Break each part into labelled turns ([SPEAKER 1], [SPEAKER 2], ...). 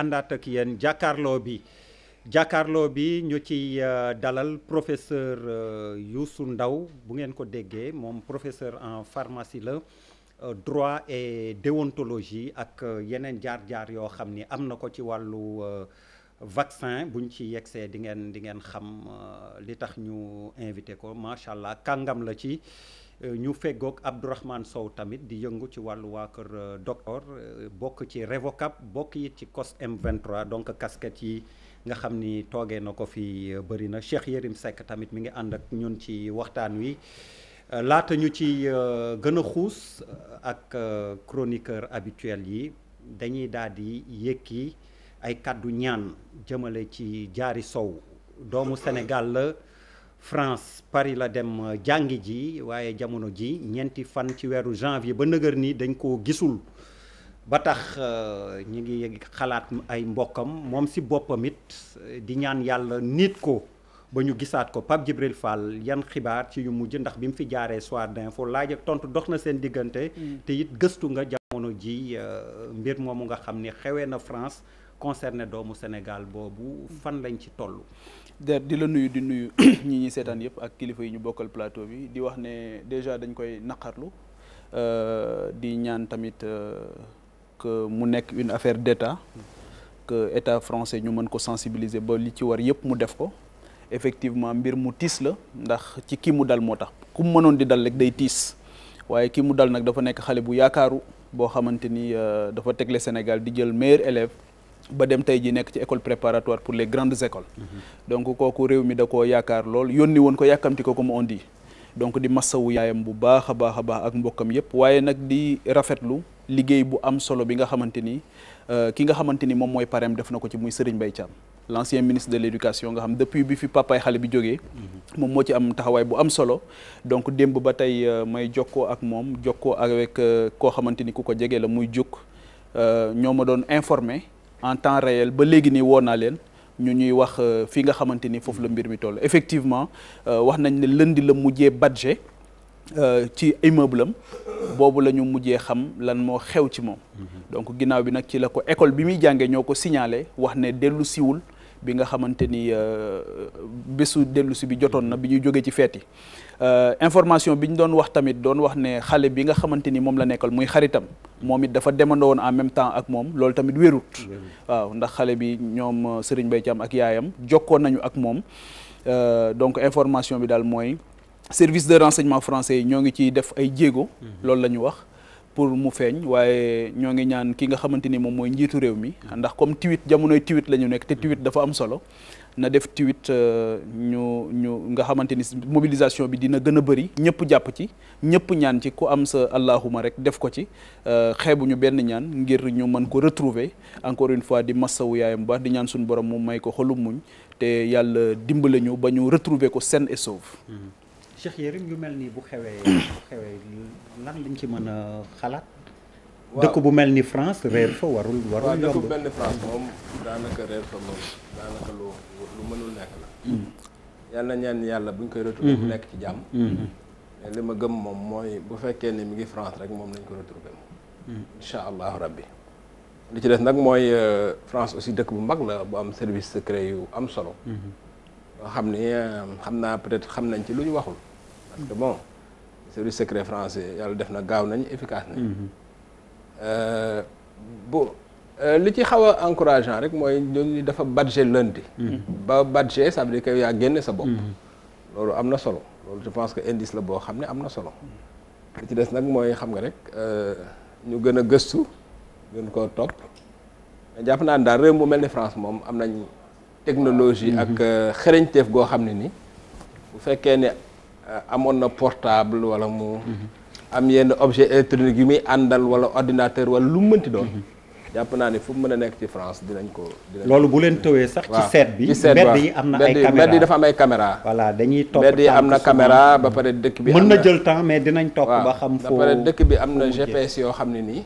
[SPEAKER 1] àndaat ak yéen jàkkaarloo bi jàkkaarloo bi ñu ci euh, dalal professeur euh, Youssou Ndaw bu ngeen ko déggee moom professeur en pharmacie la euh, droit et déontologie ak yeneen jaar-jaar yoo xam ni am na ko ci wàllu vaccin buñ ci yegsee di ngeen di ngeen xam li tax ñu invité ko macha allah kàngam la ci ñu feggoog Abdourahmane Sow tamit di yëngu ci wàllu waa kër euh, docteur euh, bokk ci Revocap bokk yi ci COS m donc casquette yi nga xam ni toogee na ko fi euh, bëri na Cheikh Yérim Seck tamit mu ngi ànd ak ñun ci waxtaan wi laata ñu ci gën a xuus ak chroniqueur habituel yi dañuy daal di yëkki ay kàddu ñaan jëmale ci jaari Sow doomu Sénégal la France Paris la dem euh, jàngi ji waaye jamono ji ñeenti fan ci weeru janvier ba nëgër nii dañ ko gisul ba tax euh, ñu ngi xalaat ay mbokkam moom si boppam it euh, di ñaan yàlla nit ko ba ñu gisaat ko Pape Djibril Fall yan xibaar ci yu mujj ndax bi mu fi jaaree soir d'info laaj ak tontu dox na seen diggante. Mm. te it gëstu nga jamono ji mbir moomu nga xam ni xewee na France
[SPEAKER 2] concerné doomu Sénégal boobu mm. fan lañ ci toll. di la nuyu di nuyu ñi ñuy seetaan yëpp ak kilifa yi ñu bokkal plateau bi di wax ne déjà dañ koy naqarlu euh, di ñaan tamit euh, que mu nekk une affaire d'état que état français ñu mën ko sensibiliser ba li ci war yëpp mu def ko effectivement mbir mu tiis la ndax ci kii mu dal moo tax ku mu mënoon di dal rek day tiis waaye kii mu dal nag dafa nekk xale bu yaakaaru boo xamante ni euh, dafa tegle Sénégal di jël maire élève ba dem tey ji nekk ci école préparatoire pour les grandes écoles donc kooku réew mi da koo yaakaar lool yónni woon ko yàkkamti ko comme on dit donc di massawu yaayam bu baax a baax a baax ak mbokkam yépp waaye nag di rafetlu liggéey bu am solo bi nga xamante ni euh, ki nga xamante ni moom mooy pareem def na ko ci muy Serigne Mbaye Thiam l' ancien ministre de l' nga xam depuis bi fi papaay xale bi jógee moom moo ci am taxawaay bu am solo donc démb ba tey euh, may jokkoo ak moom jokkoo avec euh, koo xamante ni ku ko jege la muy jóg ñoo ma doon informé en temps réel ba léegi nii woo naa leen ñu ñuy wax euh, fi nga xamante ni foofu la mbir mi toll effectivement euh, wax nañ ne lëndi la mujjee budget euh, ci immeuble boobu la ñu mujjee xam lan moo xew ci moom. Mhm. donc ginnaaw bi nag ci la ko école bi muy jàngee ñoo ko signalé wax ne dellu siwul bi nga xamante ni bésu dellu si bi jotoon na bi ñuy jógee ci feet yi Euh, information bi ñu doon wax tamit doon wax ne xale bi nga xamante ni moom la nekkal muy xaritam moom it dafa demandoon en même temps ak moom loolu tamit wérut waaw ndax xale bi ñoom euh, Serigne bay Thiam ak yaayam jokkoon nañu ak moom euh, donc information bi daal mooy service de renseignement français yi ñoo ngi ciy def ay jéego mhm. loolu la ñu wax pour mu feeñ waaye ñoo ngi ñaan ki nga xamante ni moom mooy njiitu réew mi mhm. ndax comme tweet jamonoy tweet la ñu nekk te tweet dafa am solo na def tweet euh, ñu ñu nga xamante ni mobilisation bi dina gën a bëri ñëpp jàpp ci ñëpp ñaan ci ku am sa allahuma rek def ko ci euh, xeebuñu benn ñaan ngir ñu mën ko retrouver encore une fois di massawu yaayam baax di ñaan suñu borom mu may ko xolum muñ te yàlla dimbale ñu ba ñu retrouver ko seen et sauve. Mm-hmm.
[SPEAKER 1] Cheikh Yérim yu mel nii bu xewee bu xewee lan lañ ci mën
[SPEAKER 3] a xalaat. waaw dëkk bu mel ni France réer fa warul warul yomb.
[SPEAKER 1] daanaka
[SPEAKER 4] réer lu mënul nekk la mm. yàlla ñaan yàlla buñ koy retrouver mu mm-hmm. nekk ci jàmm mm-hmm. li ma gëm moom mooy bu fekkee ni mi ngi France rek moom nañ ko retrouver moom mm-hmm. incha allahu rabbi li ci des nag mooy euh, France aussi dëkk bu mag la bu am service secret yu am solo yoo xam ni euh, xam naa peut-être xam nañ ci lu ñu waxul parce que bon service secret français yàlla def na gaaw nañ efficace nañ euh, Euh, li ci xaw a encourageant rek mooy ñooñu dafa budget lundi. Mhm. ba budget ça veut dire que yaa génne sa bopp. Mhm. loolu am na solo loolu je pense que indice la boo xam ne am na solo. li ci des nag mooy xam nga rek euh, ñu gën a gëstu gën koo topp jàpp naa ne daal réew mu mel ni France moom am nañ technologie ah. ak mhm. euh, xereñteef goo xam ne ni bu fekkee ne amoon na portable wala mu. am yenn objet électronique yu muy àndal wala ordinateur wala lu mënti doon. jàpp naa ne fu mën a nekk ci France dinañ
[SPEAKER 1] ko. loolu bu leen tëwee sax. ci seet bi mbedd yi am na ay caméra mbedd yi am ay caméra. voilà dañuy topp am na caméra ba pare dëkk bi. mën na jël temps mais dinañ topp ba xam. foo ba pare dëkk bi am
[SPEAKER 4] na GPS yoo xam ne nii.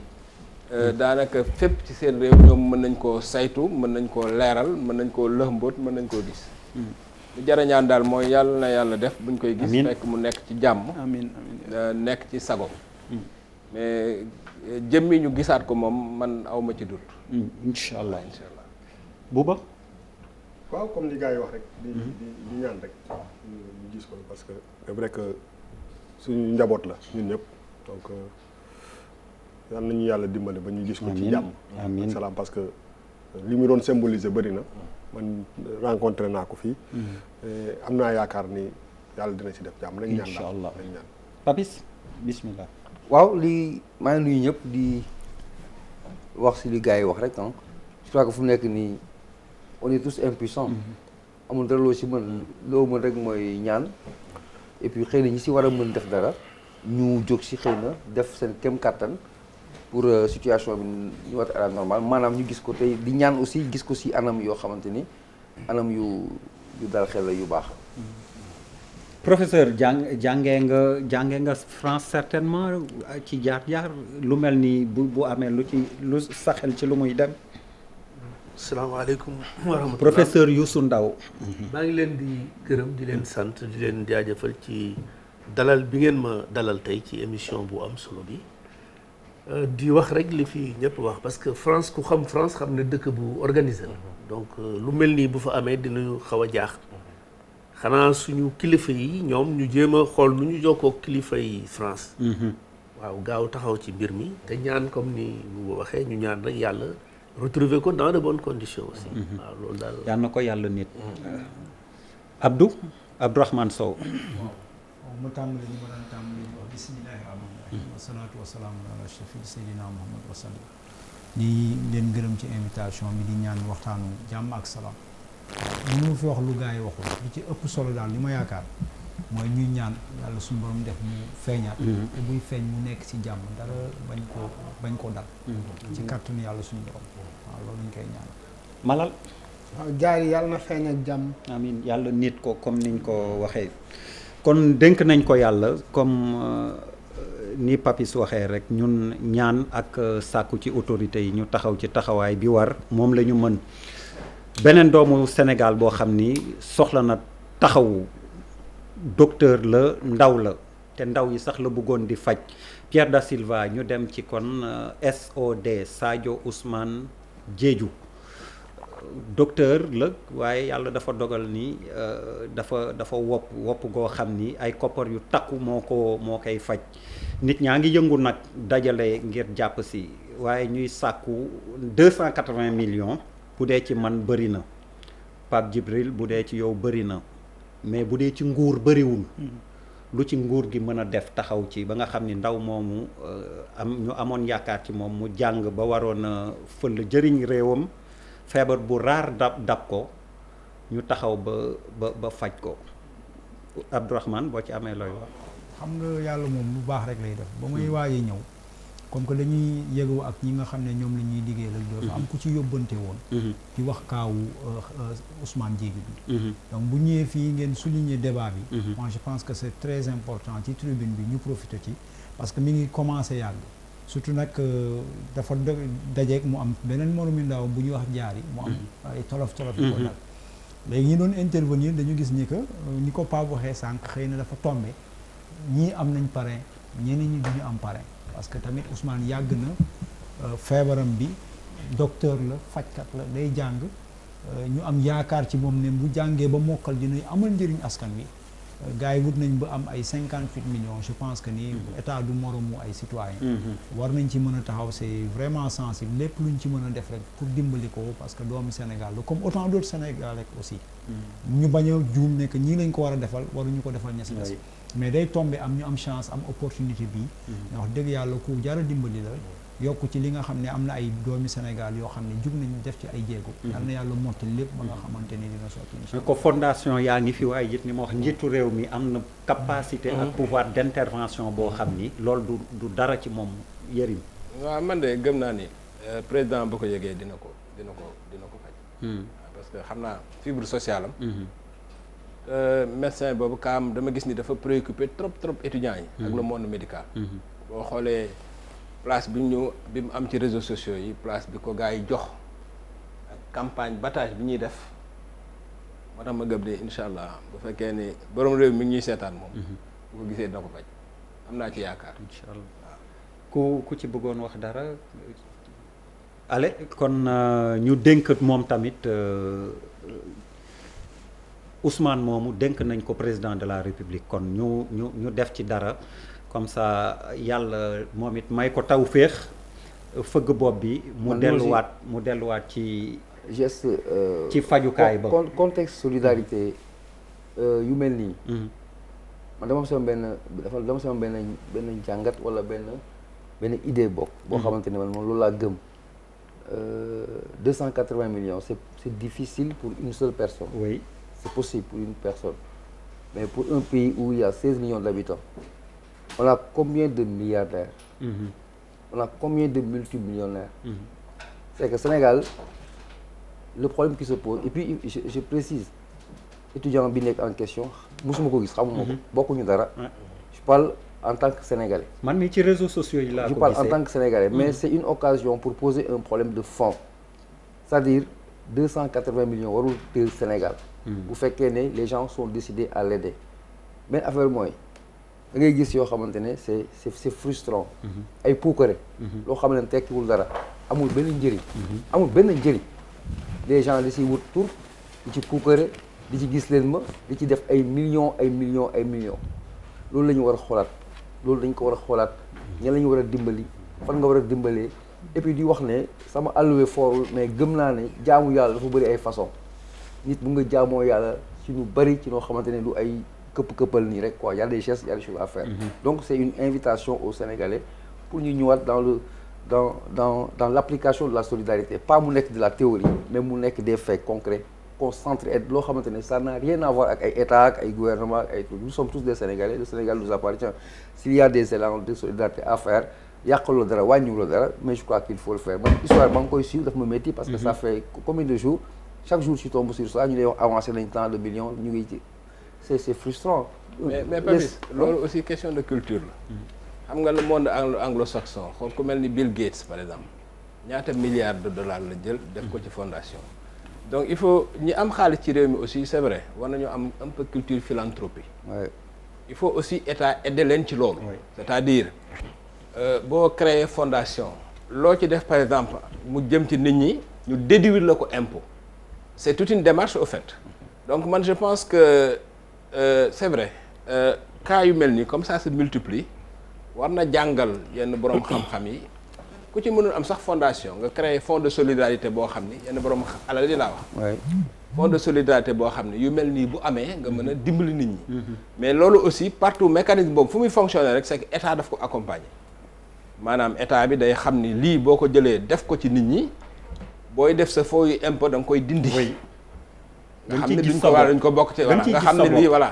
[SPEAKER 4] Euh, daanaka fépp ci seen réew ñoom mën nañ koo saytu mën nañ koo leeral mën nañ koo lëxmboot mën nañ koo gis. Hmm. lu jarañaan daal mooy yàlla na yàlla def buñ koy gis. fekk mu nekk ci jàmm. amiin amiin euh, nekk ci sago hmm. mais jëmmi ñu gisaat ko moom man awma ci dut incha mm, allah incha allah
[SPEAKER 5] buuba waaw comme li yi wax rek di mm-hmm. di ñaan rek ñu gis ko parce que c'est vrai que suñu njaboot la ñun ñëpp donc euh, yal nañu yàlla dimbale ba ñu gis ko ci jàmm amiin salaam parce que li mu doon symboliser bëri na man rencontré naa ko fii mm-hmm. am naa yaakaar ni yàlla dina ci def jàmm nañ ñaan incha
[SPEAKER 6] papis bismillah waaw lii maa ngi nuyu di wax si li yi wax rek ah je fu mu nekk nii on est mm-hmm. amul dara si mën loo rek mooy ñaan et xëy na si war a mën def dara ñu jóg si xëy na def seen kem kàttan pour euh, situation bi ñu wat maanaam ñu gis ko tey di ñaan aussi gis ko si anam yoo xamante ni anam yu yu dal xel yu baax. professeur jàng jàngee nga jànge nga France certainement ci
[SPEAKER 1] jaar-jaar lu mel ni bu bu amee lu ci lu saxel ci lu muy dem. salaamaaleykum wa rahmatulah professeur Youssou Ndaw mhm.
[SPEAKER 7] maa ngi leen di gërëm di leen sant di leen jaajëfal ci dalal bi ngeen ma dalal tey ci émission bu am solo bi. Euh, di wax rek li fi ñëpp wax parce que France ku xam France xam ne dëkk bu organisé la mhm. donc euh, lu mel nii bu fa amee dinañu xaw a jaax xanaa suñu kilifa yi ñoom ñu jéem a xool nu ñu jokkoo kilifa yi France. Mhm. waaw gaaw taxaw ci mbir mi. te ñaan comme ni mu waxee ñu ñaan rek yàlla retrouver ko dans de bonnes conditions aussi. Mhm. waaw loolu daal yal na ko yàlla nit. Mhm. Abdou Abdourahmane
[SPEAKER 1] Sow. waaw
[SPEAKER 8] mu tàmbali ñu ma doon tàmbali wax bisimilahi rahmaani rahim. wasalaatu wasalaam ala shafi sayyidina Muhammad wa sallam. di leen gërëm ci invitation bi di ñaan waxtaanu jàmm ak salaam. mënu fi wax lu gaa yi waxul li ci ëpp solo daal li ma yaakaar mooy ñuy ñaan yàlla suñu borom def mu feeñaat mm-hmm. te buy feeñ mu nekk ci jàmm dara bañ koo bañ koo dal mm-hmm. ci kàttanu yàlla suñu borom waaw loolu ñu koy ñaan
[SPEAKER 1] malal
[SPEAKER 3] jaar yàlla na feeñ ak jàmm
[SPEAKER 1] yàlla nit ko comme niñ ko waxee kon dénk nañ ko yàlla comme euh, ni papis waxee rek ñun ñaan ak euh, sàkku ci autorité yi ñu taxaw ci taxawaay bi war moom la ñu mën beneen doomu Sénégal boo xam ni soxla na taxawu docteur la ndaw la te ndaw yi sax la bëggoon di faj Pierre da Silva ñu dem ci kon euh, SOD Sadio Ousmane Diédhiou docteur la waaye yàlla dafa dogal ni euh, dafa dafa wopp wopp goo xam ni ay koppar yu takku moo ko moo koy faj nit ñaa ngi yëngu nag dajale ngir jàpp si waaye ñuy sàkku 280 millions bu dee ci man bëri na Pape Djibril bu dee ci yow bëri na mais bu dee ci nguur bëriwul hmm. lu ci nguur gi mën a def taxaw ci ba nga xam ni ndaw moomu euh, am ñu amoon yaakaar ci moom mu jàng ba waroon a fël jëriñ réewam feebar bu raar dab dab ko ñu taxaw ba ba ba faj ko Abdourahmane boo ci amee looy wax
[SPEAKER 8] xam nga yàlla moom lu baax rek lay def ba muy hmm. waaye ñëw comme que dañuy yëgoo ak ñi nga xam ne ñoom la ñuy liggéey ak loolu am mhm. ku ci yóbbante woon mhm. di wax kaawu euh, Ousmane Diéguy bi mhm. donc bu ñëwee fii ngeen souligner débat bi moi je pense que c' est très important ci tribune bi ñu profité ci parce que mi ngi commencé yàgg surtout nag euh, dafa dajeeg mu am beneen moromu ndaw bu ñu wax
[SPEAKER 4] jaari mu am
[SPEAKER 8] ay tolof tolof yi ko dal léegi ñi doon intervenir dañu gis ni que ñi euh, ko pa waxee sànq xëy na dafa tombé ñii am nañ parrain ñeneen ñi du am parrain parce que tamit Ousmane yàgg na euh, feebaram bi docteur la fajkat la day jàng euh, ñu am yaakaar ci moom ne bu jàngee ba mokkal dinañ amal njëriñ askan wi euh, gars yi wut nañ ba am ay cinquante huit millions je pense que ni mm-hmm. état du moromu ay citoyens mm-hmm. war nañ ci mën a taxaw c'est vraiment sensible lépp lu ñu ci mën a def rek pour dimbali ko parce que doomu Sénégal la comme autant d'autres Sénégalais aussi
[SPEAKER 9] mm-hmm.
[SPEAKER 8] ñu bañ a juum ne que ñii lañ ko war a defal ñu ko defal ña si des mais day tombe am ñu am chance am opportunité bii mm-hmm. nga wax dëgg yàlla ku jara dimbali la yokk ci li nga xam ne am na ay doomi Sénégal yoo xam ne jub nañu def ci ay jéego mm-hmm. yal na yàlla mottali lépp ba nga xamante ni dina sotti incha
[SPEAKER 1] allah ko fondation yaa ngi fi waaye it ni ma wax njiitu réew mi am na capacité ak mm-hmm. pouvoir d'intervention boo xam ni loolu du du dara ci moom yërim waaw man de gëm naa ni
[SPEAKER 4] euh, président boo ko yëgee dina ko dina ko dina ko faj parce que xam naa fibre sociale am Euh, médecin boobu kaam dama gis ni dafa préoccupé trop trop étudiants yi ak le mhm. monde médical mhm. boo xoolee place bi ñu bi mu am ci réseaux sociaux yi place bi ko gars yi jox ak campagne battage bi ñuy def moo tax ma incha allah bu fekkee ni borom réew mi ngi ñuy seetaan moom mhm. gisee dina ko faj naa ci yaakaar incha allah
[SPEAKER 1] waaw ku ci bëggoon wax dara ale euh, ñu dénk moom tamit euh, Ousmane moomu dénk nañ ko président de la République kon ñu ñu ñu def ci dara comme sa yàlla moom it may ko taw féex fëgg bopp bi mu delluwaat
[SPEAKER 6] mu delluwaat ci geste euh, ci fajukaay ba contexte solidarité euh, yu mel nii mm-hmm. man dama am sama benn dafa dama sama benn benn jàngat wala benn benn idée bokk mm-hmm. boo xamante ne man moom loolu laa gëm euh, deux cent quatre-vingts millions c'est c'est pour une seule personne c'est possible pour une personne. Mais pour un pays où il y a 16 millions d'habitants, on a combien de milliardaires mm -hmm. On a combien de multimillionnaires mm -hmm. C'est que Sénégal, le problème qui se pose, et puis je, je précise, étudiant Binek en question, mhm. je parle en tant que Sénégalais. réseaux sociaux, Je parle en tant que Sénégalais, mais mm -hmm. c'est une occasion pour poser un problème de fond. C'est-à-dire 280 millions d'euros du Sénégal. Mm. bu fekkee ne les gens sont décidés à l'aider benn affaire mooy da ngay gis yoo xamante ne c'est c'est c'est frustrant mm-hmm. ay puukare mm-hmm. loo xam ne tekkiwul dara amul benn njëriñ mm-hmm. amul benn njëriñ les gens di si wut tur di ci puukare di ci gis leen ma di ci def ay millions ay millions ay millions loolu la ñu war a xoolaat loolu dañ ko war a xoolaat ña la ñu war a dimbali fan nga war a dimbalee et puis di wax ne sama alloué foorul mais gëm naa ne jaamu yàlla dafa bëri ay façon nit bu nga jaamoo yàlla ci lu bari ci noo ne lu ay këpp-këppal nii rek quoi y a des gestes y a des choses à faire mm-hmm. donc c'est une invitation aux Sénégalais pour ñu ñëwaat dans dans l'application de la solidarité pas mu nekk de la théorie mais mu nekk des faits et loo xamante ne ça n'a rien à voir ak ay ay gouvernement ak ay sommes tous des Sénégalais le Sénégal nous appartient s'il y de solidarité à faire yàqaloo dara wàññiwuloo dara mais je crois qu'il faut chaque jour tu tombes sur ça ñu lay wax avancé nañ tant de millions ñu ngi ci c'est c'est frustrant.
[SPEAKER 4] mais mais Papis loolu aussi
[SPEAKER 6] question de culture
[SPEAKER 4] la. xam nga le monde anglo-saxon xool ku mel ni Bill Gates par exemple ñaata milliards de dollars la jël. def ko ci fondation. donc il faut ñi am xaalis ci réew mi aussi c'est vrai war nañu am un peu culture philanthropie. Ouais. il faut aussi état aider leen ci loolu. c'est-à-dire euh, boo euh, créer fondation. loo ci def par exemple mu jëm ci nit ñi ñu déduire la ko impôt. c'est toute une démarche au fait donc man je pense que euh, c'est vrai euh, cas yu mel nii comme ça se multiplie war na jàngal yenn borom xam-xam yi ku ci mënul am sax fondation nga créer fonds de solidarité boo xam ni yenn borom alal yi laa wax. fonds de solidarité boo xam ne yu mel nii bu amee nga mën a mm-hmm. dimbali nit ñi. Mm-hmm. mais loolu aussi partout mécanisme boobu fu muy fonctionner rek c'est état daf ko accompagner maanaam état bi day xam ni lii boo ko jëlee def ko ci nit ñi. booy def sa faux yu impôt koy dindi. nga xam ne duñ ko war dañ ko bokk ci wala nga xam ne lii voilà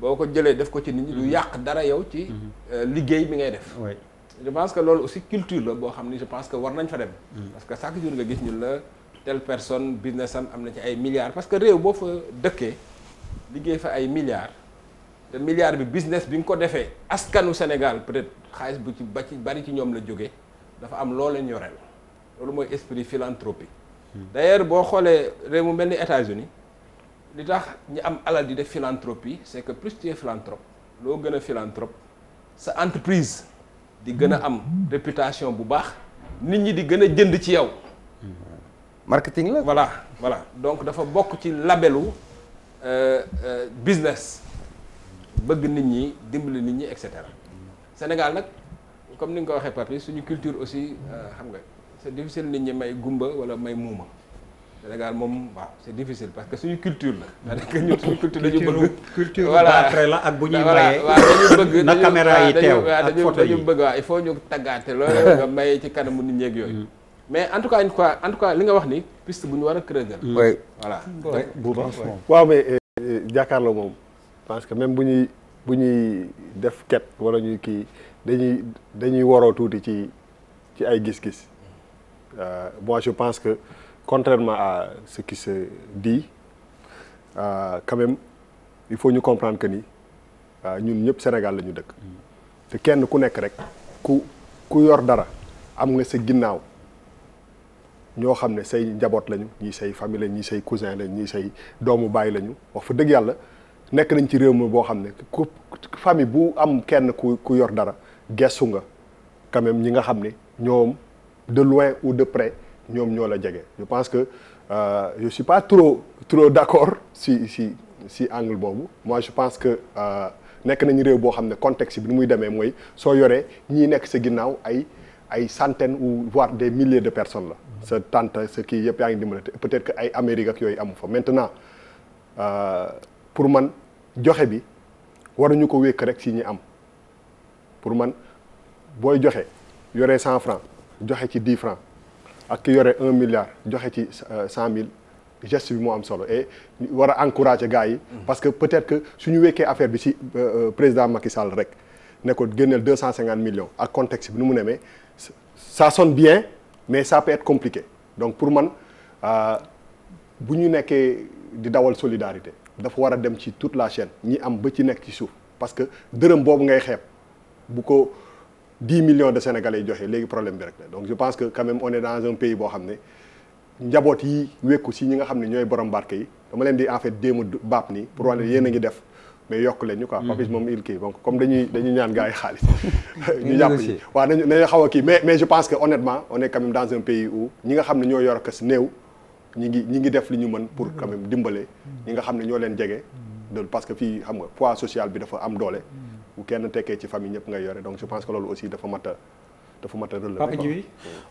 [SPEAKER 4] boo ko jëlee def ko ci nit ñu du mm-hmm. yàq dara yow ci mm-hmm. euh, liggéey bi ngay def je pense que loolu aussi culture la boo xam ne je pense que war nañ fa dem mm-hmm. parce que chaque jour nga gis ñu la telle personne business am am na ci ay milliards parce que réew boo fa dëkkee liggéey fa ay milliards te milliards bi business bi nga ko defee askanu Sénégal peut-être xaalis bu ci ba ci ci ñoom la jógee dafa am loo leen yoreel loolu mooy esprit philanthropique. d'ailleurs boo xoolee réew mu mel ni États-Unis li tax ñu am alal di def philanthropie c'est que plus tu es philanthrope loo gën a philanthrope sa entreprise di gën a am réputation bu baax nit ñi di gën a jënd ci yow. marketing la voilà voilà donc dafa bokk ci labelu euh, euh, business bëgg nit ñi dimbali nit ñi et cetera Sénégal nag comme ni nga ko waxee papi suñu culture aussi euh, xam nga. c'est difficile nit ñi may gumba wala may muuma Sénégal moom waaw c'est difficile parce que suñu culture la. Mm. c'est-à-dire que ñun dañu bëgg. la ak bu ñuy maye. dañu bëgg na caméra yi teew ak photo yi dañu bëgg waaw il faut ñu tàggaate loolu nga maye ci kanamu nit ñeeg yooyu. Mm. mais en tout cas une fois en tout cas li nga wax ni piste bu ñu war a creuser.
[SPEAKER 5] Mm. oui voilà. waaw mais euh, euh, jàkkaarloo moom parce que même bu ñuy bu ñuy def ket wala ñu kii dañuy dañuy waroo tuuti ci ci ay gis-gis. Euh, moi, je pense que, contrairement à ce qui se dit, euh, il faut ñu comprendre que ni euh, ñun ñëpp Sénégal lañu ñu dëkk. te kenn ku nekk rek ku ku yor dara am nga sa ginnaaw ñoo xam ne say njaboot lañu ñii say famille lañu ñii say cousin lañu ñii say doomu bàyyi lañu wax fa dëgg yàlla nekk nañ ci réew mi boo xam ne ku famille bu am kenn ku ku yor dara gestu nga quand ñi nga xam ne ñoom. de loin ou de près ñoom ñoo la jege je pense que euh, je suis pas trop trop d'accord si si si angle boobu moi je pense que euh, nekk nañu réew boo xam ne contexte bi ni muy demee mooy soo yoree ñi nekk sa ginnaaw ay ay centaines ou voire des milliers de personnes la sa tante sa kii yëpp yaa ngi dimbali peut-être que ay Amérique ak yooyu amu fa maintenant euh, pour man joxe bi waruñu ko wékk rek si ñi am pour man booy joxe yore cent francs joxe ci dix francs ak ki yore 1 milliard joxe ci 100000 euh, geste bi moo am solo et war a encourager gars yi. Mm-hmm. parce que peut-être que suñu wekkee affaire bi ci euh, euh, président Macky Sall rek ne ko génneel 250 millions ak contexte bi nu mu nemee ça sonne bien mais ça peut être compliqué donc pour man bu ñu nekkee di dawal solidarité dafa war a dem ci toute la chaîne ñi am ba ci nekk ci suuf parce que dërëm boobu ngay xeep dix millions de sénégalais yi joxe léegi problème bi rek la donc je pense que quand même on est dans un pays boo xam ne njaboot yi wekku si ñi nga xam ne ñooy borom barke yi dama leen di en fait déema baap nii pour wane yéen a ngi def mais yokk leen ñu quoi mm-hmm. Papis moom il kii donc comme dañuy dañuy ñaan gars yi xaalis ñu jàpp yi waaw dañu xaw a kii mais mais je pense que honnêtement on est quand même dans un pays où ñi nga xam ne ñoo yor kas néew ñi ngi ñi ngi def li ñu mën pour quand même dimbale ñi nga xam ne ñoo leen jege mm-hmm. parce que fii xam nga poids social bi dafa am doole mm-hmm. bu kenn tekkee ci famille ñëpp ngay yore donc je pense que loolu aussi dafa mat a dafa mat
[SPEAKER 2] a relever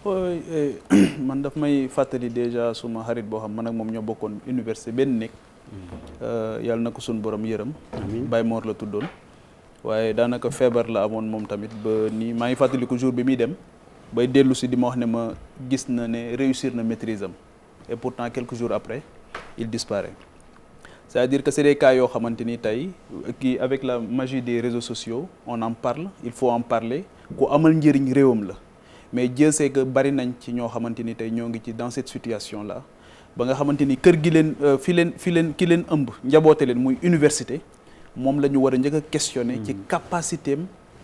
[SPEAKER 2] oh, eh, man daf may fàttali déjà suma xarit boo xam man ak moom ñoo bokkoon université benn nekk mm-hmm. eh, yàlla na ko suñu borom yërëm Baye Mor la tuddoon waaye daanaka feebar la amoon moom tamit ba nii maa ngi fàttaliku jour bi muy dem bay dellu si di ma wax ne ma gis na ne réussir na maîtrise am et pourtant quelques jours après il disparaît ca à dire que c'est yoo xamante ni tey kii avec la magie des réseaux sociaux on en parle il faut en parler ku amal njëriñ réewam la mais Dieu sait bari nañ ci ñoo xamante ni tey ñoo ngi ci dans cette situation la ba nga xamante ni kër gi leen euh, fi leen fi leen ki leen ëmb njaboote leen muy université moom la ñu war a njëkk a questionner ci hmm. capacité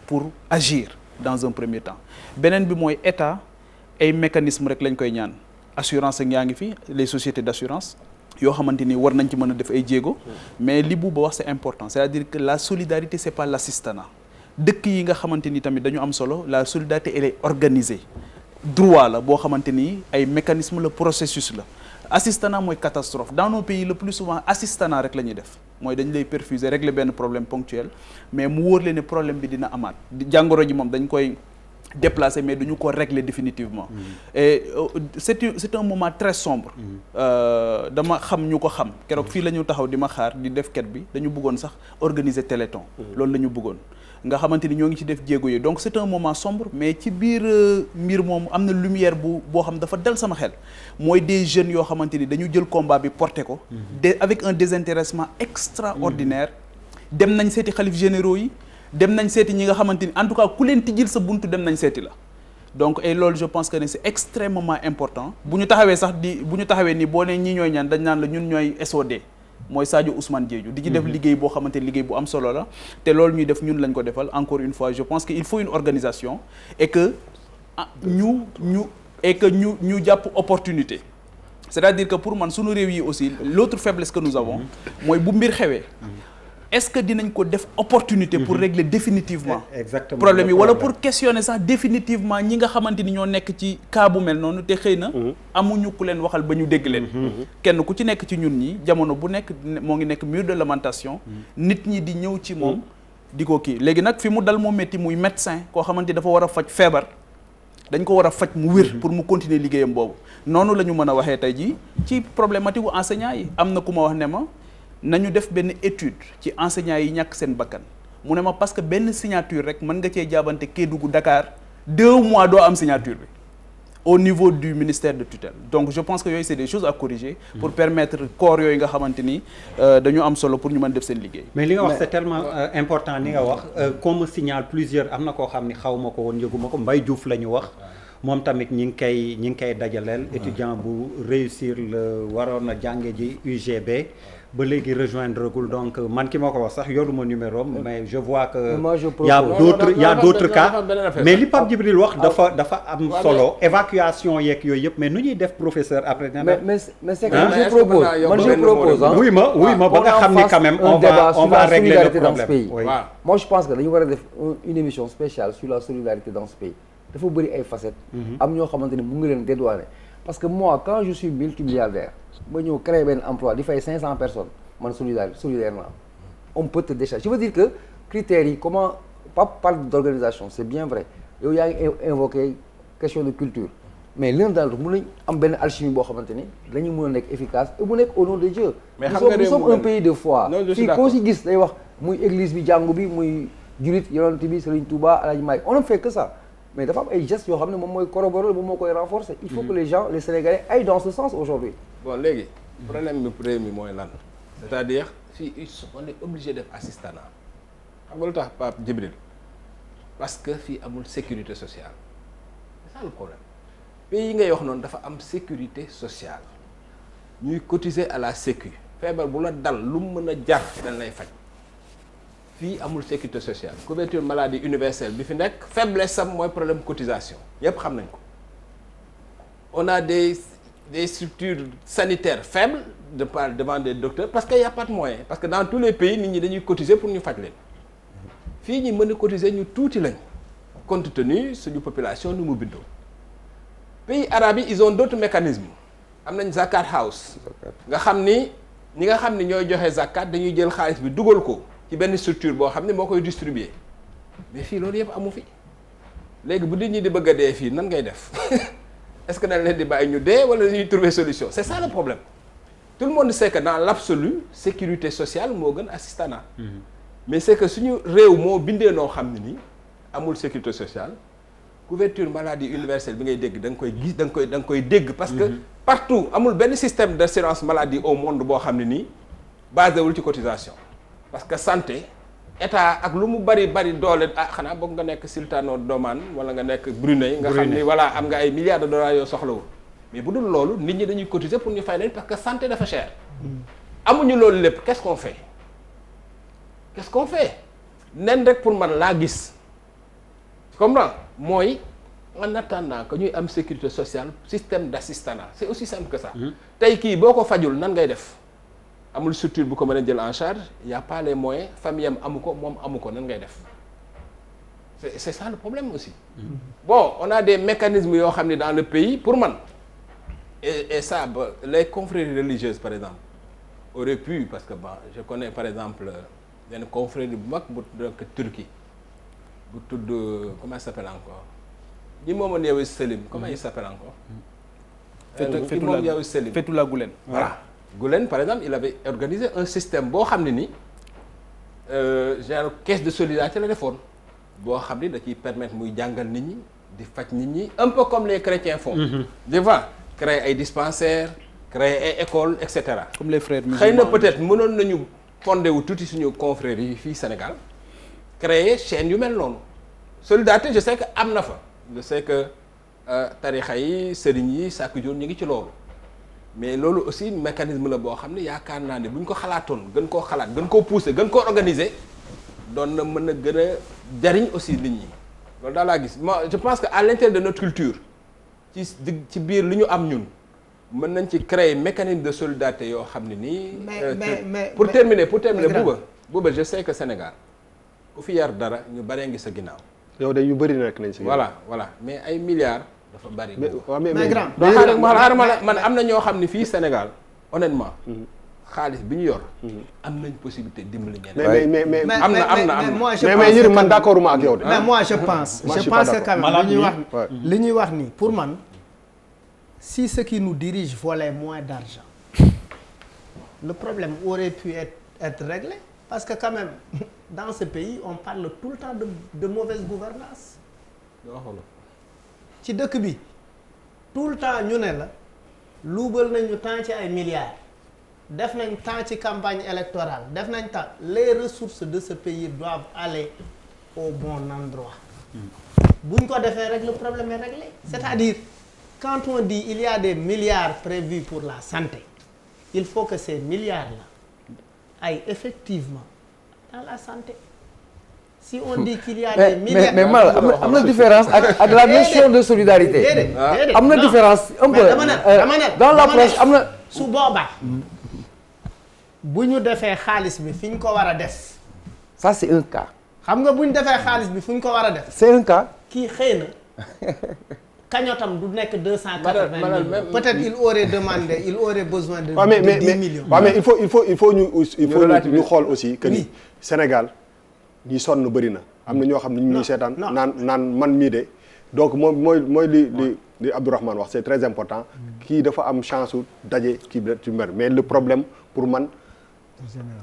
[SPEAKER 2] pour agir dans un premier temps beneen bi mooy état ay mécanisme rek lañ koy ñaan assurance ak yaa ngi fi les sociétés d'assurance yoo xamante ni war nañ ci mën a def ay jéego mais li bu ba wax c'est important c'est-à-dire que la solidarité c'est pas l'assistanat dëkk yi nga xamante ni tamit dañu am solo la solidarité elle est organisée droit la boo xamante ni ay mécanisme la processus la assistanat mooy catastrophe dans nos pays le plus souvent assistanat rek la ñuy def mooy dañ lay rek régler benn problème ponctuel mais mu wóor leen ne problème bi dina amaat jàngoro ji moom dañ koy déplacé mais duñu ko régler définitivement mm-hmm. et euh, c'est c'est un moment très sombre mm-hmm. euh, dama xam ñu ko xam keroog fii la ñu taxaw di ma xaar di def ket bi dañu bëggoon sax organiser téléthon mm-hmm. loolu la ñu bëggoon nga xamante ni ñoo ngi ci def jéego yi donc c'est un moment sombre mais ci biir euh, mbir moom am na lumière bu boo xam dafa dal sama xel mooy des jeunes yoo xamante ni dañu jël combat bi porté ko de avec un désintéressement extraordinaire dem nañ seeti xalif généraux yi dem nañ seeti ñi nga xamante ni en tout cas ku leen tijjil sa buntu dem nañ seeti la donc et loolu je pense que ne c'est extrêmement important bu ñu taxawee sax di bu ñu taxawee nii boo nee ñi ñooy ñaan dañ naan la ñun ñooy SOD mooy Sadio Ousmane Diédhiou di ci def mhm. liggéey boo xamante ni liggéey bu am solo la te loolu ñuy def ñun lañ ko defal encore une fois je pense que il faut une organisation et que ah, ñu ñu et ñu ñu jàpp opportunité c'est-à-dire que pour man sunu réew yi aussi l'autre faiblesse que nous mhm. mooy bu mbir xewee mhm. est-ce que dinañ ko def opportunité pour mhm. régler définitivement
[SPEAKER 1] eh, exactement problème yi wala pour
[SPEAKER 2] questionner sax définitivement ñi nga xamante ni ñoo nekk ci cas mel noonu te xëy na mhm. amuñu ku leen waxal ba ñu dégg leen mhm. kenn ku ci nekk ci ñun ñi jamono bu nekk moo ngi nekk mur de lamentation nit ñi di ñëw ci moom di ko kii léegi nag fi mu dal moo métti muy médecin koo xamante dafa war a faj feebar dañ ko war a faj mu wér pour mu continuer liggéeyam boobu noonu la ñu mën a waxee tey jii ci problématique u enseignant yi am na ku ma wax ne ma nañu def benn étude ci enseignants yi ñàkk seen bakkan mu ne ma parce que benn signature rek mën nga cee jaabante Kédougou dakaar deux mois doo am signature bi au niveau du ministère de tutelle donc je pense que yooyu c'est des choses à corriger pour mmh. permettre corps yooyu nga xamante ni euh, dañu am solo pour ñu mën def seen liggéey mais li nga wax c'est
[SPEAKER 1] tellement euh, important li nga wax euh, qu'on me signale plusieurs am na koo xam ni xaw ma ko woon yëguma ko Mbaye Diouf la ñu wax moom tamit ñi ngi koy ñi ngi koy dajaleel étudiant bu réussir le waroon a jànge ji UGB ba léegi rejoindre gul donc euh, man ki ma ko wax sax yoruma numéro am mais je vois que. moi je y' a d' a cas mais li Pape Djibril wax dafa dafa am solo. évacuation yeeg yooyu yëpp mais nu ñuy def professeur après. mais mais
[SPEAKER 6] mais c' est que man je propose man je propose ah. oui ma oui ah, ma ba nga xam ni quand même on va on va problème oui. je pense que dañu war a def une émission spéciale sur la solidarité dans ce pays. dafa bëri ay facettes. Mhm. am ñoo xamante ni mu ngi leen dédouaner parce que moi quand je suis ba ñëw créer benn emploi di fay 500 personnes man solidaire solidaire naa on peut te décharger je veux dire que critères yi comment Pape parle d'organisation c'est bien vrai yow yaa ngi invoqué question de culture mais l'un l l'autre mën nañ am benn alchimie boo xamante ni dañu mën a nekk efficace et bu nekk au nom de Dieu mais xam nga nous sommes un pays de foi fii koo si gis day wax muy église bi jàngu bi muy julit yonent bi Serigne Touba Alaaji Maalik on ne fait que ça mais dafa am ay gestes yoo xam ne moom mooy corroborer moom moo koy renforcer. il faut mm-hmm. que les gens les Sénégalais aillent dans ce sens aujourd'hui
[SPEAKER 4] bon léegi problème bi problème bi mooy lan. c'est-à-dire si on est obligé def assistanat xam nga lu tax Pape Djibril parce que fii amul sécurité sociale c'est ça problème pays yi ngay wax noonu dafa am sécurité sociale ñuy cotiser à la sécu feebar bu la dal lu mu mën a jar dañ lay faj. fii amul sécurité sociale couverture maladie universelle bi fi nekk faiblesse am mooy problème cotisation yépp xam nañ ko on a des des structures sanitaires faibles de par devant des docteurs parce que y a pas de moyen parce que dans tous les pays nit ñi dañuy cotiser pour ñu faj leen fii ñi mën a cotiser ñu tuuti lañ compte tenu suñu population nu mu bindoo pays arabes yi ils ont d'autres mécanismes am nañ zakat house nga xam ni ñi nga xam ni ñooy joxe zakat dañuy jël xaalis bi dugal ko ci benn structure boo xam ne moo koy distribuer mais fii loolu yëpp amu fi léegi bu nit ñi di bëgg a dee fii nan ngay def est-ce que dañ leen di bàyyi ñu dee wala ñuy trouver solution c'est ça le problème tout le monde sait que dans l'absolu sécurité sociale moo gën assistanat mhm. mais c'est que suñu réew moo bindee noo xam ne nii amul sécurité sociale couverture maladie universelle bi ngay dégg da nga koy gis da nga koy da nga koy dégg parce que mhm. partout amul benn système d'assurance maladie au monde boo xam ne nii basé ci cotisation parce que santé état ak lu mu bari bari doole ah xanaa bëgg nga nekk sultano domaan wala nga nekk Brunei nga xam ni voilà am nga ay milliards de yoo soxlawul mais bu dul loolu nit ñi dañuy cotiser pour ñu fay leen parce que santé dafa cher amuñu loolu lépp qu'est-ce qu'on fait qu'est-ce qu'on fait nen rek pour man laa gis comprends mooy en attendant que ñuy am sécurité sociale système d'assistanat c'est aussi simple que ça tey kii boo ko fajul nan ngay def amul structure bu ko mën a jël en charge y' a pas les moyens famille am amu ko moom amu ko nan ngay def c'est c'est ça le problème aussi.
[SPEAKER 9] Mm-hmm.
[SPEAKER 4] bon on a des mécanismes yoo xam ne dans le pays pour man e et ça les confréries religieuses par exemple auraient pu parce que bon je connais par exemple benn confrérie bu mag bu dëkk Turquie bu tudd comment mm-hmm. il s'appelle encore ñi moomoon Yavuz Selim. comment il s'appelle encore.
[SPEAKER 2] Fethullah
[SPEAKER 4] Gülen ki moom Goulen par exemple il avait organisé un système boo xam ne ni euh, genre caisse de solidarité la defoon boo xam ni da ciy permettre muy jàngal nit ñi di faj nit ñi un peu comme les chrétiens font. Mm-hmm. des fois créer ay dispensaires créer ay école et cetera.
[SPEAKER 2] comme les xëy na peut-être
[SPEAKER 4] mënoon nañu fondé wu tuuti suñu confrères yi fii Sénégal créer chaine yu mel noonu solidarité je sais que am na fa je sais que euh, tarixa yi sëriñ yi sàkk joon ñu ngi ci loolu. mais loolu aussi mécanisme la boo xam ne yaakaar naa ne buñ ko xalaatoon gën koo xalaat gën koo pousser gën koo organiser doon na mën na gën a jariñ aussi nit ñi loolu daal laa gis moo je pense que à l'intérieur de notre culture ci dig ci biir lu ñu am ñun mën nañ ci créer mécanisme de solidarité yoo xam ne nii. mais euh, pour terminer pour terminer Bouba Bouba je sais Sénégal ku fi yar dara ñu baree ngi sa ginnaaw.
[SPEAKER 5] yow de yu bëri rek nañ si. voilà
[SPEAKER 4] voilà mais ay milliards. dafa bari. mais mais grand man am na ñoo xam ne fii Sénégal honnêtement. Mm-hmm. xaalis bi ñu yor. Mm-hmm. am nañ possibilité dimbali ñenn. mais mais mais mais am na am na am na mais mais man d'accord ma ak yow de. mais moi je pense je pense que quand li ñuy wax
[SPEAKER 3] li ñuy wax nii pour man si ceux qui nous dirigent volaient moins d'argent le problème aurait pu être être réglé parce que quand même dans ce pays on parle tout le temps de de mauvaise gouvernance ci dëkk bi tout le temps ñu ne la luubal nañu temps ci ay milliards def nañ temps ci campagne électorale def nañ temps les ressources de ce pays doivent aller au bon endroit buñ ko defee rek le problème est réglé c'est-à-dire quand on dit il y a des milliards prévus pour la santé il faut que ces milliards la ay effectivement dans la santé si on dit qu'il y a am na différence ak ak
[SPEAKER 6] de solidarité. Ah. am na différence un peu euh, dans la presse am na.
[SPEAKER 3] su boobaa bu ñu defee xaalis bi fi ñu ko war a def.
[SPEAKER 6] ça c'est un cas.
[SPEAKER 3] xam nga bu ñu defee xaalis bi fu ñu ko war a def. c'est un cas. kii xëy na. kañotam du nekk deux cent quatre-vingt millions peut-être il aurait demandé il aurait besoin de. dix millions. waaw mais il
[SPEAKER 5] faut il faut ñu il faut ñu xool aussi que ni Sénégal. ñi sonn bëri na am na ñoo xam ne ñu ngi seetaan naan naan man mii de donc moom mooy mooy li li li Abdourahmane wax c'est très important mm. kii dafa am chance su daje kii ci mais le problème pour man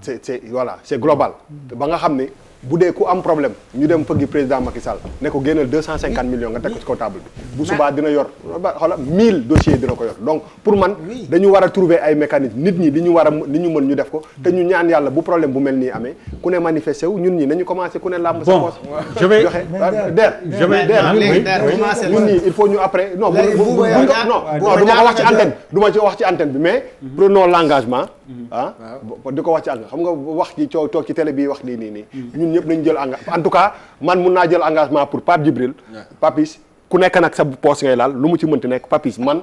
[SPEAKER 5] c'est c'est voilà c'est global mm. ba nga xam ne bu dee ku am problème ñu dem fëggi président Macky Sall ne ko génneel 250 millions nga teg ko ci kaw table bi. bu subaa dina yor xoola 1000 dina ko yor donc pour man. dañu war a trouver ay mécanismes nit ñi li ñu war a li ñu mën ñu def ko. te ñu ñaan yàlla bu problème bu mel nii amee ku ne manifester wu ñun ñi nañu commencé ku ne làmb sa poche. je vais der euh, der ñun ñi il faut ñu après. non bu bu non non du ma ko wax ci antenne. du ma ci wax ci antenne bi mais prenons l'engagement. ah di ko wax ci engagement xam nga wax ji coow toog ci télé bi wax lii nii nii ñun ñëpp nañ jël engagement en tout cas man mun naa jël engagement pour Pape Djibril Papis ku nekk nag sa poos ngay laal lu mu ci mënti nekk Papis man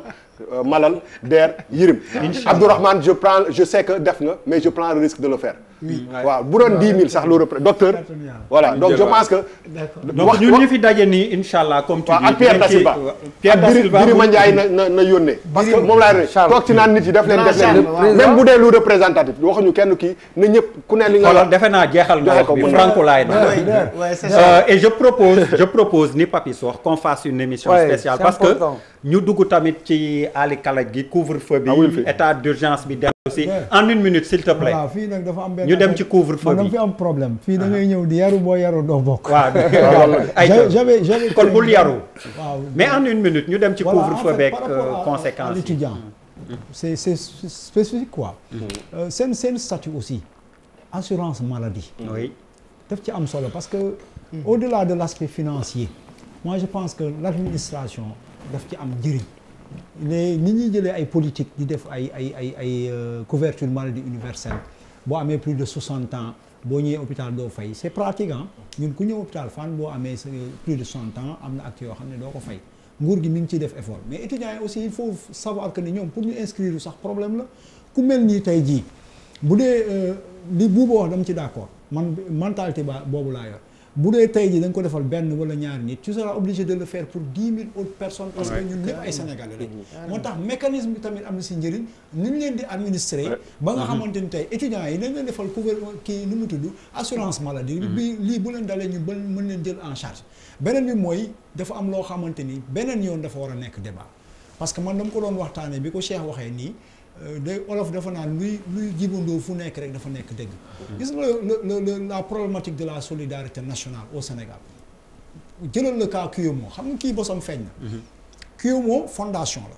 [SPEAKER 5] Euh, malal Der Yirim. Abdourahmane je prends je sais que def nga mais je prends le risque de le faire. waaw bu doon sax loolu représente docteur. voilà donc je pense que. wax ñun
[SPEAKER 1] ñu fi daje nii incha comme tu dis. ak Pierre Da Silva Pierre
[SPEAKER 5] na yónnee. parce que moom laa yónnee toog ci naan nit yi def leen def leen même bu dee lu représentatif waxuñu kenn kii na ñëpp ku ne li nga. alors defe naa jeexal nga wax bi Franco laay
[SPEAKER 1] na euh, et je propose je propose ni Papis ñu dugg tamit ci alikala gi couvre feu bi ah état d'urgence bi dem aussi en une minute s'il te plaît
[SPEAKER 8] fii nag dafa am benn ñu dem ci couvre feu bi fi am problème fii dangay ah. ñëw di yaru boo yaru doo bokk
[SPEAKER 1] waaw ay j'avais j'avais kon mais en une minute ñu dem ci couvre feu beeg euh, conséquences l'étudiant mm. c'est c'est spécifique quoi mm-hmm.
[SPEAKER 8] euh, seen seen statut aussi assurance maladie oui daf ci am solo parce que mm. au-delà de l'aspect financier moi je pense que l'administration daf ci am njëriñ ne ni ñuy jëlee ay politique di def ay ay ay ay euh, couverture maladie universelle boo amee plus de 60 ans boo ñëwee hôpital doo fay c'est pratique ah ñun ku ñëw hôpital Fann boo amee euh, plus de 60 ans am na acte yoo xam ne doo ko fay nguur gi mi ngi ciy def effort mais étudiants yi aussi il faut savoir que ne ñoom pour ñu inscrire sax problème la ku mel nii tey jii bu dee euh, li buuba wax dama ci d'accord man mentalité ba boobu laa yor bu dee tey jii da ko defal benn wala ñaari nit tu seras obligé de le faire pour dix mille autres personnes parce que ñun ñëpp ay sénégalais lañ moo tax mécanisme tamit am na si njëriñ ni ñu leen di administrer ba nga mhm. xamante ni tey étudiants yi nañ leen defal couverture kii nu mu tudd assurance mhm. maladie mhm. bi lii bu leen dalee ñu ba mën leen jël en charge beneen bi mooy dafa am loo xamante ni beneen yoon dafa war a nekk débat parce que man dama ko doon waxtaanee bi ko Cheikh waxee nii Euh, day olof dafa naan luy luy jibandoo fu nekk rek dafa nekk dëgg. gis nga le le la problématique de la solidarité nationale au Sénégal jëlal le cas Cuomo xam nga kii bosam feeñ na. Cuomo mhm. fondation la.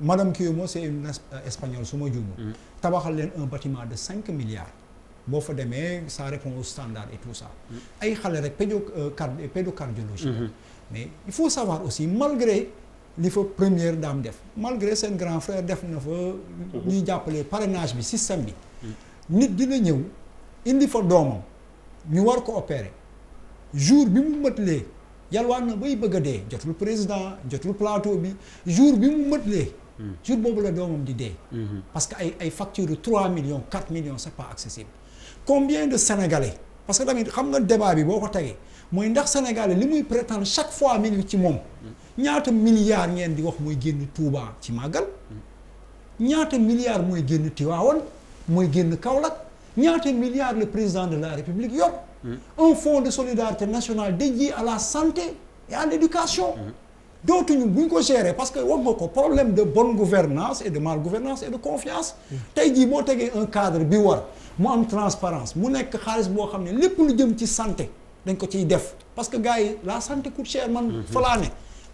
[SPEAKER 8] madame Cuomo c' est une euh, espagnole su ma juumul. Mhm. tabaxal leen un bâtiment de cinq milliards. boo fa demee ça répond aux standards et tout ça. Mhm. ay xale rek euh, pédocardiologie pédocardiologie. mais il faut savoir aussi malgré. li fa première dame def malgré seen grand frère def na fa. ñuy jàppalee parrainage bi système bi. nit dina ñëw indi fa doomam ñu war ko opérer jour bi mu mëtlee yalwaan na bay bëgg a dee jotul président jotul plateau bi jour bi mu mëtlee. jour boobu la doomam di dee. parce que ay ay facture de 3 millions 4 millions c'est pas accessible. combien de sénégalais parce que tamit xam nga débat bi boo ko tegee mooy ndax sénégalais li muy prétendre chaque fois mi ci moom. ñaata milliards ngeen di wax mooy génn Touba ci màggal ñaata milliards mooy génn Tiwaawan mooy génn Kaolack ñaata milliards le président de la République yor mm. un fonds de solidarité nationale dédié à la santé et l'éducation mm. dootuñu bu ko gérer parce que wax nga ko problème de bonne gouvernance et de mal gouvernance et de confiance mm. tey jii boo tegee un cadre bi war mu am transparence mu nekk xaalis boo xam ne lépp lu jëm ci santé dañ ko ciy def parce que gars yi la santé coûte man mm-hmm. fa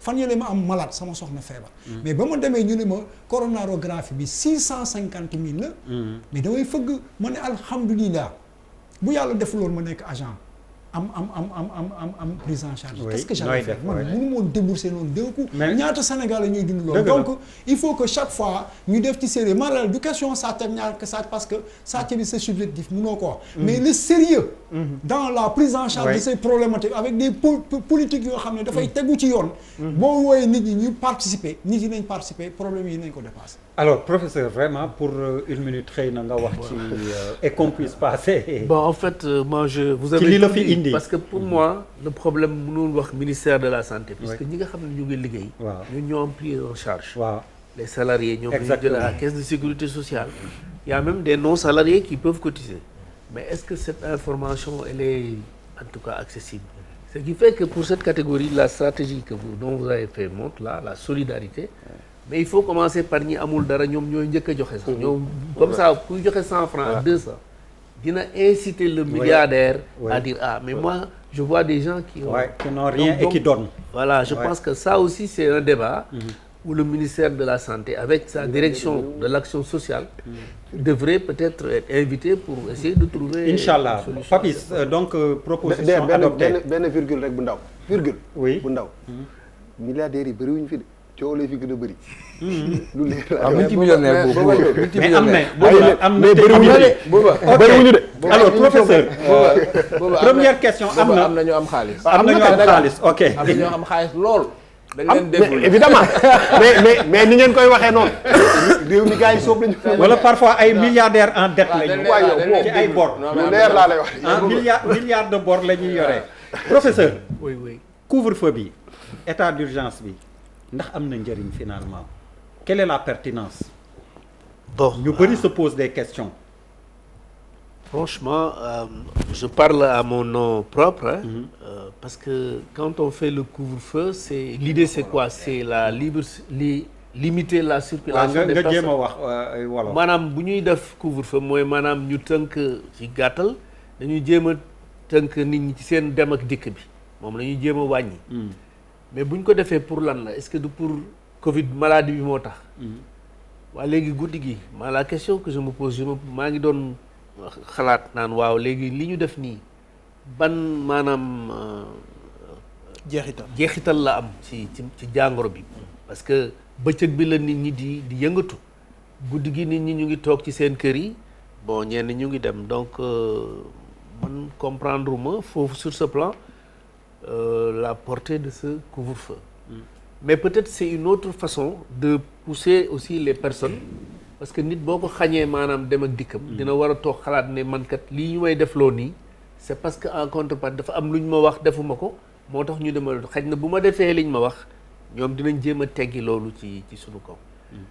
[SPEAKER 8] fan yële ma am malaat sama soxna feebar. mais ba ma demee ñu ne ma coronarographie bi six cent cinquante mille la. Mm. mais damay fëgg ma ne alhamdulilah bu yàlla def loolu ma nekk agent. am am am am am am am prise en charge. qu'est-ce que j'allais faire man mënu ma débourser noonu deux coups. ñaata Sénégal la ñuy dund loolu. donc il faut que chaque fois ñu def ci sérieux man la éducation ça termine que ça parce que ça te dit c'est subjectif mënoo ko wax. Mm-hmm. mais le sérieux mm-hmm. dans la prise en charge de ces problématiques avec des politiques yoo xam ne dafay mm. tegu ci yoon. Mm-hmm. boo wooyee nit ñi ñu participer nit yi nañ participer problème yi nañ ko dépasser.
[SPEAKER 1] alors professeur vraiment pour euh, une
[SPEAKER 7] minute xëy na nga wax ci euh, et qu'on puisse passer. bon en fait euh, moi je. vous avez li la fi indi parce que pour moi le problème mënul wax ministère de la santé. parce que ñi nga xam ne ñu ngi liggéey. waaw ñun ñoo am pris en charge. waaw les salariés. ñoom ñu de la caisse de sécurité sociale. y a même des non salariés qui peuvent cotiser. mais est-ce que cette information elle est en tout cas accessible. ce qui fait que pour cette catégorie la stratégie que vous dont vous avez fait montre la solidarité. mais il faut commencer par ñi amul dara ñoom ñooy njëkk a joxe sax ñoom mm-hmm. comme ça kuy joxe cent francs ak deux cent dina inciter le milliardaire ouais. à dire ah mais ouais. moi je vois des gens qui ont, ouais, qui n'ont rien donc, et qui donnent voilà je pense que ça aussi c'est un débat mm -hmm. où le ministère de la santé avec sa direction de l'action sociale mm -hmm. devrait peut-être être invité pour essayer de trouver Inch'Allah Papis euh, donc euh, proposition adoptée
[SPEAKER 5] benn virgule rek bu ndaw virgule oui bu ndaw mm-hmm. milliardaires yi bëriwuñu fi de coow lay fi gën a bëri. Hmm. lu leer la ah, multimillionnaire boobu mais am na am na bëriwuñu de alors professeur. première
[SPEAKER 4] question am na am ñu am xaalis. am na ñu am xaalis ok. am na ñu am xaalis lool. dañ leen déglu
[SPEAKER 1] évidemment mais ni ngeen koy waxee noonu. réew mi gars yi soob lañu. ay milliardaires en dette lañu. waaw yow ci ay bor. lu leer ah, milliard de bor la ñuy yore. professeur. oui oui couvre-feu bi état d'urgence bi. ndax am na njëriñ finalement quelle est la pertinence ñu bëri euh, sa pose
[SPEAKER 7] des questions franchement euh, je parle à mon nom propre mhm. euh, parce que quand on fait le couvre-feu c'est l'idée c'est la libre li limiter la circulation la personnes nga jéem wax wala euh, maanaam bu ñuy def couvre-feu mooy maanaam ñu tënk ci gàttal dañuy jéem a tënk nit ñi ci seen dem ak dikk bi moom la ñuy jéem a wàññi mm. mais buñ ko defee pour lan la est-ce que du pour Covid maladie bi moo tax. Mhm. waa léegi guddi gi maa la question que je me pose je maa ngi doon xalaat naan waaw léegi li ñu def nii ban maanaam. Euh, jeexital jeexital la am ci ci ci jàngoro bi. parce que bëccëg bi la nit ñi di di yëngatu. guddi gi nit ñi ñu ngi toog ci seen kër yi bon ñenn ñu ngi dem donc euh, man comprendre ma foofu sur ce plan. euh, la portée de ce couvre-feu. Mm. Mais peut-être c'est une autre façon de pousser aussi les personnes parce que nit boo ko xañee maanaam dem ak dikkam. Mm. dina war a toog xalaat ne mankat kat lii ñu may loo nii c'est parce que en contrepartie dafa am lu ñu ma wax defuma ko moo tax ñu demal xaj na bu ma defee liñ ma wax ñoom dinañ jéem a teggi loolu ci ci sunu kaw. Mm.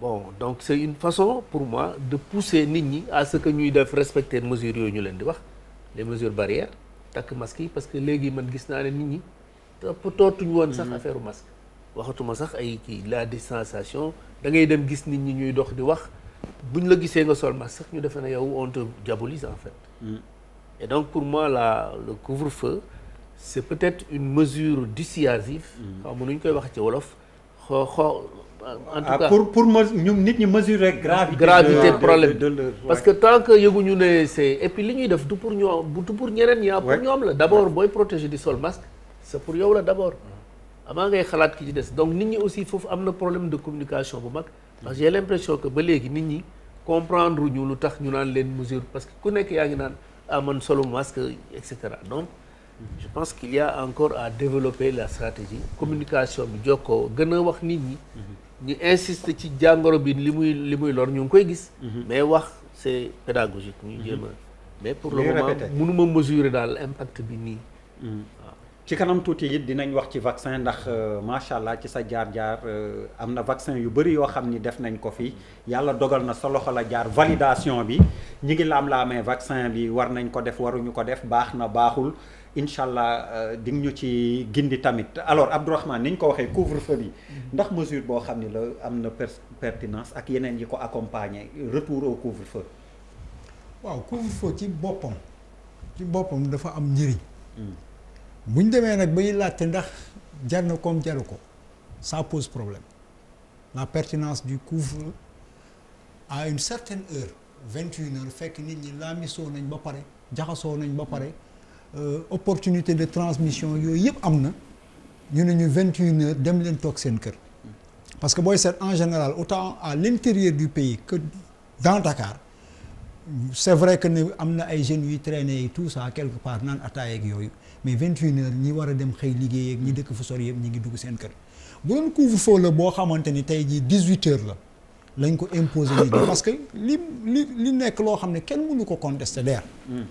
[SPEAKER 7] bon donc c'est une façon pour moi de pousser nit ñi à ce que ñuy def respecter mesures yooyu ñu leen di wax les mesures barrières. takk masque yi parce que léegi man gis naa ne nit ñi toppatootuñ woon sax mm-hmm. affaire masque waxatuma sax ay kii la distanciation dangay dem gis nit ñi ñuy dox di wax buñ la gisee nga sol masque sax ñu defe ne yow on te diabolise en fait mm-hmm. et donc pour moi la le couvre-feu c'est peut-être une mesure dissuasive mm-hmm. xaw ma nu ñu koy wax ci wolof xoo xoo en tout ah, pour
[SPEAKER 1] pour ñoom nit ñi mesurer gravité. gravité problème parce
[SPEAKER 7] que tant que yëguñu ne c'est et puis li ñuy def du pour ñoom du pour ñeneen ñaa ah, pour ñoom la d'abord booy protéger di sol masque c'est pour yow la d'abord. Mm. avant ngay xalaat ki ci des donc nit ñi aussi foofu am na problème de communication bu mag. parce que j'ai l'impression que ba léegi nit ñi comprendre ñu lu tax ñu naan leen mesure parce que ku nekk yaa ngi naan ah man solo masque et cetera donc. je pense qu'il y encore à développer la stratégie communication bi jokkoo gën a wax nit ñi. Mm-hmm. ñu insiste ci jàngoro bi li muy li muy lor ñu ngi koy gis. Mhm. mais wax c'est pédagogique. ñu jéem a mhm. mais pour le moment daal impact bi nii. Mhm.
[SPEAKER 1] ci kanam tuuti it dinañ wax ci vaccin ndax euh, macha allah ci sa jaar-jaar euh, am na vaccin yu bëri yoo xam ni def nañ ko fi yàlla dogal na sa loxo la jaar validation bi ñi ngi laam-laamee vaccin bi war nañ ko def waruñu ko def baax na baaxul. incha allah euh, di nga ñu ci gindi tamit alors Abdourahmane ni ñu ko waxee couvre-feu bi ndax mesure boo xam ni la am na pertinance ak yeneen yi ko accompagner retour au couvre-feu.
[SPEAKER 8] waaw couvre-feu ci boppam ci boppam dafa am njëriñ. Hmm. bu ñu demee nag bay laajte ndax jar na comme jaru ko ça pose problème la pertinance bi couvre à une certaine heure vingt et une fekk nit ñi laamisoo nañ ba pare jaxasoo nañ ba pare. Euh, opportunité de transmission yooyu yëpp am na ñu ne ñu vingt et une dem leen toog seen kër parce que booy seet en général autant à l'intérieur du pays que dans Dakar c'est vrai que ne am na ay jeunes yuy traîner et tout ça quelque part naan ataaya yooyu mais vingt et une ñi war a dem xëy liggéeyeek ak ñi dëkk fu sori yëpp ñi ngi dugg seen kër bu doon couvre-feu la boo xamante ni tey jii dix huit heures la lañ ko imposer nit ñi parce que li li li nekk loo xam ne kenn mënu ko contester der hmm.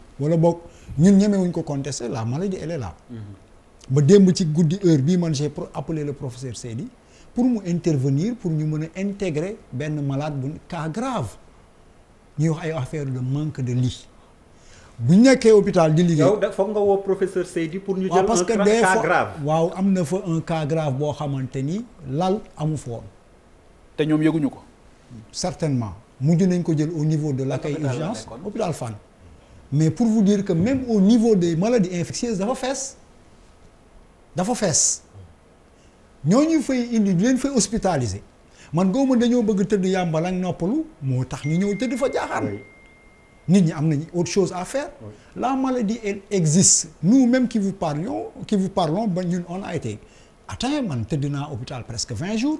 [SPEAKER 8] ñun ñemewuñ ko contester la maladie elle la
[SPEAKER 9] mm-hmm.
[SPEAKER 8] ba démb ci guddi heure bii man j'ai appelé le professeur Seydi pour mu intervenir pour ñu mën a intégrer benn malade bu cas grave ñuy wax ay affaire de manque de lit bu ñu nekkee hôpital di liggéey. yow
[SPEAKER 1] foog nga woo professeur Seydi pour ñu jël un cas grave
[SPEAKER 8] waaw am na fa un cas grave boo xamante ni lal amu foon. te ñoom yëguñu ko. certainement mujj nañ ko jël au niveau de la l'accueil urgence hôpital Fann mais pour vous dire que même au niveau des maladies infectieuses dafa fees dafa fees ñooñu fay indi di leen fay hospitaliser man góob man dañoo bëgg tëdd yàmbal ak noppalu moo tax ñu ñëw tëdd fa jaaxaan. nit ñi am nañu autre chose à faire. Oui. la maladie elle existe nous-mêmes qui vous parlions qui vous parlons ba ñun on a été atteint man tëdd naa hôpital presque vingt jours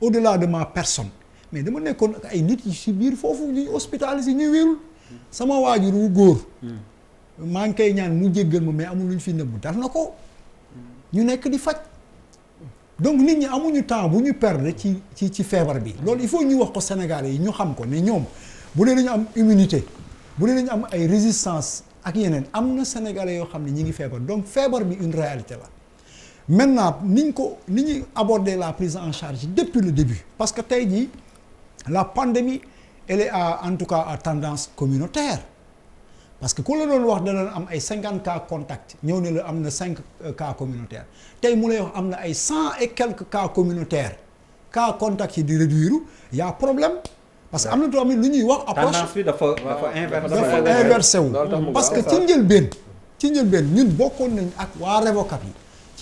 [SPEAKER 8] au-delà de ma personne mais dama nekkoon ak ay nit yi ci biir foofu ñuy hospitaliser ñuy wérul. sama waajur wu góor maa ngi koy ñaan mu jéggal ma mais amul lu ñu fi nëbbu dara na ko ñu nekk di faj donc nit ñi amuñu temps bu ñu perdre ci ci ci feebar bi loolu il faut ñuy wax ko Sénégalais yi ñu xam ko ne ñoom bu dee dañu am immunité bu dee dañu am ay résistance ak yeneen am na Sénégalais yoo xam ne ñi ngi feebar donc feebar bi une réalité la maintenant niñ ko ni ñuy aborder la prise en charge depuis le début parce que tey jii la pandémie elle est à en tout cas à tendance communautaire parce que ku la doon wax da doon am ay cinquante cas contacts ñëw ne la am na cinq euh, cas communautaires tey mu lay wax am na ay cent et quelques cas communautaire cas contacts yi di réduire yaa problème parce que am na tamit lu ñuy wax approche
[SPEAKER 1] dafa inversé wu parce que ci
[SPEAKER 8] njëlbeen ci njëlbeen ñun bokkoon nañ ak waa révocat yi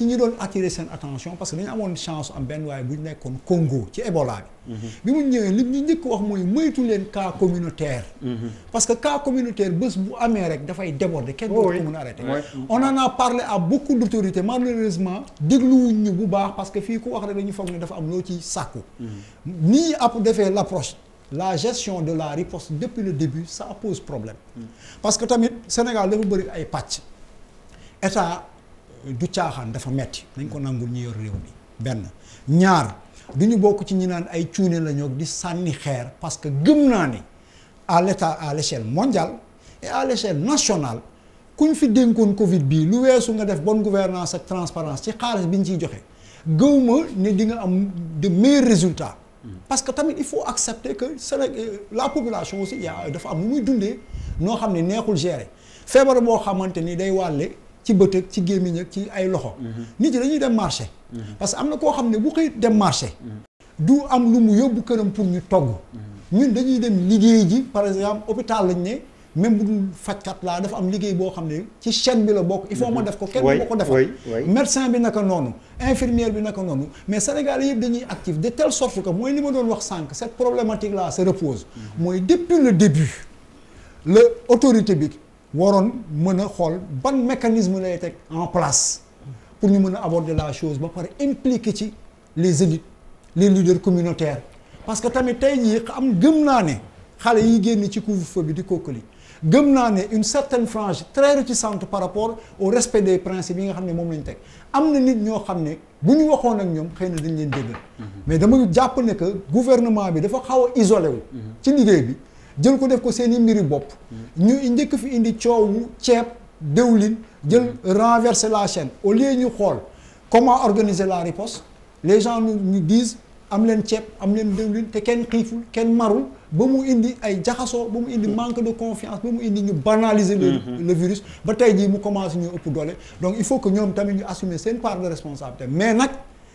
[SPEAKER 8] ci ñu doon attirer seen attention parce que dañu amoon chance am benn waaye bu ñu nekkoon Congo ci Ebola bi. Mhm. bi mu ñëwee li ñu njëkk wax mooy moytu leen cas communautaire. Mhm. parce que cas communautaire bés bu amee rek dafay déborder kenn dootu ko mën a arrêter. on en a parlé à beaucoup d'autorités malheureusement dégluwuñ ñu bu baax parce que fii ku wax rek dañu foog ne dafa am loo ci sàkku. Mhm. nii ab defee l'approche. la gestion de la riposte depuis le début ça pose problème. parce que tamit Sénégal dafa bëri ay pàcc état. du caaxaan dafa metti nañ ko nangul ñu yor réew mi benn ñaar du ñu bokk ci ñu naan ay cuune la ñoo di sànni xeer parce que gëm naa ni à l'état à l'échelle mondiale et à l'échelle nationale ñu fi dénkoon Covid bii lu weesu nga def bonne gouvernance ak transparence ci xaalis bi ñu ciy joxee gëw ne di nga am de meilleurs résultat parce que tamit il faut accepter que Sénégal euh, la population aussi yaa dafa am nu muy dundee noo xam ne neexul gere feebar boo xamante ni day wàlle ci bët ci gémmiñ ak ci ay loxo. Mhm. nit ñi dañuy dem marché. Mhm. parce que am na koo xam ne bu xëy dem marché.
[SPEAKER 9] Mhm.
[SPEAKER 8] du am lu mu yóbbu këram pour ñu togg. ñun dañuy dem liggéey ji par exemple hôpital lañ ne même bu dul fajkat laa dafa am liggéey boo xam ne ci chaîne bi la bokk. il faut ma def ko kenn du ma ko defal. médecin bi naka noonu. infirmière bi naka noonu mais Sénégal yëpp dañuy actif de telle sorte que mooy li ma doon wax sànq cette problématique là se repose. mooy depuis le début. le autorité bi. waroon mën a xool ban mécanisme lay teg en place pour ñu mën a aborder la chose ba pare impliquer ci les élites les leaders communautaires parce que tamit tey jii am gëm naa ne xale yi génn ci couvre-feu bi di kookali gëm naa ne une certaine frange très réticente par rapport au respect des principes yi nga xam ne moom lañu teg am na nit ñoo xam ne bu ñu waxoon ak ñoom xëy na dañ leen déggal mhm. mais dama jàpp ne que gouvernement bi dafa xaw a isolé wu mhm. ci liggée bi jël ko def ko seen i mbiri bopp. ñu njëkk fi indi coowu ceeb déwlin jël renverser la chaîne au lieu ñu xool comment organiser la riposte les gens nous ñu disent am leen ceeb am leen déwlin te kenn xiiful kenn marul ba mu indi ay jaxasoo ba mu indi manque de confiance ba mu indi ñu banaliser. le mm-hmm. le virus ba tey jii mu commencé ñu ëpp doole donc il faut que ñoom tamit ñu assumer seen part de responsabilité mais nag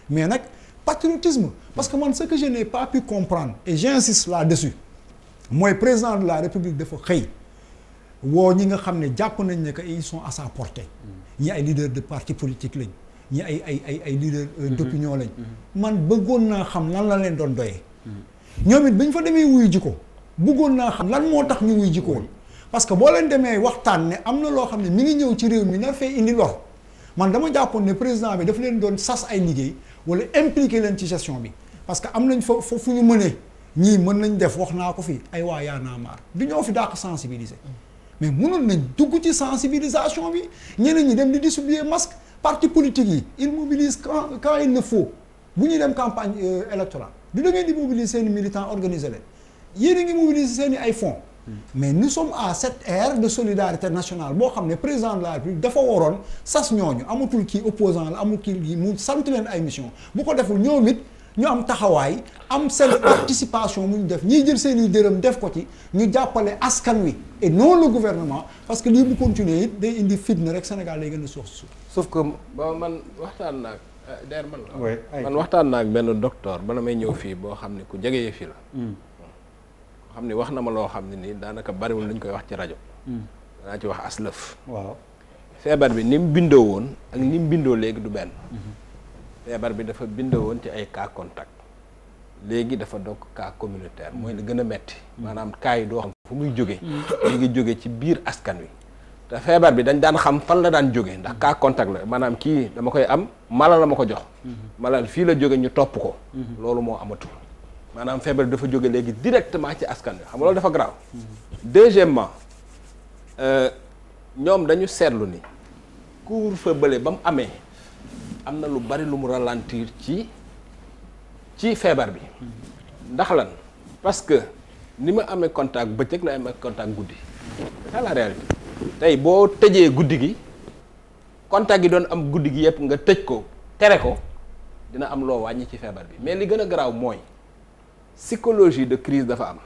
[SPEAKER 8] mais nag patriotisme parce que man ce que je n'ai pas pu comprendre mooy président de la république dafa xëy woo ñi nga xam ne jàpp nañ ne que ils sont à sa portée. ñi ay leader de parti politique lañ ñi ay ay ay ay leader euh, mhm. d'opinion lañ. Mhm. man bëggoon naa xam lan la leen doon doyee. ñoom it bi ñu fa demee wuy ji ko bëggoon naa xam lan moo tax ñu wuy ji parce que boo leen demee waxtaan ne am na loo xam ne mi ngi ñëw ci réew mi na fee indi lor man dama jàppoon ne président bi daf leen doon sas ay liggéey wala impliqué leen ci gestion bi parce que am nañ fa mënee. ñii mën nañ def wax naa ko fi ay waa yaa naa maar du ñoo fi dàq sensibiliser mais mënoon nañ dugg ci sensibilisation bi ñeneen ñi dem di distribuer masque parti politique yi ils mobilisent quand quand il le faut bu ñuy dem campagne euh, électorale du da di mobiliser seen i organiser leen yéen ngi mobiliser seen i ay fonds mais nous sommes à cette de solidarité nationale boo xam ne président de la République dafa waroon sas ñooñu amatul kii opposant la amul kii mu sant leen ay mission ko deful ñoom it ñu am taxawaay am seen participation mu ñu def ñiy jël seen i dërëm def ko ci ñu jàppale askan wi et non le gouvernement parce que lii bu continuer it day indi fitna rek Sénégal lay gën a suux
[SPEAKER 4] suuf. sauf que man waxtaan naa euh, der man la waxtaan naa ak benn ba la may ñëw fii boo xam ne ku jege fii la. Hmm. xam ne wax na ma loo xam ne nii daanaka bariwul lañ koy wax ci rajo. Hmm. danaa ci wax aslëf. waaw feebar bi ni mu bindoo woon ak ni mu bindoo léegi du benn. Hmm. feebar bi dafa woon ci ay cas contact léegi dafa doog cas communautaire mooy la gën a metti maanaam kaa yi doo xam fu muy jóge léegi jóge ci biir askan wi te feebar bi dañ daan xam fan la daan jóge ndax cas contact la maanaam kii dama koy am mala la ma ko jox malal fii la jóge ñu topp ko loolu moo amatul maanaam feebar bi dafa jóge léegi directement ci askan wi xam loolu dafa garaaw deuxièmement euh, ñoom dañu seetlu ni couvre-feu bële ba mu amee am na lu bari lu mu ralentir ci ci feebar bi ndax lan parce que ni ma amee contact bëccëg la amee contact guddi c'est tey boo tëjee guddi gi contact yi doon am guddi gi yëpp nga tëj ko tere ko dina am loo wàññi ci feebar bi mais li gën a garaaw mooy psychologie de crise dafa am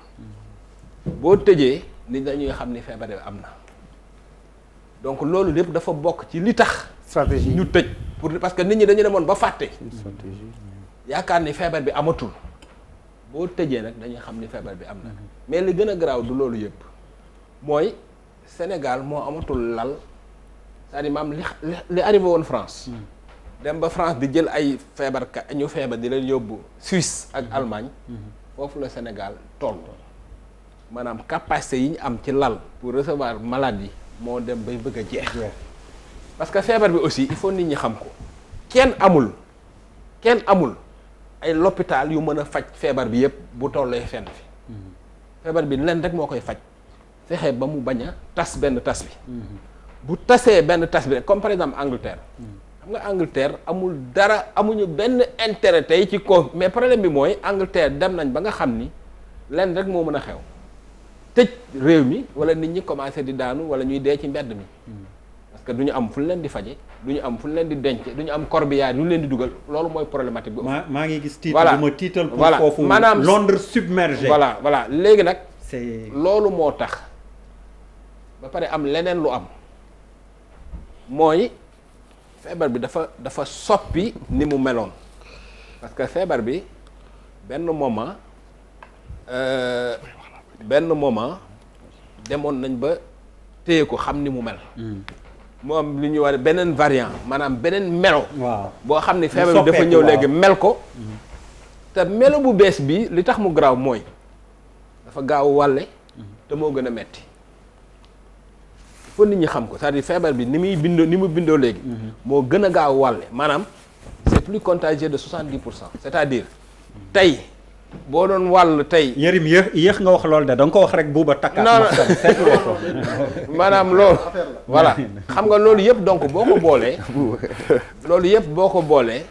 [SPEAKER 4] boo tëjee nit dañuy xam ni feebar bi am na donc loolu lépp dafa bokk ci li tax stratégie ñu tëj pour parce que nit ñi dañu demoon ba fàtte. stratégie yaakaar ni feebar bi amatul. boo tëjee nag dañuy xam ni feebar bi am na. mais li gën a garaaw du loolu yëpp. mooy Sénégal moo amatul lal cest à maam li arrivé woon France. dem ba France di jël ay feebarka ñu feebar di leen yóbbu Suisse ak Allemagne. foofu la Sénégal toll. maanaam capacité yi ñu am ci lal pour recevoir maladie moo dem bay bëgg a jeex. parce que feebar bi aussi il faut nit ñi xam ko kenn amul kenn amul ay l'hôpital yu mën a faj feebar bi yëpp bu tollee fenn fi mm-hmm. feebar bi leen rek moo koy faj fexe ba mu bañ a tas benn tas bi mm-hmm. bu tasee benn tas bi rek comme par exemple Angleterre mm-hmm. xam nga Angleterre amul dara amuñu benn intérêt tey ci ko mais problème bi mooy Angleterre dem nañ ba nga xam ni lenn rek moo mën a xew tëj réew mi wala nit ñi commencé di daanu wala ñuy dee ci mbedd mi que du ñu am fu leen di faje du ñu am fu leen di denc du ñu am corbillard lu leen di dugal loolu mooy problématique bi. maa maa ngi gis titre bu ma
[SPEAKER 1] tiital pour foofu maanaam Londres submergé voilà
[SPEAKER 4] voilà léegi nag. loolu moo tax ba pare am leneen lu am mooy feebar bi dafa dafa soppi ni mu meloon parce que feebar bi benn moment euh, benn moment demoon nañ ba téye ko xam ni mu mel. Hmm. moom am lu ñuy war beneen variant maanaam beneen melo. waaw boo xam ne feebar bi dafa ñëw léegi mel ko. Mhm. te melo bu bees bi li tax mu garaaw mooy dafa gaaw wàlle mhm. te moo gën a metti fo nit ñi xam ko c'est-à-dire feebar bi ni muy bindoo ni mu bindoo léegi. Mhm. moo gën a gaaw wàlle maanaam c'est plus contagieux de 70 pour cent c'est-à-dire tey. boo doon wàll tey. yërim yéex yéex nga wax loolu de da nga ko wax rek buuba takkaat. non maanaam loolu. voilà xam nga loolu yëpp donc boo ko
[SPEAKER 1] boolee. loolu yëpp boo ko boolee.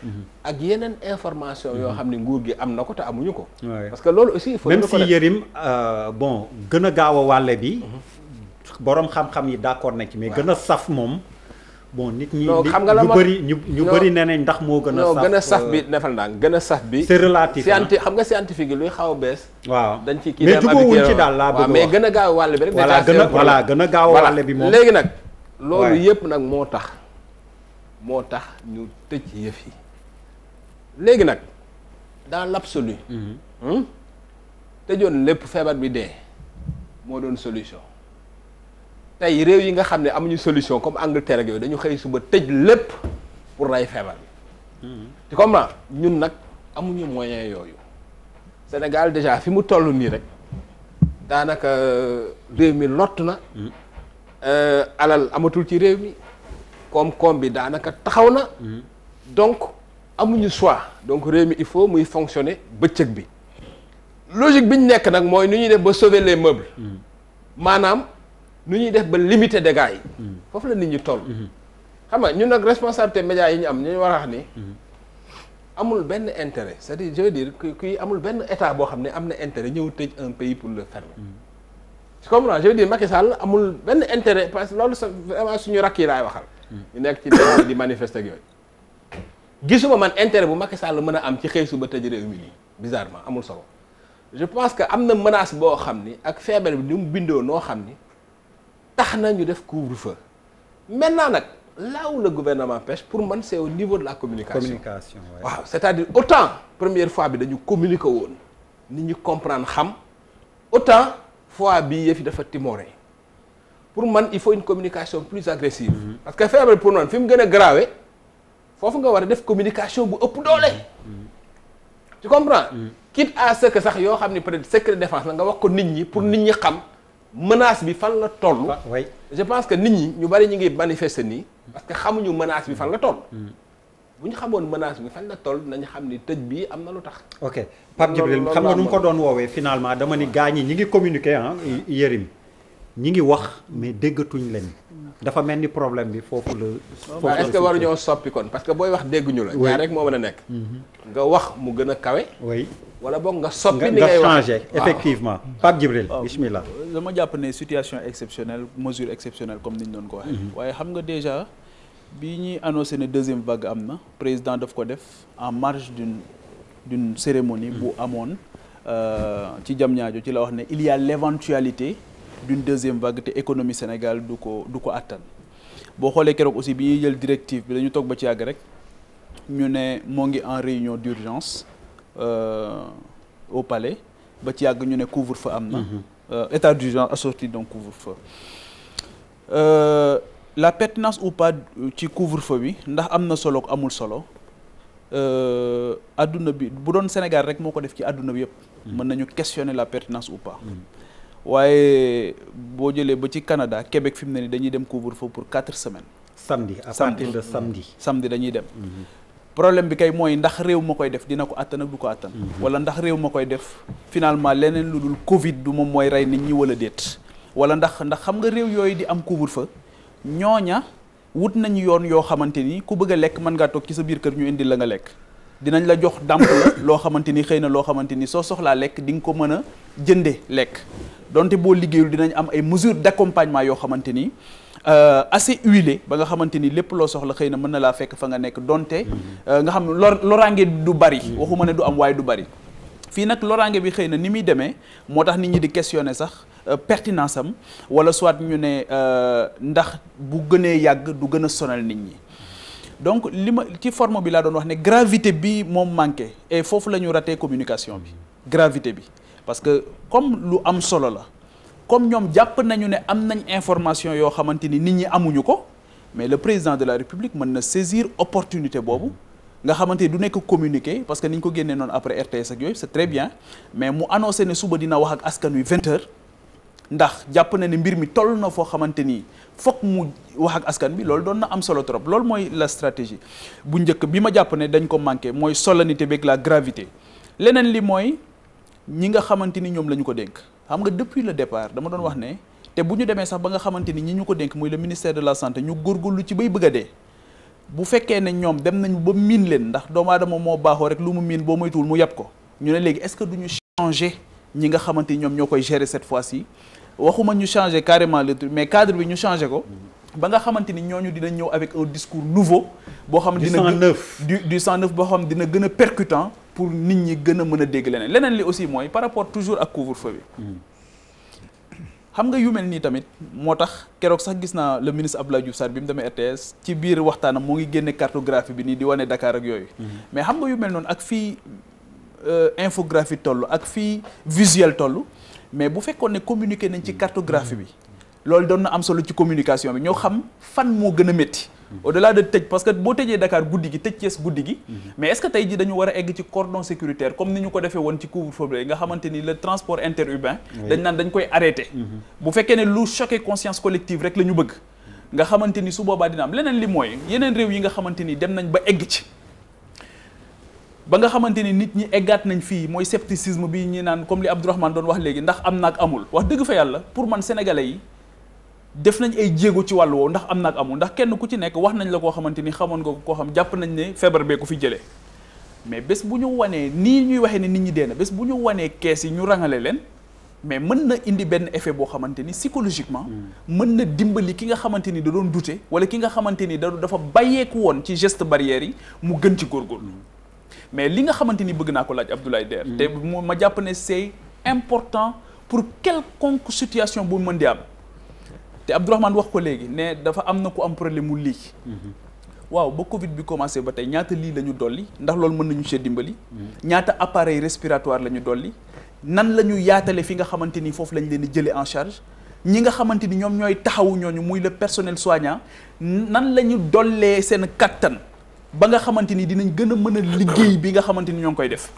[SPEAKER 4] ak yeneen information yoo xam ne nguur gi am na ko te amuñu ko. parce que loolu aussi. il faut même si
[SPEAKER 1] yërim euh, bon gën a gaaw a wàlle bi. Mhm. borom xam-xam yi d'accord na ci mais gën a saf moom. bon nit ñi xam nga la ñu bëri ñu ñu bëri nee nañ ndax moo gën a. saf gën a saf bi defal naa gën a saf bi. c'est
[SPEAKER 4] relatif xam nga scientifique yi luy xaw a bees. waaw dañ ci kii mais jubóowuñ ci daal laa bëgg wax mais gën a gaaw wàll bi rek. voilà gën a voilà gën a gaaw wàll bi moom léegi nag. loolu yëpp nag moo tax moo tax ñu tëj yëf yi léegi nag dans l'absolu. Mhm. Hmm, tëjoon lépp feebar bi dee moo doon solution. tey réew yi nga xam ne amuñu solution comme Angleterre ak yooyu dañu xëy suba tëj lépp pour rey feebar bi hmm. tu ñun nag amuñu moyen yooyu Sénégal déjà fi mu toll nii rek daanaka euh, réew mi lott na hmm. euh, alal amatul ci réew mi koom-koom bi daanaka taxaw na hmm. donc amuñu choix donc réew mi il faut muy fonctionner bëccëg bi logique bi ñu nekk nag mooy nu ñuy def ba sauver les meubles maanaam nu ñuy def ba limiter dégâts yi. Hmm. foofu la nit ñu toll. Hmm. xam ñu ñun nag responsabilité média yi ñu am ñu war a wax ni. Hmm. amul benn intérêt c'est-à-dire je veux dire amul benn état boo xam ne am na intérêt ñëw tëj un pays pour le fermer. tu comprends je veux amul benn intérêt parce que loolu sa suñu rakk yi laay ñu nekk ci di manifester ak yooyu. gisuma man intérêt bu Macky Sall mën a am ci xëy suba tëj réew mi nii bizarrement amul solo je pense que am na menace boo xam ni ak feebar bi ni mu bindoo noo xam ni. tax na ñu def couvre-feu maintenant nag là la le gouvernement pêche pour man c'est au niveau de la communication
[SPEAKER 1] communication waaw
[SPEAKER 4] ouais. c'est-à-dire autant première fois bi dañu communiquer woon nit ñi comprendre xam autant fois bi yëf yi dafa timoré pour man il faut une communication plus agressive mm parce que feebar pour man fi mu gën a grave foofu nga war a def communication bu ëpp doole mhm. tu comprends mm -hmm. quitte à ce sax yoo xam ni peut-être secret défense la nga wax ko nit ñi pour nit ñi xam menace bi fan la toll. je pense que nit ñi ñu bari ñu ngi manifester nii. parce que xamuñu menace bi fan la toll. Mm. bu ñu xamoon menace bi fan la toll nañu xam ni tëj bi am na lu tax.
[SPEAKER 1] ok Pape Djibril xam nga nu mu ko doon woowee finalement dama ni gaañ ñi ngi communiquer ah Yérim ñi ngi wax mais déggatuñ leen. dafa mel ni problème bi foofu la. foofu la est-ce que waruñoo
[SPEAKER 4] soppi kon parce que booy wax dégguñu la. ñaar rek moo mën a nekk. Mhm. nga wax mu gën a kawe.
[SPEAKER 1] oui
[SPEAKER 2] wala boog nga soppi. ni ngay wax nga changé effectivement.
[SPEAKER 1] Pape Djibril bismillah.
[SPEAKER 2] dama jàpp ne situation exceptionnelle mesure exceptionnelle comme ni ñu doon ko waxee. Mhm. waaye xam nga déjà bi ñuy annoncé ne deuxième vague am na président daf ko def en marge d'une d'une cérémonie bu amoon euh, ci jam ñaajo ci la wax ne il y a l'éventualité d'une deuxième vague te économie Sénégal du ko du ko àttan boo xoolee keroog aussi bi ñuy jël directive bi dañu toog ba ci yàgg rek ñu ne moo ngi en réunion d'urgence euh, au palais ba ci yàgg ñu ne couvre-feu am na mhm. euh, état d'urgence assorti donc couvre-feu euh, la pertinance ou pas ci couvre-feu bi ndax am na solo amul solo euh, adduna bi bu doon Sénégal rek moo ko def ci àdduna bi yëpp mhm. mën nañu questionner la pertinance oupa mhm. waaye boo jëlee ba ci Canada Québec fi mu ne nii dañuy dem couvre-feu pour quatre semaines. samedi à partir de samedi. Mm-hmm. samedi dañuy dem. Mm-hmm. problème bi kay mooy ndax réew ma koy def dina ko attan ak du ko attan. Mm-hmm. wala ndax réew ma koy def finalement leneen lu dul Covid du moom mooy rey nit ñi wala déet. wala ndax ndax xam nga réew yooyu di am couvre-feu ñooña wut nañu yoon yoo xamante ni ku bëgg lekk mën ngaa toog ci sa biir kër ñu indi la nga lekk. dinañ la jox dàmp loo xamante ni xëy na loo xamante ni soo soxlaa lekk di nga ko mën a jëndee lekk donte boo liggéeyul dinañ am ay mesures d'accompagnement yoo xamante ni euh, assez huilé ba nga xamante ni lépp loo soxla xëy na mën na laa fekk fa nga nekk donte euh, nga xam lor loraange du bari waxuma ne du am waaye du bari fii nag loraange bi xëy na ni muy demee moo tax nit ñi di questionner sax euh, pertinance am wala soit ñu ne ndax bu gënee yàgg du gën a sonal nit ñi donc li ma ci forme bi laa doon wax ne gravité bi moom manqué e foofu la ñu raté communication bi gravité bi parce que comme lu am solo la comme ñoom jàpp nañu ne am nañ information yoo xamante ni nit ñi amuñu ko mais le président de la république mën na saisir opportunité boobu nga xamante du nekk communiqué parce que ni ñu ko génnee noonu après RTS ak yooyu c'est très bien mais mu annoncé ne suba dina wax ak aska wi 20 ndax jàpp na ne mbir mi toll na foo xamante ni foog mu wax ak askan bi loolu doon na am solo trop loolu mooy la stratégie bu njëkk bi ma jàpp ne dañ ko manqué mooy solennité beeg la gravité leneen li mooy ñi nga xamante ni ñoom la ko dénk xam nga depuis le départ dama doon wax ne te bu ñu demee sax ba xamante ni ñi ñu ko dénk muy le ministère de la santé ñu góorgóorlu ci bay bëgg a dee bu ne ñoom dem nañu ba miin leen ndax doomu aadama moo baaxoo rek lu mu miin boo moytuwul mu yàpp ko ñu ne léegi est-ce que du ñu changer ñi xamante ni ñoom ñoo koy gérer cette fois-ci waxuma ñu changer carrément le mais cadre bi ñu changer ko ba nga xamante ni ñooñu dina ñëw avec un discours nouveau boo xam dina du du 109 boo xam dina gën a percutant pour nit ñi gëna mën a dégg leneen leneen li aussi mooy par rapport toujours ak couvre-feu bi mm. xam nga yu mel nii tamit moo tax keroog sax gis naa le ministre Abdoulaye Diouf sar bi mu demee RTS ci biir waxtaanam moo ngi génne cartographie bi nii di wane Dakar ak yooyu mm-hmm. mais xam nga yu mel noonu ak fii euh, infographie toll ak fii visuel toll mais bu fekkoon ne communiqué nañ ci cartographie loolu doon am solo ci communication bi ñoo xam fan moo gën a métti au-delà de tëj parce que boo tëjee Dakar guddi gi tëj Thiès guddi gi mais est tey ji dañu war a egg ci cordon sécuritaire comme ni ñu ko defee woon ci couvre-feu bi nga xamante ni le transport interurbain dañ naan dañ koy arrêté mhm. bu fekkee ne lu choqué conscience collective rek la ñu bëgg nga xamante ni su boobaa dina leneen li mooy yeneen réew yi nga xamante ni dem nañ ba egg ci ba nga xamante ni nit ñi eggaat nañ fii mooy scepticisme bi ñi naan comme li Abdourahmane doon wax léegi ndax am naag amul wax dëgg fa yàlla pour man sénégalais yi def nañ ay jéego ci wàll woowu ndax am naag amul ndax kenn ku ci nekk wax nañ la koo xamante ni xamoon nga ko xam jàpp nañ ne feebar bee ku fi jëlee mais bés bu ñu wanee nii ñuy waxee ne nit ñi dee na bés bu ñu wanee kees yi ñu rangale leen mais mën na indi benn effet boo xamante ni psychologiquement mm. mën na dimbali ki nga xamante ni da doon wala ki nga xamante ni da dafa bàyyeeku woon ci geste barrière yi mu gën ci góorgóorlu mm. mais li nga xamante ni bëgg naa ko laaj Abdoulaye Der mm-hmm. te mu ma jàpp ne c'est important pour quelconque situation bu mën di am te Abdourahmane wax ko léegi ne dafa am na ku am problème mu lii mm-hmm. waaw ba Covid bi commencé ba tey ñaata lii la ñu dolli ndax loolu mën nañu see dimbali. Mm-hmm. ñaata appareil respiratoire la ñu dolli nan la ñu yaatale fi nga xamante ni foofu lañ leen di jëlee en charge ñi nga xamante ni ñoom ñooy taxawuñoo ñu muy le personnel soignant nan la ñu dollee seen kattan. ba nga xamante ni dinañ gën a mën a liggéey bi nga xamante ni ñoo ngi koy def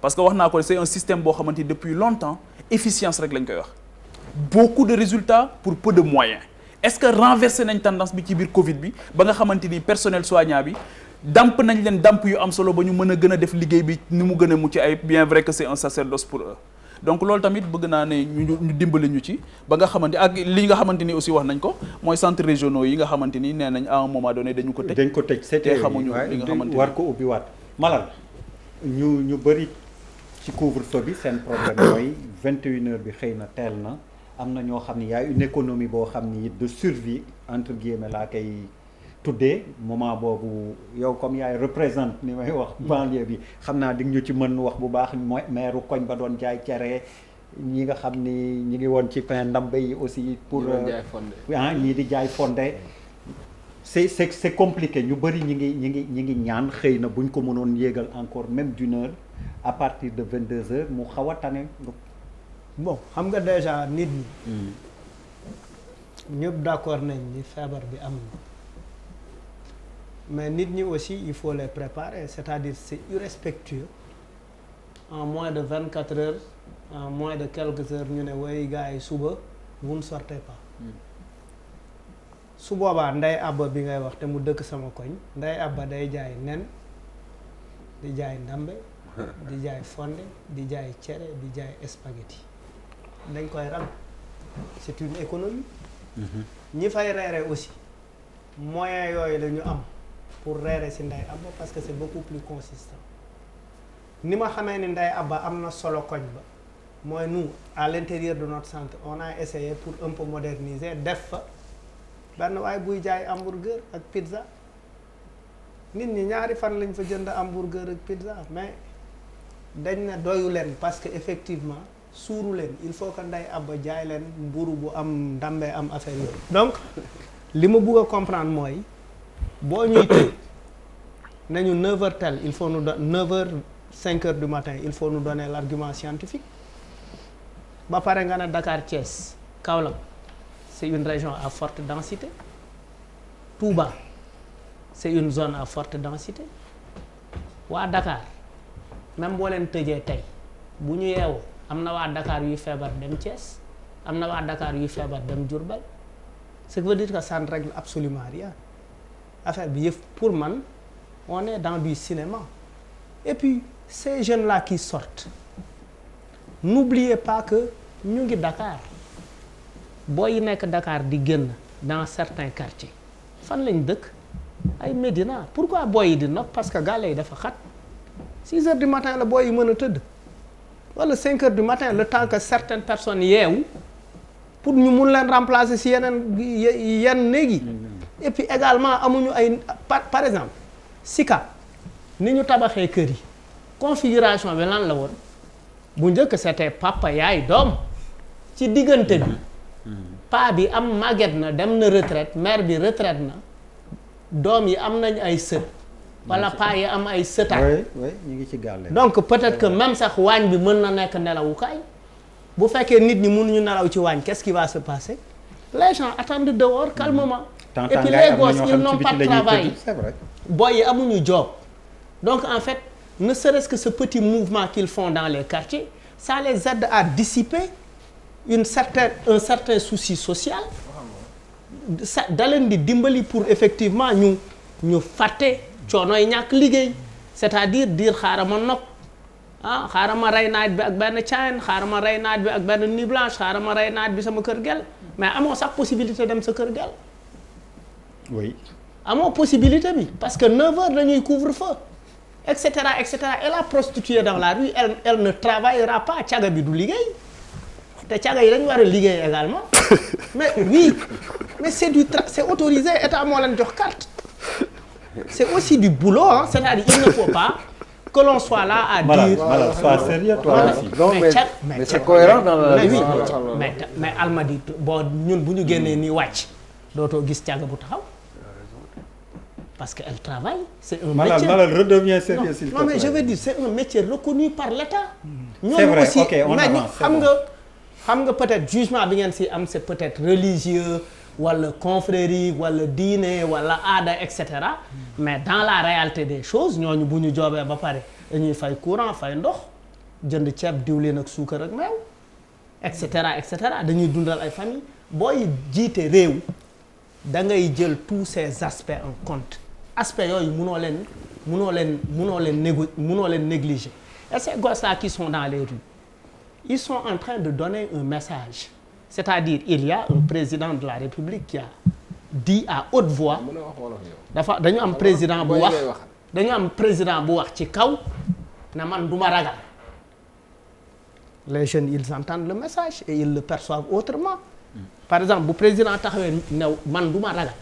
[SPEAKER 2] parce que wax naa ko c'est un système boo xamante ni depuis longtemps efficience rek lañ koy wax beaucoup de résultats pour peu de moyens est-ce que renversé nañ tendance bi ci biir Covid bi ba nga xamante ni personnel soignant bi damp nañ leen damp yu am solo ba ñu mën a gën a def liggéey bi ni mu gën a mucc ay bien vrai que c'est un sacerdoce pour donc loolu tamit bëgg naa ne ñu ñu dimbali ñu ci ba nga xamante ak li nga xamante ni aussi wax nañ ko mooy centre régionaux yi nga xamante ni nee nañ à un moment donné dañu ko tëj. dañ ko tëj c'était xamuñu li nga xamante ni war ko ubbiwaat malal ñu ñu bëri
[SPEAKER 1] ci couvre-feu bi seen problème mooy 21 heures bi xëy na teel na am na ñoo xam ne y a une économie boo xam ni de survie entre guillemets laa koy. tuddee moment boobu yow comme yaay représente ni may wax banlieue bi xam naa di ñu ci mën wax bu baax mooy maire koñ ba doon jaay cere ñi nga xam ni ñi ngi woon ci pain ndambe yi aussi pour euh, ah ñii di jaay fonde c'est c'est c'est compliqué ñu bëri ñi ngi ñi ngi ñi ngi ñaan xëy na bu buñ ko mënoon yéegal encore même d'une à partir de vingt deux heures mu xaw a tane bon xam nga déjà nit ñi mm.
[SPEAKER 3] ñëpp d'accord nañ ni feebar bi am na mais nit ñi aussi il faut les préparer c'est-à-dire c'est irrespectueux en mois de vingt quatre heures en mois de quelques heures ñu ne way gars yi suba vous ne sortez pas hmm. su boobaa nday abba bi ngay wax te mu dëkk sama koñ nday abba day jaay nen di jaay ndambe di jaay fonde di jaay cere di jaay spaghetti dañ koy ram c'est économie mm-hmm. ñi fay reere aussi moyen yooyu la am pour reere si Ndeye Abba parce que c'est beaucoup plus consistant ni ma xamee ni Ndeye Abba am na solo koñ ba mooy nous à l'intérieur de notre centre on a essayé pour un peu moderniser def fa benn waaye buy jaay hamburger ak pizza nit ñi ñaari fan lañ fa jënd hamburger ak pizza mais dañ na doyu leen parce que effectivement suuru leen il faut que Ndeye Abba jaay leen mburu bu am ndàmbee am affaire yooyu donc li ma bugg a comprendre mooy boo ñuy tëj nañu 9 heures tel il faut nu don 9 heures 5 heures du matin il faut nous donner l'argument scientifique ba pare nga ne Dakar Thiès Kaolack c'est une région à forte densité Touba c'est une zone à forte densité waa Dakar même boo leen tëjee tey bu ñu yeewoo am na waa Dakar yuy feebar dem Thiès am na waa Dakar yuy feebar dem Diourbel ce qui veut dire que ça ne règle absolument rien affaire bi yëf pour man on est dans du cinéma et puis ces jeune là qui sortent n'oubliez pas que ñu ngi dakaar booy yi nekk dakaar di génn dans certains quartiers fan lañ dëkk ay Médina pourquoi booy yi di nopp parce que gàlle yi dafa xat 6 heures du matin la booy yi mën a tëdd wala 5 heures du matin le temps que certaines personnes yeewu pour ñu mun leen remplacer si yeneen yenn néeg yi mm-hmm. et puis également amuñu ay par par exemple Sika ni ñu tabaxee kër yi configuration bi lan la woon bu njëkk seetee papa yaay doom ci diggante bi paa bi am màgget na dem na retraite mère bi retraite na doom yi am nañ ay sët wala paa yi am ay sëtaat
[SPEAKER 1] ñu ngi ci gàlle donc
[SPEAKER 3] peut-être que même sax waañ bi mën na nekk nelawukaay bu fekkee nit ñi mënuñu nelaw ci waañ qu'est-ce qui va se passer les gens attendent dehors calmement et puis les gosses ils n'ont pas de travail boy yi amuñu job donc en fait ne serait-ce que ce petit mouvement qu'ils font dans les quartiers ça les aide à dissiper une certaine un certain souci social sa da leen di dimbali pour effectivement ñu ñu fàtte coonooy ñàkk liggéey c'est-à-dire dire xaaral ma nopp ah ma rey naaj bi ak benn caayan xaaral ma rey naaj bi ak benn nuit blanche xaaral ma rey naaj bi sama kër gel mais amoo sax possibilité dem sa kër gel oui amoo possibilité bi parce que 9h dañuy couvre-feu et cetera et cetera et la prostituée dans la rue elle elle ne travaillera pas caga bi du liggéey te caga yi dañu war a liggéey également mais oui mais c'est du tra c'est autorisé état moo leen jox carte c'est aussi du boulot hein c'est-à-dire il la mais oui mais mais bon ñun bu ñu génnee ni wàcc dootoo gis caga bu taxaw. parce que elle travaille c'est un Malal, métier Malal redevient sérieux s'il te plaît non mais je veux dire c'est un métier reconnu par l'État hmm. c'est vrai aussi, ok on xam nga xam nga peut-être jugement bi ngeen si am c'est peut-être religieux wala confrérie wala diine wala aada et cetera hmm. mais dans la réalité des choses ñooñu bu ñu joobee ba pare dañuy fay courant fay ndox jënd ceeb diwlin ak suukar ak meew et cetera et cetera dañuy dundal ay famille booy jiitee réew da ngay jël tous ces aspects en compte aspect yooyu munoo leen munoo leen munoo leen négo munoo leen négliger et ces gosses-là qui les rues ils sont en train de donner un message c'est-à-dire il y a un président de la République qui a dit à dafa dañu am président bu wax dañu am président bu wax ci kaw na man duma ragal les jeunes ils entendent le message et ils le perçoivent autrement mm. par exemple bu président taxawee new man duma ragal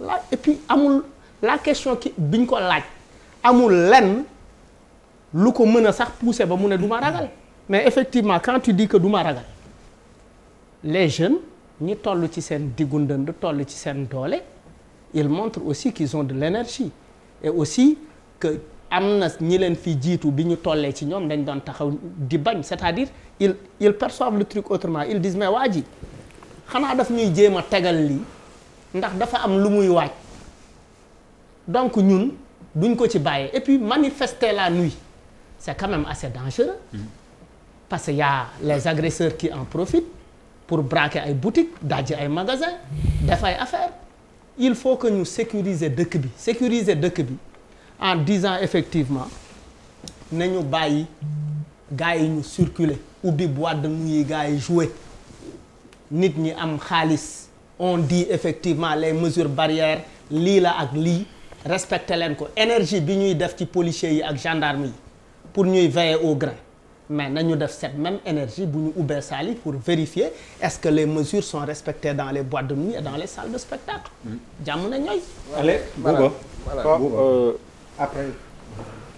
[SPEAKER 3] la et puis la question ki biñ ko laaj amul lenn lu ko mën a sax pousser ba mu ne duma ragal mais effectivement quanti tu dis que ragal les jeunes ñi toll ci seen diggu ndënd toll ci seen doole ils montrent aussi qu'ils zone de l'énergie et aussi que am na ñi leen fi jiitu bi ñu tollee ci ñoom dañ doon taxaw di bañ c'est-à-dire il ils perçoivent le truc autrement ils disent mais waa ji xanaa daf ñuy jéem a tegal lii ndax dafa am lu muy waaj donc ñun duñ ko ci bàyyee et puis manifester la nuit c'est quand même assez dangereux parce que y a les agresseurs qui en profit pour braquer ay boutiques dajji ay magasins def ay affaires il faut que ñu sécuriser dëkk bi sécuriser dëkk bi en disant effectivement nañu bàyyi gars yi ñu circuler ubbi boîte de yi gars yi jouer nit ñi am xaalis on di effectivement les mesures barrières lii la ak lii respecté leen ko énergie bi ñuy def ci policiers yi ak gendarme yi pour ñuy veiller au grain mais na ñu def cette même énergie bu ñu ubbee saal yi pour vérifier est-ce que les mesures son respectées dans les boîtes de nuit et dans les salles de spectacle. jàmm na ñooy. allez Bouba
[SPEAKER 1] voilà euh,
[SPEAKER 10] après.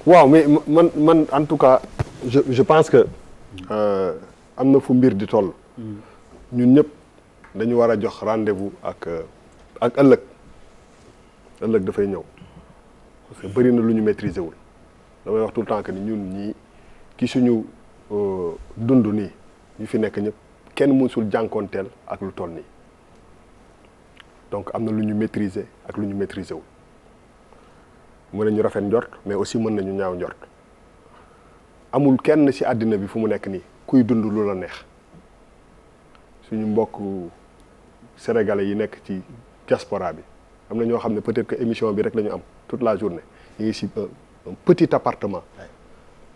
[SPEAKER 5] waaw mais man man en tout cas je je pense que euh, am na fu mbir di toll. Hmm. ñun ñëpp dañu war a jox rendez-vous ak euh, ak ëllëg ëllëg dafay parce que bëri na lu ñu maîtriser wul damay wax tout le temps ni ñun ñii ki suñu euh, dund nii ñu fi nekk ñëpp kenn mësul jànkoonteel ak lu toll nii donc am na lu ñu maîtriser ak lu ñu maîtriser wul mën ñu rafet njort mais aussi mën nañu ñaaw njort amul kenn ci àddina bi fu mu nekk nii kuy dund lu la neex suñu mbokk sénégalais yi nekk ci diaspora bi am na ñoo xam ne peut-être que émission bi rek la ñu am toute la journée ñu ngi si un petit appartement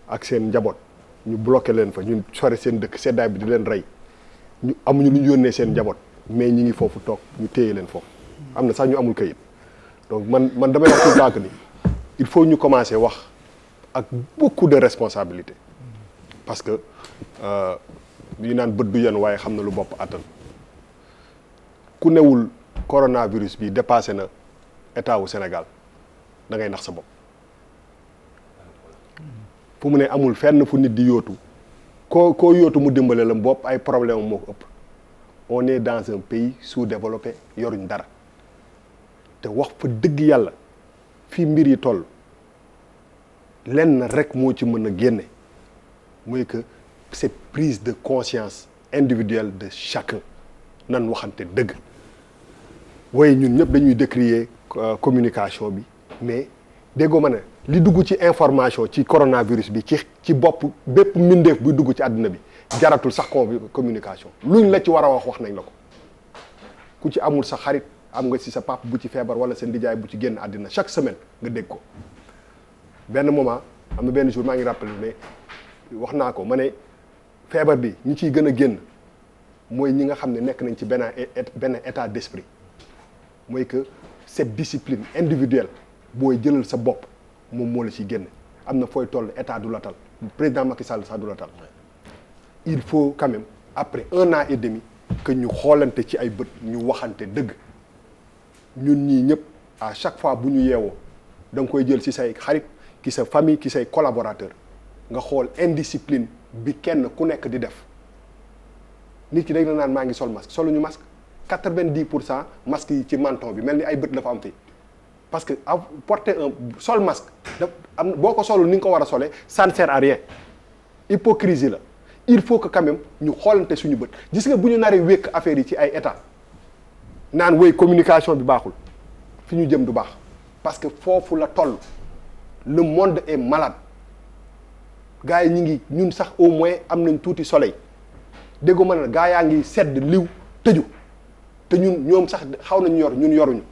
[SPEAKER 5] ak seen njaboot ñu bloqué leen fa ñu sore seen dëkk seddaay bi di leen rey ñu amuñu lu ñu yónnee seen njaboot mais ñu ngi foofu toog ñu téye leen foofu am na sax ñu amul kayit donc man man damay wax tout le ni il faut ñu commencer wax ak beaucoup de responsabilité parce que euh, ñu naan bët du yan waaye xam na lu bopp attan ku newul coronavirus bi dépassé na état wu Sénégal da ngay nax sa bopp fu mu ne amul fenn fu nit di yootu koo koo yóotu mu dimbale la bopp ay problème moo ko ëpp on est dans un pays sous-développé yoruñ dara te wax fa dëgg yàlla fii mbir yi toll lenn rek moo ci mën a génne mooy que c'est prise de conscience individuelle de chacun nan waxante dëgg waaye ñun ñëpp dañuy décrier euh, communication bi mais déggoo ma ne li dugg ci information ci coronavirus bi ci ci bopp bépp mbindeef buy dugg ci àdduna bi jaratul sax communication luñ la ci war a wax wax nañ la ko ku ci amul sa xarit am nga ci sa pap bu ci feebar wala seen lijaay bu ci génn àddina chaque semaine nga dégg ko benn moment am na benn jour maa ngi rappelé ne wax naa ko ma ne feebar bi ñi ciy gën a génn mooy ñi nga xam ne nekk nañ ci benn benn état d'esprit mooy que cette discipline individuelle booy jëlal sa bopp moom moo la ci génne am na fooy toll état du la tal président Macky Sall sax du la il faut quand après un an et demi que ñu xoolante ci ay bët ñu waxante dëgg ñun ñii ñëpp à chaque fois bu ñu yeewoo danga koy jël ci say xarit ci sa famille ci say collaborateur nga xool indiscipline bi kenn ku nekk di def nit ki dañ la naan maa ngi sol solu ñu masque quatre-vingt-dix pour cent masque yi ci menton bi mel ni ay bët dafa am fii parce que porté un sol masque da am boo ko solul ni nga ko war a solee ça ne sert hypocrisie la il faut que quand ñu xoolante suñu bët gis nga bu ñu naree wékk affaire yi ci ay état naan wéy communication bi baaxul fi ñu jëm du baax parce que foofu la toll le monde est malade gars yi ñu ngi ñun sax au moins am nañ tuuti soleil déggoo ma ne gars yaa ngi sedd liw tëju te ñun ñoom sax xaw nañu yor ñun yoruñu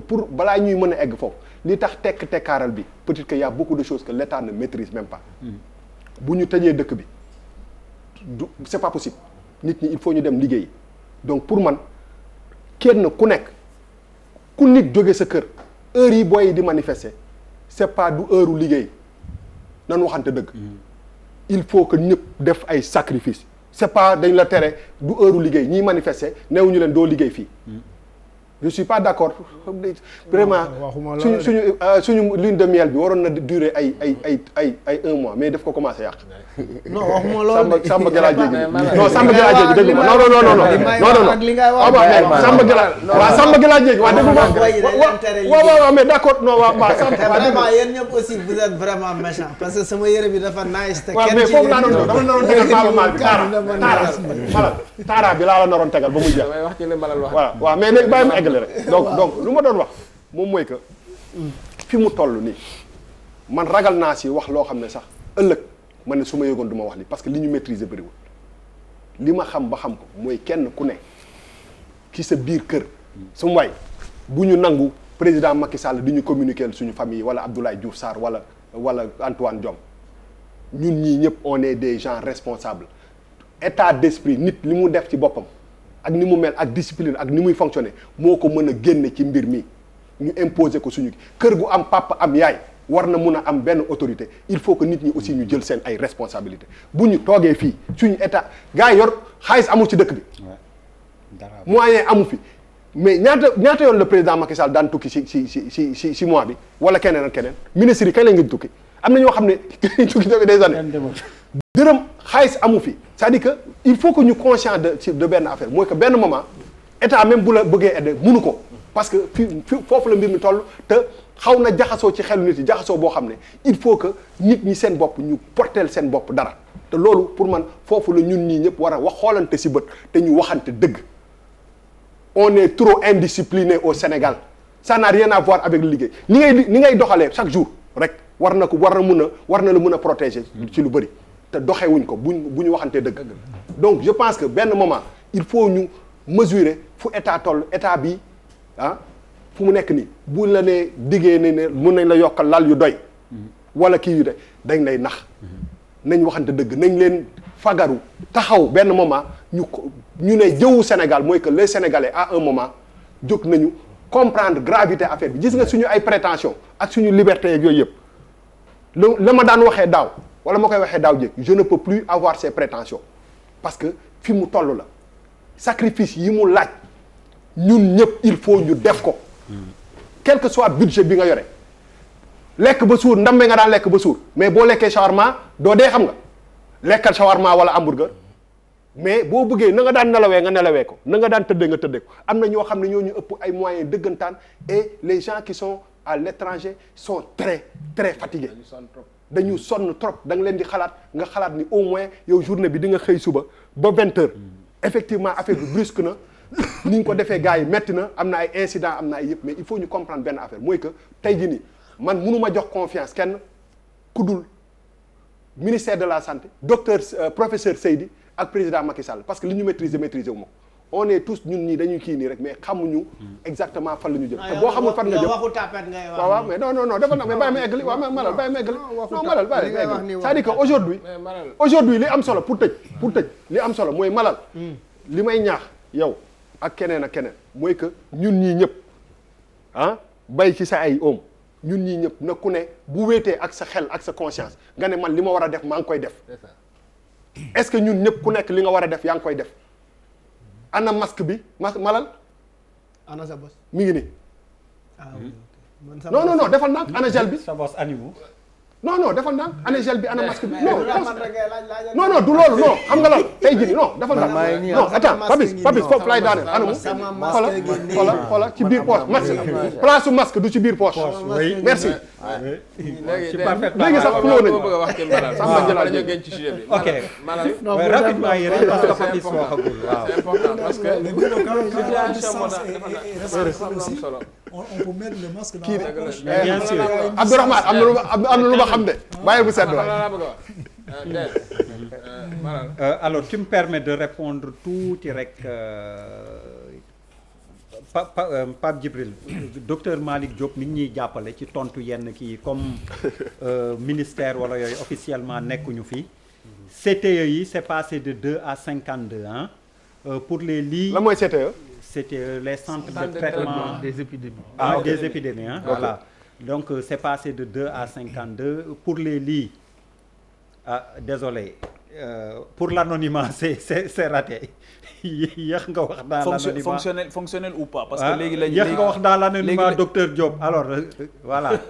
[SPEAKER 5] pour balaa ñuy mën a egg foofu li tax tekk tekkaaral bi peut-être qu'il y a beaucoup de choses que l'État ne maîtrise même
[SPEAKER 9] mm-hmm.
[SPEAKER 5] bu ñu tëjee dëkk bi du c'est pas possible nit ñi il faut ñu dem liggéeyi donc pour man kenn ku nekk ku nit jóge sa kër heure yi booy di manifester c'est pas du heure liggéey nan waxante dëgg. Mm-hmm. il faut que ñëpp def ay sacrifice c'est pas dañ la tere du heure liggéey ñiy manifester néew ñu leen doo liggéey fii. Mm-hmm. je suis pas d' accord vraiment suñu suñu suñu lune de miel bi waroon na durer ay ay ay ay ay un mois mais daf ko commencé yàq. non waxuma loolu de Samba Galaye Dieng non Samba Galaye Dieng dégg nga non non non non non non mais d' accord non waaw waaw vraiment yéen
[SPEAKER 3] ñëpp aussi vous êtes vraiment méchant parce que sama yére bi dafa nice te kenn ci foofu laa doon dama naroon tegal maalu maal bi taara
[SPEAKER 5] taara bi laa la naroon tegal ba mu jeex voilà waaw mais yeggali rek donc donc lu ma doon wax moom mooy que fi mu toll nii man ragal naa si wax loo xam ne sax ëllëg ma ne su ma yëgoon duma wax li parce que li ñu maîtriser bëriwul li ma xam ba xam ko mooy kenn ku ne ki sa biir kër su waay bu ñu nangu président Macky Sall di ñu communiquer suñu famille wala Abdoulaye jur saar wala wala Antoine Diome ñun ñii ñëpp on est genre gens responsables état d'esprit nit li mu def ci boppam ak ni mu mel ak discipline ak ni muy fonctionner moo ko mën a génne ci mbir mi ñu imposer ko suñu kër gu am papa am yaay war na mun a am benn autorité il faut que nit ñi aussi ñu jël seen ay responsabilité bu ñu toogee fii suñu état gars yi yor xaalis amul ci dëkk bi. moyen amu fi. mais ñaata ñaata yoon le président Macky Sall daan tukki si si si si si si mois bi wala keneen ak keneen ministre yi kañ la tukki. am na ñoo xam ne tukki depuis des années dërëm xaalis amu fi cest à que il faut que ñu conscient de benn affaire mooy que benn moment état même bu la bëggee aider mënu ko parce que fi foofu la mbir mi toll te xaw na jaxasoo ci xelu nit yi jaxasoo boo xam ne il faut que nit ñi seen bopp ñu porteel seen bopp dara te loolu pour man foofu la ñun ñii ñëpp war a wax xoolante si bët te ñu waxante dëgg on est trop indiscipliné au Sénégal ça n'a rien à avec liggéey ni ngay ni ngay doxalee chaque jour rek war na ko war na mun a war na la mun a protéger ci lu bëri te doxewuñ ko buñ bu ñu waxantee dëgg donc je pense que benn moment il faut ñu mesurer fu état toll état bi ah fu mu nekk nii bu la nee diggee ne ne mun nañ la yokkal lal yu doy wala kii yu doy dañ lay nax nañ waxante dëgg nañ leen fagaru taxaw benn moment ñu ko ñu ne jëwu Sénégal mooy que les Sénégalais à un moment jóg nañu comprendre gravité affaire bi gis nga suñu ay prétention ak suñu liberté yooyu yëpp lu la ma daan waxee daaw wala ma koy waxee daaw jéeg je ne peux plus avoir ces prétentions parce que fi mu toll la sacrifice yi mu laaj ñun ñëpp il faut ñu def ko quelque soit budget bi nga yore lekk ba suur ndambe nga daan lekk ba suur mais boo lekkee shawarma doo dee xam nga lekkal shawarma wala hamburger mais boo buggee na nga daan nelawee nga nelawee ko na nga daan tëddee nga tëddee ko am na ñoo xam ne ñoo ñu ëpp ay moyens dëggantaan et les gens qui à l'étranger son très très fatigués dañu sonn trop da leen di xalaat nga xalaat ni au moins yow journée bi di nga xëy suba ba vingt heures effectivement affaire bi brusque na ni ñu ko defee gars yi metti na am na ay incident am na ay yëpp mais il faut ñu comprendre benn affaire mooy que tey jii nii man munuma jox confiance kenn ku dul ministère de la santé docteur euh, professeur Seydi ak président Macky Sall parce que li ñu maîtriser maîtriser wu ma on est tous ñun ñi dañuy kii nii rek mais xamuñu exactement fan la ñu jëm te ah, boo xamul fan nga jëm waxu tapet ngay wax waaw waaw mais non non non dafa nag mais bàyyi ma eggali waaw malal bàyyi ma li am solo pour tëj pour tëj li am solo mooy malal hmm. li may ñaax yow ak keneen ak keneen mooy que ñun ñii ñëpp ah bay ci sa ay oom ñun ñii ñëpp na ku ne bu wéetee ak sa xel ak sa conscience nga ne man li ma war a def maa ngi koy def est-ce que ñun ñëpp ku nekk li nga war a def yaa ngi koy def ana masque bi masque malal. ana sa bos mi ngi nii. Ah, non non non defal naa ana gel bi. sa bos animaux. non non defal naa ana gel bi ana masque bi non non non du loolu non xam nga lan tey jii defal naa non attends Papis Papis foofu laay daaneel mu
[SPEAKER 3] xola xola
[SPEAKER 5] ci biir poche masque la place su masque du ci biir poche merci
[SPEAKER 9] léegi sax xuloo nañu sax ma jëlaat ci sujet bi ok non on
[SPEAKER 8] peut mettre le masque dans la poche. Eh, bien sûr
[SPEAKER 9] Abdourahmane am na lu ma xam de.
[SPEAKER 1] Ah. bàyyi bu sedd ah, waay
[SPEAKER 9] euh, euh,
[SPEAKER 1] euh, alors tu me permets de répondre tuuti rek Pa Pape Djibril docteur Malick Diop mi ngi ñuy jàppale ci tontu yenn kii comme ministère wala yooyu officiellement nekkuñu fi. Mhm. CTE yi c'est passé de deux à cinquante deux ans pour les lii c'était euh, les centres de, de traitement ah, des épidémies. Ah, ah, voilà. Donc, euh, c'est passé de 2 à 52. Pour les lits, ah, désolé, euh, pour l'anonymat, c'est raté. yéex nga wax dans l'anonymat fonctionnel
[SPEAKER 2] fonctionnel ou pas. parce que léegi la yéex nga wax dans l'anonymat
[SPEAKER 1] docteur Diop alors euh, voilà.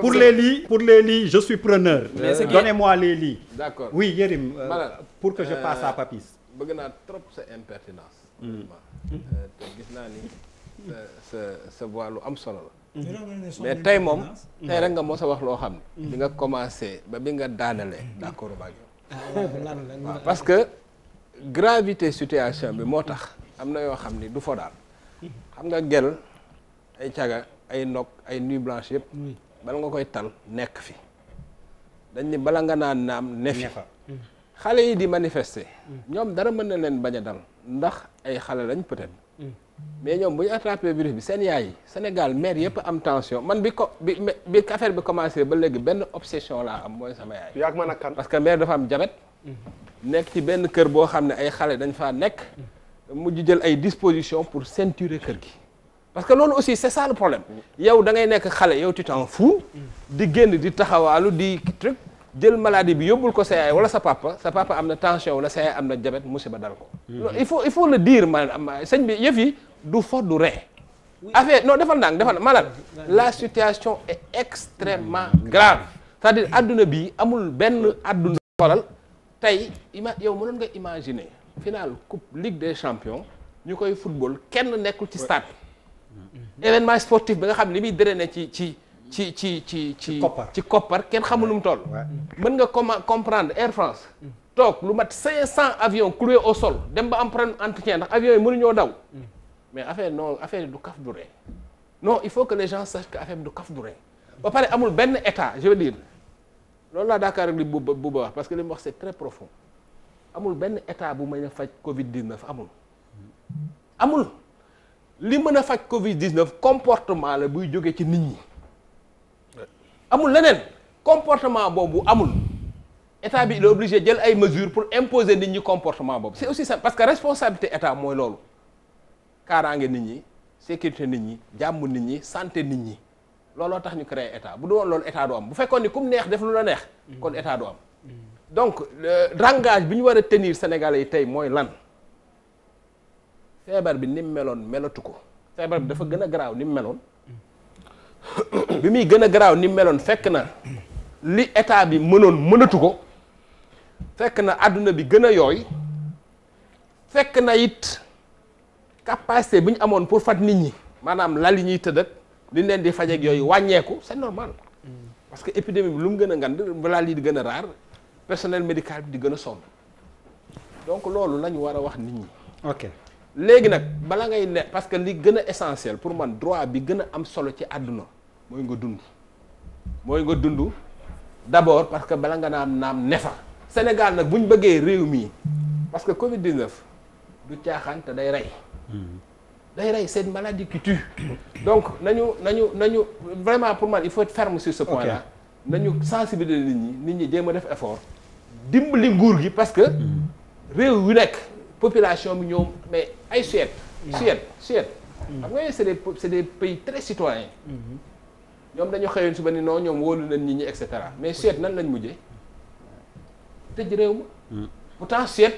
[SPEAKER 1] pour les lits pour les lits je suis preneur. donnez-moi les lits. oui Yérim. pour que je passe à Papis.
[SPEAKER 4] bëgg naa trop sa Mm. Euh, gis naa ni sa sa am solo mm. mais tey moom tey rek nga mos a wax loo xam ne bi mm. nga commencé ba bi nga daanalee d'accord baag
[SPEAKER 3] yow ah, parce que
[SPEAKER 4] gravité situation bi moo tax am na yoo xam ni du fo xam nga gel ay caga ay ndog ay nuit blanche yëpp bala nga koy tal nekk fi dañ ni bala nga naan naam ne fi xale yi di manifester ñoom dara mën na leen bañ a dal ndax ay xale lañ peut-être hmm. mais ñoom bu ñu attrapé virus bi seen yaay yi Sénégal maire yëpp am tension man bi ko bi bi bi commencé ba léegi benn obsession laa am mooy sama yaay. yaa man ak parce que maire dafa am diabète. Hmm. nekk ci benn kër boo xam ne ay xale dañ faa nekk. Hmm. mujj jël ay dispositions pour ceinturer kër gi. parce que loolu aussi c'est ça le problème. yow da ngay nekk xale yow tu t'en fous. di génn di taxawaalu di truc. jël maladie bi yóbbul ko sa yaay wala sa papa sa papa am na tension wala sa yaay am na diabète musiba dal ko. Mhm. il faut il faut le dire maanaam sëñ bi yëf yi du fo du ree. affaire non defal ndànk defal maanaam la situation est extrêmement grave cest dire adduna bi amul benn adduna xoolal tey ima yow mënoon nga imaginer final coupe Ligue des champions ñu koy football kenn nekkul ci stade événement sportif bi nga xam li muy drainer ci ci. ci ci ci ci ci koppar kenn xamul toll mën nga comment comprendre Air France toog lu mat cinq cent avions cloués au sol dem ba am problème entretien nag avions yi mënuñoo daw mais affaire non affaire du kaf du ree non il faut que les gens sachent que affaire du kaf du ree ba pare amul benn état je dire loolu laa daakaar ak li bu bu ba wax parce que li mu wax c'est très profond amul benn état bu mën a faj Covid 19 amul amul li mën a faj Covid 19 comportement la buy jógee ci nit ñi amul leneen comportement boobu amul état bi il obligé jël ay mesures pour imposer nit ñi comportement boobu c'est aussi ça parce que responsabilité état mooy loolu kaaraange nit ñi sécurité nit ñi jàmm nit ñi santé nit ñi looloo tax ñu créer état bu du woon loolu état du am bu fekkoon ni kum neex def lu la neex kon état du am donc langage bi ñu war a tenir sénégalais yi tey mooy lan feebar bi ni mu meloon melatu ko feebar bi dafa gën a garaaw ni mu meloon bi muy gën a garaaw ni meloon fekk na li état bi mënoon mënatu ko fekk na àdduna bi gën a yooy fekk na it capacité bi ñu amoon pour faj nit ñi maanaam lal yi ñuy tëdd ak li leen di fajeek yooyu wàññeeku c'est normal parce que épidémie bi lu mu gën a ngand lal yi di gën a raar personnel médical bi di gën a sonn donc loolu lañu war a wax nit ñi léegi nag bala ngay ne parce que li gën a essentiel pour man droit bi gën a am solo ci àdduna mooy nga dund mooy nga dund d'abord parce que bala nga naam naam ne fa Sénégal nag bu ñu bëggee réew mii parce que Covid 19 du caaxaan te day rey. day rey c'est une maladie qui donc nañu nañu nañu vraiment pour man il faut être ferme sur ce point là. nañu sensibiliser nit ñi nit jéem a def effort. dimbali nguur gi parce que hmm. réew yu nekk. population bi ñoom mais ay Suède. Mm. Suède Suède. Mm. xam nga c'est des c'est des pays très citoyens. Mm-hmm. ñoom dañu xëyoon suba ni non ñoom wóolu nañ nit ñi et cetera mais Suède nañ lañ mujjee tëj réew ma. Mm. pourtant Suède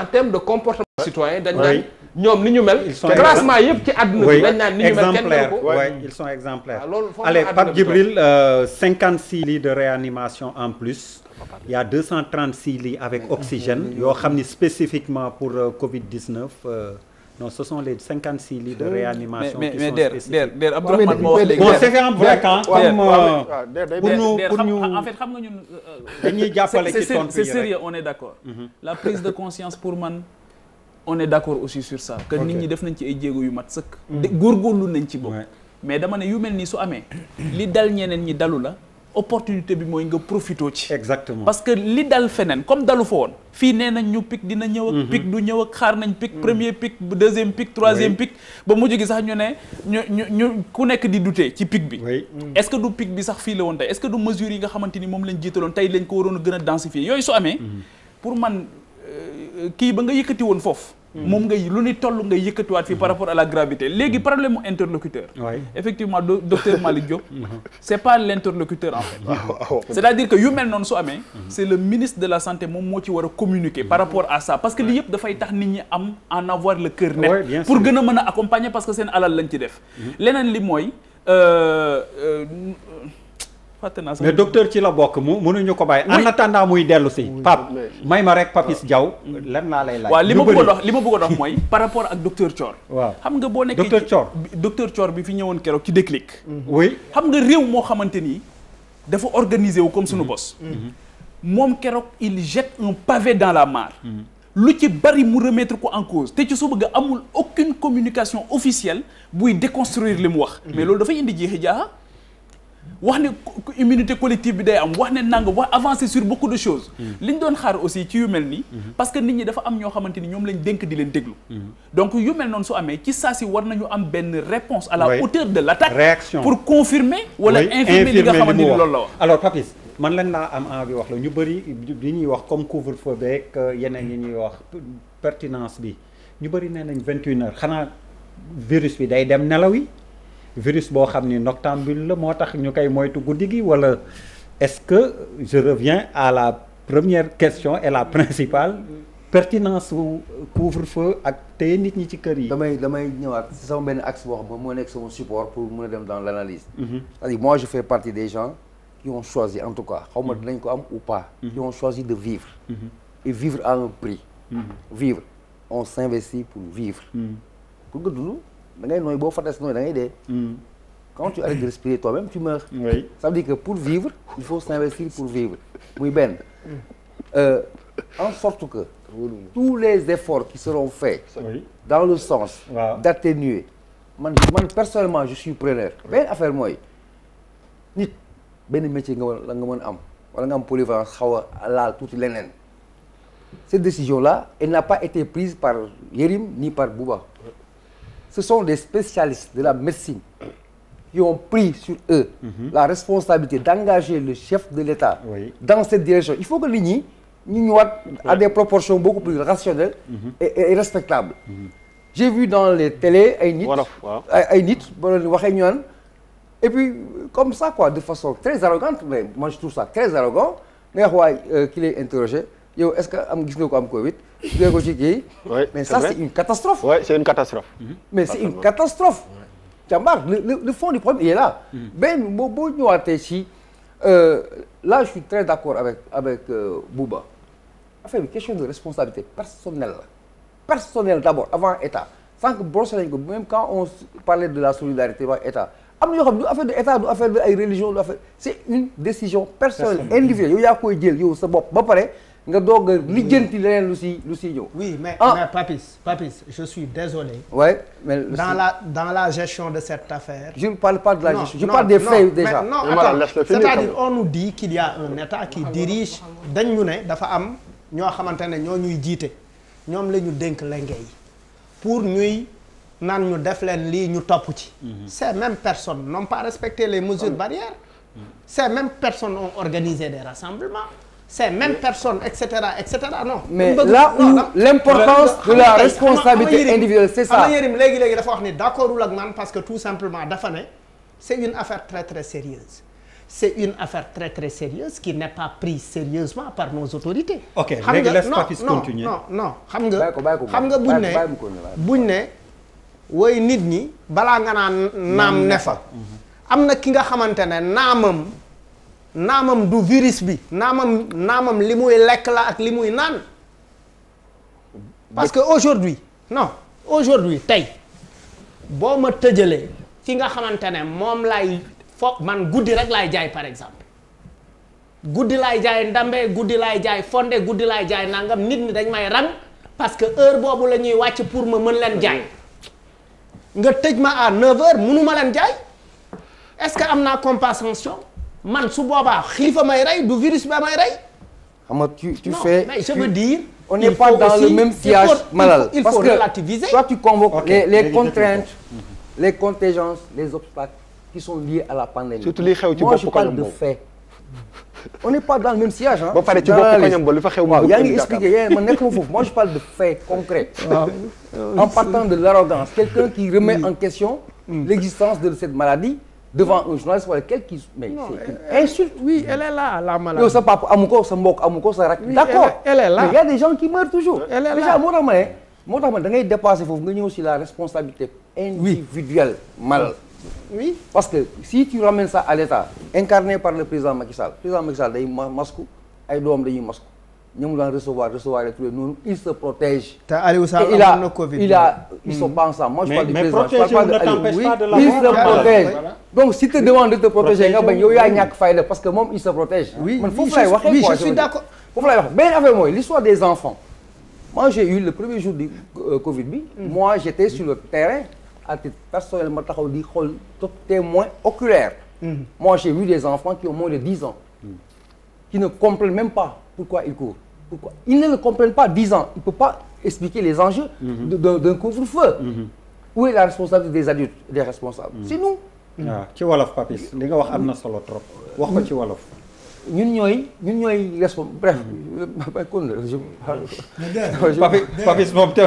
[SPEAKER 4] en termes de comportement. citoyen dañ naan
[SPEAKER 1] ñoom ni ñu mel. ils sont classement yëpp ci àdduna bi dañ naan ni ñu mel kenn ko oui ils sont exemplaires. waaw ah, loolu foofu allez Pape euh, cinquante 56 lits de réanimation en plus. il y a 236 lits avec oxygène mm-hmm. yoo xam ni spécifiquement pour euh, Covid 19. Euh, non ce sont les 56 lits de mm-hmm. réanimation. mais mais der der moo wax léegi. bon c'est en vrai quand euh, pour ñu pour
[SPEAKER 2] xam nga ñun. dañuy jàppale ci tontu c'est sérieux on est d'accord. Mm-hmm. la prise de conscience pour man. on est d'accord aussi sur ça. que nit ñi def nañ ci ay jéego yu mat sëkk. Mm. góorgóorlu nañ ci bopp. mais dama ne yu mel nii su amee. li dal ñeneen ñi dalu la. opportunité bi mooy nga profitoo ci. exactement parce que li dal feneen comme dalu fa woon. fii nee nañ ñu pic dina ñëw ak. Mhm. pic du ñëw ak xaar nañ pic. Mhm. premier pic deuxième pic troisième pic. ba mujj gi sax ñu ne ñu ñu ñu ku nekk di douter ci pic bi. est ce que du pic bi sax fii la woon tey est ce que du mesure yi nga xamante ni moom lañ jiitaloon tey lañ ko waroon a gën a densifier yooyu su amee. Mhm. pour man euh, kii ba nga yëkkati woon foofu. moom ngay lu ni toll ngay yëkkatiwaat fii par rapport à la gravité léegi problème mu interlocuteur effectivement docteur Malick Diop mhm. c'est pas l'interlocuteur en fait c'est-à-dire que yu mel noonu su amee mhm. c'est le ministre de la santé moom moo ci war a communiquer par mhm. rapport à ça parce que li yëpp dafay tax nit ñi am en avoir le cœur net pour gën a mën a accompagner parce que seen alal lañ ci def leneen li mooy euh, euh, mais docteur
[SPEAKER 1] ci la bokk mu mënuñu ko bàyyi. en attendant muy dellu si.
[SPEAKER 2] may ma rek Papis Diaw. lan
[SPEAKER 1] laa lay laaj waa li ma bëggoon dox
[SPEAKER 2] li ma bëggoon wax mooy. par rapport ak docteur Thior. waaw xam nga boo nekkee docteur Thior. docteur Thior bi fi ñëwoon keroog ci déclic. Mhm. oui xam nga réew moo xamante ni dafa organiser wu comme suñu mhm. bos. Mhm. moom keroog il jette un pavé dans la mare. lu ci bari mu remettre ko en cause te ci su bëgg amul aucune communication officielle buy déconstruire li mu wax. mais loolu dafay indi jeexi jaaxa. wax ne immunité collective bi day am wax ne nanga wax avancer sur beaucoup de choses hmm. li ñu doon xaar aussi ci yu mel nii hmm. parce que nit ñi dafa am ñoo xamante ni ñoom lañ dénk di leen déglu hmm. donc yu mel noonu su amee ci saa si war nañu am benn réponse à la hauteur de l'attaque réaction pour confirmer wala infirmer li nga xamante ni loolu la wax alors Papis man lañ laa am envie wax la ñu bëri li
[SPEAKER 1] ñuy wax comme couvre-feu beeg euh, yeneen yi ñuy wax pertinence bi ñu bëri nee nañ vingt et xanaa virus bi day dem nelaw yi virus boo xam ni noctambule la moo tax ñu koy moytu guddi gi wala est-ce que je reviens à la première
[SPEAKER 6] question et la principale pertinence su couvre-feu ak téye nit ñi ci kër yi. damay damay ñëwaat si sama benn axe boo xam ne moo nekk sama support pour dem dans l'analyse. Mhm. cest à moi je fais partie des gens qui ont choisi en tout cas xaw ma mhm. dinañ ko am ou pas. Mhm. qui ont choisi de vivre. et vivre à un prix. vivre on s'investit pour vivre. da ngay nooy boo fa des nooy da ngay hmm. quand tu arrêtes de respirer toi-même tu meurs. oui ça veut dire que pour vivre il faut s'investir pour vivre muy benn. Hmm. Euh, en sorte que tous les efforts qui seront faits. Oui. dans le sens. d'atténuer man man personnellement je suis preneur. Oui. affaire mooy nit benn métier nga mën la am wala nga am polyvalence xaw a laal tuuti leneen. cette décision là elle n'a pas été prise par Yérim ni par Bouba. ce sont des spécialistes de la médecine qui ont pris sur eux mhm. la responsabilité d'engager le chef de l'État oui. dans cette direction. Il faut que nit ñi ñu ñëwaat à des proportions beaucoup plus rationnelles mhm. et, et respectables. Mmh. J'ai vu dans les télés ay nit ay nit ba doon waxee ñu naan et euh, comme ça quoi de façon très arrogante mais moi je trouve ça très arrogant nga wax waay euh, ki lay interroger yow est-ce que am gis nga ko am Covid joué ko ci mais ça c'est une catastrophe. oui mais c'est une catastrophe. Jambar le le le fond du problème il est là. Mm-hmm. benn boo boo ñëwaatee si euh, là je suis très d'accord avec avec euh, Bouba affaire bi question de responsabilité personnelle la personnelle d'abord avant état sans que brosse nañ ko même quand on parlait de la solidarité waa état am na yoo xam du affaire de état ay religion du affaire décision personnelle individuelle yow yaa koy jël yow sa bopp ba pare. nga doog a lijjanti leneen lu si lu si ñëw. oui mais
[SPEAKER 3] ah. mais Papis Papis je suis désolé.
[SPEAKER 6] ouais dans la
[SPEAKER 3] dans la gestion de cette affaire. je
[SPEAKER 6] ne parle pas de la non, gestion des non, faits
[SPEAKER 3] on nous dit qu'il y a un État qui dirige dañ ñu ne dafa am ñoo xamante ne ñoo ñuy jiite ñoom la ñu dénk lenge yi pour ñuy naan ñu def leen lii ñu topp ci. Mhm. ces mêmes personne n'ont pas respecté les mesures ah barrières. ces mêmes personnes ont organisé des rassemblements. c'est même personne et cetera et cetera non. mais là où l'importance de la responsabilité individuelle c'est ça. Yérim léegi léegi dafa wax ni d'accordul ak man parce que tout simplement dafa ne c'est une affaire très très sérieuse c'est une affaire très très sérieuse qui n'est pas prise sérieusement par nos autorités. ok léegi laisse Papis continuer non non xam nga xam nga buñ ne buñ ne woy nit ñi balaa nga naan naam ne fa. Mhm. am na ki nga xamante ne naamam. naamam du virus bi naamam naamam li muy lekk la ak li muy naan parce que aujourd'hui non aujourd'hui tey boo ma tëjalee fi nga xamante ne moom lay foog man guddi rek laay jaay par exemple guddi laay jaay ndambe guddi laay jaay fonde guddi laay jaay nangam nit ñi dañ may rang parce que heure boobu la ñuy wàcc pour ma mën leen jaay nga tëj ma à 9 heures mënu ma leen jaay est-ce que am naa compensation man su boobaa xiifa may rey du virus ba may rey.
[SPEAKER 6] xam nga tu tu fais non mais je veux dire. on n'est pas dans le même sillage malal il faut relativiser les les contraintes mhm. les contingences les obstacles qui sont liés à la pandémie. surtout liy xew ci bopp ko parle de ba pare ci bopp kañam ba lu fa foofu moi je parle de faits concrets. en partant de l'arrogance quelqu'un qui remet en question mm. l'existence de cette maladie. devant un journaliste wala quel qui mais c'est une insulte. oui elle est la maladie. yow sa papa amu ko sa mbokk amu ko sa rak. d'accord elle est là mais y a des gens qui meurent toujours. elle est là déjà moo tax ma ne. moo tax ma da ngay dépasser foofu nga ñëw si la responsabilité. individuelle mal. oui parce que si tu ramènes sa à l'état incarné par le président Macky Sall président Macky Sall day masku ay doom dañuy masku. ñoom la recevoir recevoir les trouver noonu ils se protègent. te Aliou Sall amoon na il a ils sont pas ensemble. moi je parle il se protège. donc si te demande de te protéger nga bañ yow yaa ñàkk fayda parce que moom il se protège. oui man foofu laay waxee oui je suis d'accord foofu laay waxee benn affaire mooy l'histoire des enfants. moi j'ai eu le premier jour du euh, Covid bi. Hmm. moi j'étais sur le terrain à titre personnel ma taxaw di xool témoin oculaire. Hmm. moi j'ai vu des enfants qui ont moins de dix ans. Hmm. qui ne comprennent même pourquoi il court pourquoi ils ne le comprennent pas dix il peut pas expliquer les enjeux mm -hmm. d'un couvre-feu mm -hmm. où est la responsabilité des adultes des responsables mhm. c'est nous ah, ci wolof papis li nga wax am na solo trop wax ko ci mhm. wolof ñun ñooy ñun ñooy respon bref mhm. kon papis moom te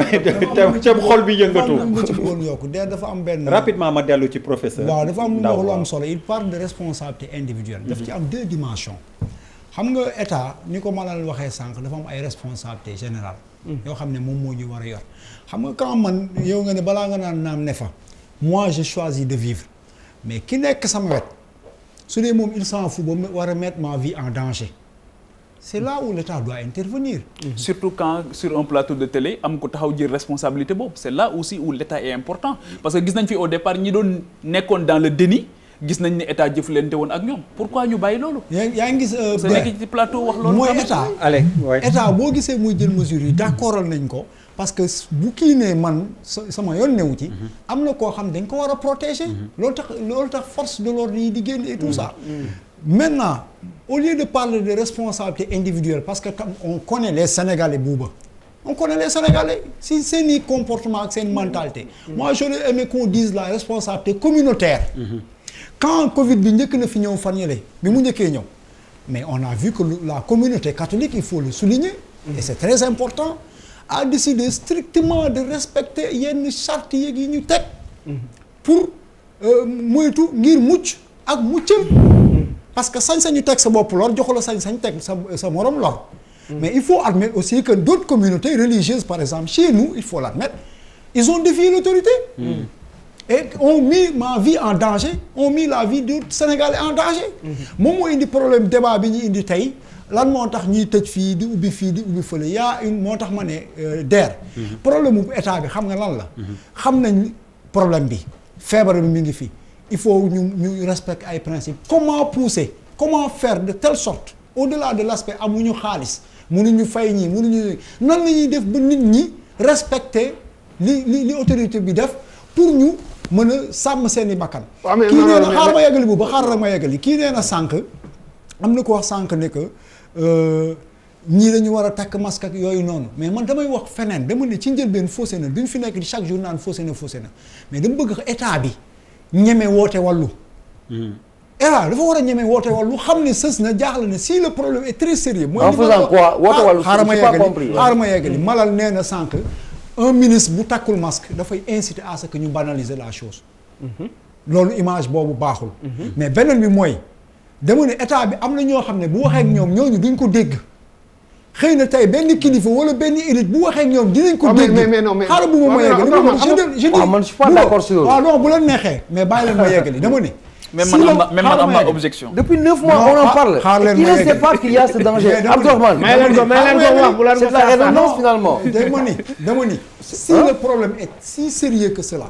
[SPEAKER 6] te xol bi yëngatu
[SPEAKER 1] nga ci bëggoon yokk de dafa am benn rapidement ma dellu ci professeur waaw dafa am lu wax lu am solo il parle
[SPEAKER 8] de responsabilité individuelle daf ci am deux dimensions xam nga état ni ko man a waxee sànq dafa am ay responsabilité générale hmm. yoo xam ne moom moo ñu war a yor xam nga quand man yow nga ne balaa nga naan naan ne fa moi je choisi de vivre mais ki nekk sama wet su dee moom il s'en fout ba war a mettre ma vie en danger c'est là où l'État doit
[SPEAKER 2] intervenir. Mm -hmm. surtout quand sur un plateau de télé am ko taxaw jël responsabilité boobu c'est là aussi où l'État est important parce que gis nañ fi au départ ñi doon nekkoon dans le déni. gis nañ ne état jëflante woon ak ñoom pourquoi ñu bàyyi loolu. yaa ngi gis. sa nekk ci plateau wax loolu. mooy état allez état
[SPEAKER 8] boo gisee muy jël mesure yi d'accordal nañ ko. parce que bu kii nee man sama yoon newu ci. Mhm. am na koo xam dañ ko war a protéger. Mhm. loolu tax loolu tax force de l'ordre yi di génn et tout mhm. ça. maintenant au lieu de parler de responsabilité individuelle parce que on connaît les Sénégalais buuba. on connaît les Sénégalais si seeni comportement ak seen mentalité. moi j'aurais dise la responsabilité communautaire. quand Covid bi njëkk na fi ñëw fan yële bi mu njëkkee ñëw mais on a vu que la communauté catholique il faut le souligner mm-hmm. et c'est très important a décidé strictement de respecter yenn charte yeeg yi ñu teg mm-hmm. pour euh, moytu ngir mucc ak muccam mm-hmm. parce que sañ-sañu teg sa bopp lor joxu la sañ-sañ teg sa sa morom lor mais il faut admettre aussi que d'autres communautés religieuses par exemple chez nous il faut l'admettre ils ont défié l'autorité et ont mis ma vie en danger ont mis la vie du Sénégalais en danger. moom moo indi problème débat bi ñu indi tey lan moo tax ñuy tëj fii di ubbi fii di ubbi fële yaa une moo tax ma ne euh, DER. Mhm. problème mu état bi xam nga lan la. Mhm. xam nañ problème bi feebar bi mi ngi fi il faut ñu ñu respecter ay principes. comment pousser comment faire de telle sorte au-delà de l'aspect amuñu xaalis mënuñu fay ñii mënuñu nan la ñuy def ba nit ñi respecter li li li autorité bi def pour ñu. mën a sàmm seen i bakkan ah, kii nee na xaar ma yeggali bu ba xaar rek ma yeggali kii nee na sànq am na ko wax sànq ne que euh, ñii dañu war a takk masque yooyu noonu mais man damay wax feneen dama ne ci njëlbeen faussé na duñ fi nekk di chaque jour naan faussé na faussé na mais dama bëgg état bi ñeme woote wàllu ERA hmm. dafa war a ñeme woote wàllu xam ne sës na jaaxle na si le problème est très sérieux mooy en faisant quoi woote ah, wàllu xaaral ma yeggali xaaral hmm. malal nee na sànq un ministre bu takkul masque dafay inciter à ce ñu banaliser la chose. loolu image boobu baaxul. mais beneen bi mooy dama ne état bi am na ñoo xam ne bu waxee ak ñoom ñooñu duñ ko dégg. xëy na tey benn kilifa wala benn élite bu waxee ak ñoom dinañ ko dégg xaaral bu ma ma yeggali. je waaw man
[SPEAKER 2] je
[SPEAKER 8] bu leen neexee mais bàyyi leen ma yeggali dama ne.
[SPEAKER 2] même man même man
[SPEAKER 6] depuis neuf mois on en parle. il ne pas
[SPEAKER 8] qu'il y a ce danger. Abdourahmane may leen ko may leen ko wax bu leen ko c'est de la redondance finalement. dama ni dama ni si le problème est si sérieux que cela.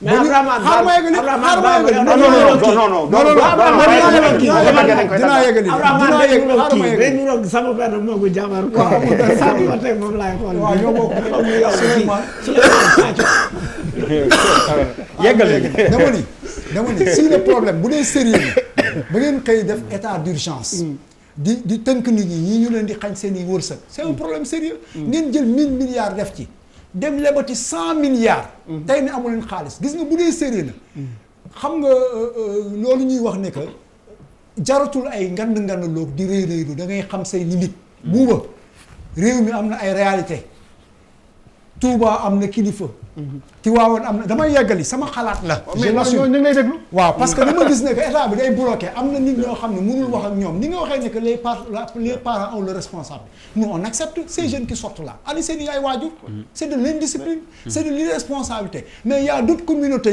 [SPEAKER 8] mais Abdourahmane Abdourahmane non non non non non
[SPEAKER 1] non non non non non dama ne si
[SPEAKER 3] le problème bu dee
[SPEAKER 8] sérieux ba ngeen xëy def état d'urgence mm. di di tënk nit ñi ñii ñu leen di xañ seen i wërsëg c'est un mm. problème sérieux mm. ngeen jël mille milliards def ci dem lebati cent milliards tey ne amu leen xaalis gis nga bu dee sérieux na xam nga euh, euh, loolu ñuy wax ne que jaratul ay ngand ngand loog di réy réylu da ngay xam say limite buuba réew mi am na ay réalité Touba am na kilifa Tiwaawoon am na damay yeggali sama xalaat la. Oh,
[SPEAKER 5] waaw parce que dama gis ne
[SPEAKER 8] état bi day bloqué am na nit ñoo xam ne mënul wax ak ñoom ni nga waxee ne les parents ont le responsable nous on accepte ces qui sortent là ani seen i waajur. c' de l' indiscipline. de l' irresponsabilité mais y' a d'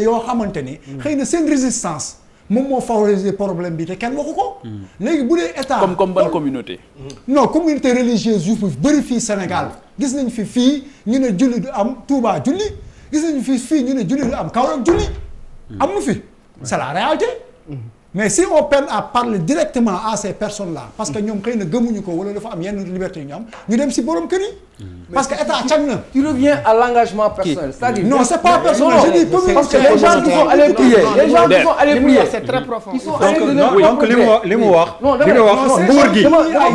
[SPEAKER 8] yoo xamante ni. Mm. xëy na seen résistance. moom moo favoriser problème bi te kenn waxu ko. Mm. léegi bu dee état. comme
[SPEAKER 2] comme ban communauté. Mm.
[SPEAKER 8] non communauté gis nañu fii fii ñu ne julli la am Kaolack julli. am na fi c'est la réalité. mais si on peine parler directement à ces personnes là. parce que ñoom xëy na gëmuñu ko wala dafa am yenn liberté yu ñu am ñu dem si borom kër yi. Mm. parce que état cag na. tu
[SPEAKER 3] cest pas personnel. je dis public parce li
[SPEAKER 1] mu wax li gi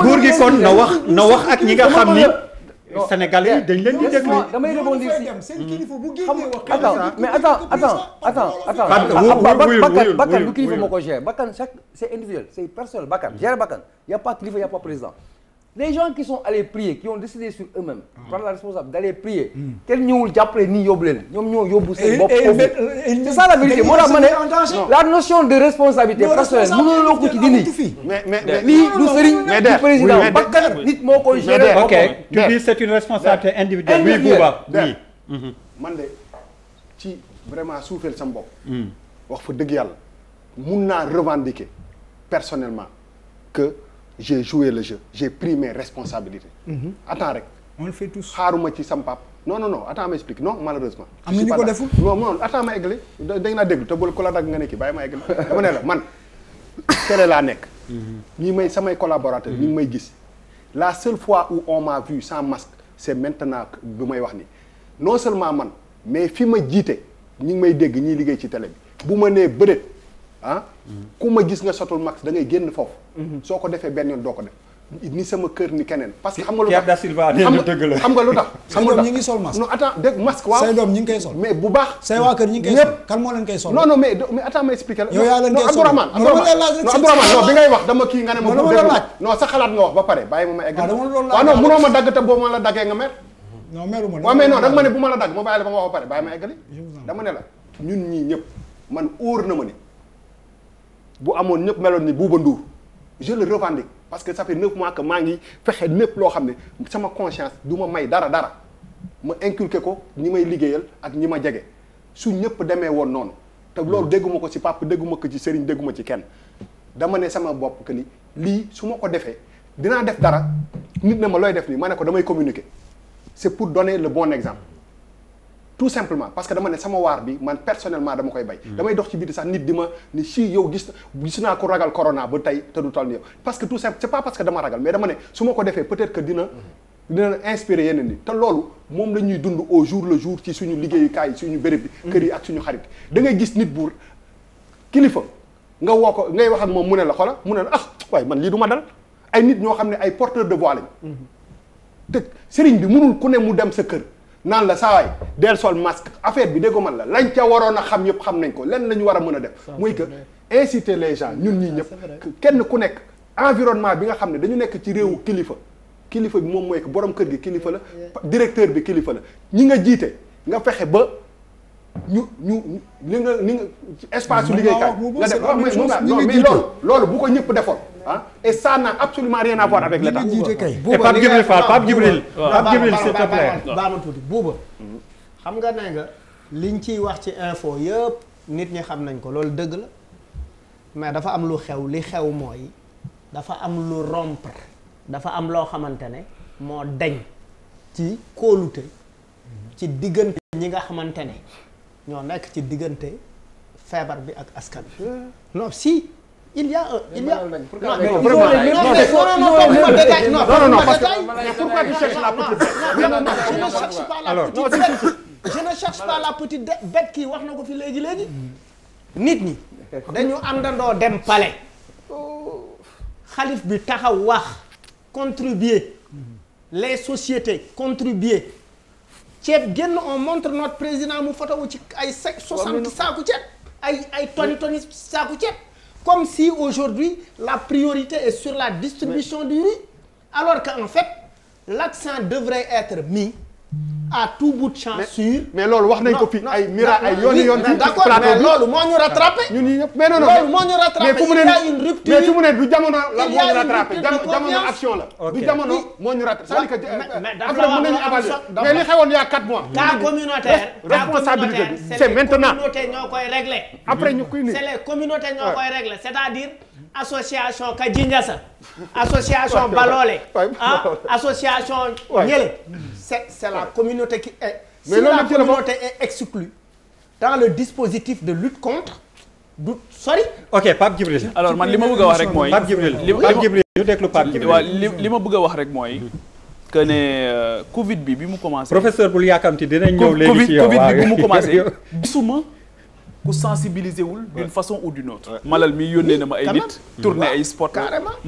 [SPEAKER 1] nguur gi kon na wax na wax ak ñi nga xam ni. Sénégalais yi dañ leen di déglu
[SPEAKER 6] damay rebondir si hmm. xam nga mais attends attends attends attends bakkan ah, du kilifa moo ko c'est individuel c'est personnel bakkan gère bakkan y a pas kilifa y a pas président les gens qui sont allés prier qui ont décidé sur eux-mêmes. Ah. prendre la responsable d'aller prier. kenn ñëwul jàppale nii yóbbu leen ñoom ñoo yóbbu seen bopp. Euh, c'est la vérité moo tax ma ne la notion de responsabilité personnelle mënuloo ko ci dindi. mais mais mais lii du sëriñ président
[SPEAKER 1] ok tu dis c'est
[SPEAKER 5] mhm. ci vraiment suufeel sam bopp. Mhm. wax fa dëgg yàlla mun naa revendiquer personnellement que. j'ai joué le jeu j'ai pris mes responsabilités. Mhm. rek. xaaruma ci sam pap non non non attends ma explique non malheureusement. am na ñu ko deful non non attends ma eggali naa déglu te bul ko la dag nga ne kii bàyyi ma eggali dama ne la man télé laa nekk. Mhm. ñi may samay collaborateurs ñi mhm. may gis. la seule fois où on m'a vu sans masque c'est maintenant bu may wax ni non seulement man mais fi ma jiite ñi ngi may dégg ñiy liggéey ci télé bi bu ma nee bëreet ah, ku ma gis nga sotul max da ngay génn foofu. Mhm. soo ko defee benn yoon doo ko def. ni sama kër ni keneen.
[SPEAKER 1] parce que xam nga lu tax Pierre Da Silva nee na dëgg la xam nga lu tax. xam nga lu tax say doom ñi ngi sol
[SPEAKER 5] masque. non attends dégg masque waaw say doom ñi ngi koy sol. mais bu baax. say waa kër ñi ngi koy sol kan moo leen koy sol. non non mais mais attends ma expliquer la. yow yaa leen koy sol Abdourahmane Abdourahmane non bi ngay wax dama kii nga ne ma. dama la laaj non sa xalaat nga wax ba pare bàyyi ma ma egg. ah dama loolu laaj waaw non munoo ma dagg te boo ma la daggee nga mer. non meru ma waaw mais non danga ma ne bu ma la dagg ma bàyyi la ba ma wax ba pare bàyyi ma eggali dama ne la ñun ñii ñëpp man óor na ma ni bu amoon ñëpp meloon ni Bouba Ndour je le revendique parce que ça fait neuf mois que maa ngi fexe lépp loo xam ne sama conscience du ma may dara dara ma inculqué ko ñi may liggéeyal ak ñi ma jege su ñëpp demee woon noonu te loolu dégguma ko si papa dégguma ko ci sëriñ dégguma ci kenn dama ne sama bopp que ni lii su ma ko defee dinaa def dara nit na ma looy def nii ma ne ko damay communiqué c'est pour donner le bon exemple tout simplement parce que dama ne sama waar bi man personnellement dama koy bay damay dox ci biti sax nit di ma ni si yow gis naa ko ragal corona ba tey te du tal ni yow parce que tout simple c'est pas parce que dama ragal mais dama ne su ma ko defee peut-être que dina dina inspiré yeneen nit te loolu moom la ñuy dund au jour la jour ci suñu liggéeyukaay suñu béréb bi kër yi ak suñu xarit da ngay gis nit buur kilifa nga woo ko ngay wax ak moom mu ne la xola mu ne la ah, waaye man lii du ma dal ay nit ñoo xam ne ay porteurs de voix lañ te sëriñ bi mënul ku ne mu dem sa kër naan la saa waay del sol masque affaire bi dégg man la lañ ca waroon a xam yëpp xam nañ ko lenn la ñu war a mën a def. muy que inciter les gens ñun ñii ñëpp. kenn ku nekk environnement bi nga xam ne dañu nekk ci réew kilifa. kilifa bi moom mooy que boroom kër gi kilifa la. directeur bi kilifa la ñi nga jiite nga fexe ba. ñu ñu li nga li nga espace su liggéeykaay nga def non mais loolu loolu bu ko ñëpp defoon ah et ça n'a absolument rien à voir avec l'État. et Pape Djibril
[SPEAKER 3] Fall Pape Djibril Pape Djibril s'il baa ma tuuti buuba xam nga ne nga liñ ciy wax ci info yëpp nit ñi xam nañ ko loolu dëgg la mais dafa am lu xew li xew mooy dafa am lu rompre dafa am loo xamante ne moo dañ ci kóolute ci diggante ñi nga xamante ne ñoo nekk ci diggante feebar bi ak askan non si il y a il y a pourquoi tu cherches la petite je ne cherche pas la petite bête je ne cherche pas la petite bête kii wax na ko fi léegi léegi nit ñi dañu àndandoo dem palais xalif bi taxaw wax contribuer les sociétés contribuer ceeb génn on montre notre président mu fotowu ci ay soixante saaku ceeb ay ay toni toni saaku ceeb Comme si aujourd'hui, la priorité est sur la distribution Mais... du riz. Alors qu'en fait, l'accent devrait être mis à tout bout de champ sûr. mais loolu wax nañ ko fi ay mira ay yoon yoon. mais d'accord mais loolu moo ñu rattrapé. ñun
[SPEAKER 10] ñii ñëpp mais non non
[SPEAKER 5] du jamono la moo ñu rattrapé action la. du jamono moo ñu rattrapé. c'est-à-dire
[SPEAKER 3] que après mën li xewoon il
[SPEAKER 5] y mois. cas communautaire. responsabilité
[SPEAKER 3] bi c'est maintenant. ñoo koy réglé. après ñu koy nii c'est les communautés ñoo koy réglé c'est-à-dire. association Kajinjasa association Balole ah association Ñële c'est c'est la communauté qui est mais si la communauté est
[SPEAKER 2] dans le dispositif de lutte contre du sori
[SPEAKER 3] ok Pape Djibril
[SPEAKER 1] alors man li ma bëgg wax rek mooy Pape Djibril Pape Djibril
[SPEAKER 2] ñu déglu Pape Djibril waaw li li ma bëgg a wax rek mooy que ne euh, Covid bi bi mu commencé
[SPEAKER 1] professeur bul yaakamti dinañ ñëw léegi ci yow Covid bi bi mu commencé
[SPEAKER 2] gisuma ku sensibiliser wul d'une façon ou d'une autre malal mi yónnee na ma ay nit tourné ay sport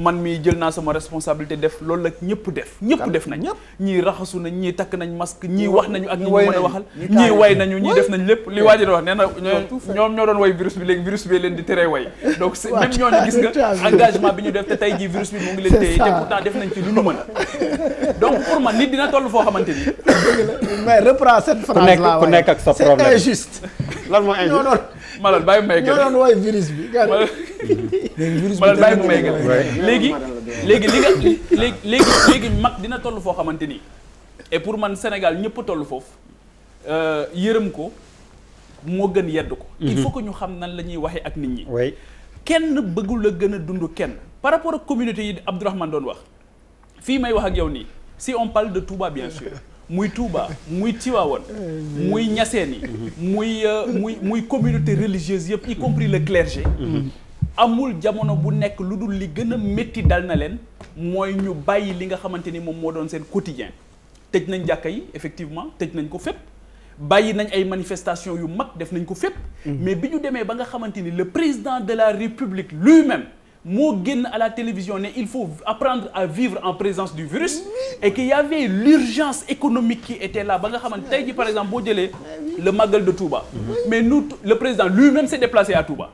[SPEAKER 2] man mi jël naa sama responsabilité def loolu la ñëpp def ñëpp def nañ ñii raxasu nañ ñii takk nañ masque ñii wax nañu ak ñi ñu mën a waxal ñii way nañu ñii def nañ lépp li waa ji doon wax nee na ñoom ñoo doon way virus bi léegi virus bi leen di tere way donc même ñooñu gis nga engagement bi ñu def te tey jii virus bi mu ngi leen téye te pour man nit dina toll foo xamante ni mais reprends cette phrase
[SPEAKER 1] là nekk ak sa problème
[SPEAKER 2] c'est malal bàyyi may gën doon woy virus bi malal bàyyi bu may gën léegi léegi li léegi léegi léegi mag dina toll foo xamante ni pour man Sénégal ñëpp toll foofu euh, yërëm ko moo gën yedd ko mhm. il faut que ñu xam nan la ñuy waxee ak nit ñi kenn bëggul la gën a dund kenn par rapport ak communauté yi Abdourahmane doon wax fii may wax ak yow nii si on pale de Touba bien sûr muy Touba muy Tivaouane muy Niassène muy euh, muy muy communauté religieuse yëpp y compris le clergé amul jamono bu nekk lu dul li gën a métti dal na leen mooy ñu bàyyi li nga xamante ni moom moo doon seen quotidien tëj nañ jàkka yi effectivement tëj nañ ko fépp bàyyi nañ ay manifestation yu mag def nañ ko fépp mm. mais bi ñu demee ba nga xamante ni le président de la république lui-même moo génn à la télévision ne il faut apprendre à vivre en présence du virus et qu'il y avait l'urgence économique qui était là ba nga xamante tey ji par exemple boo jëlee le Magal de Touba mais nous le président lui-même s'est déplacé à Touba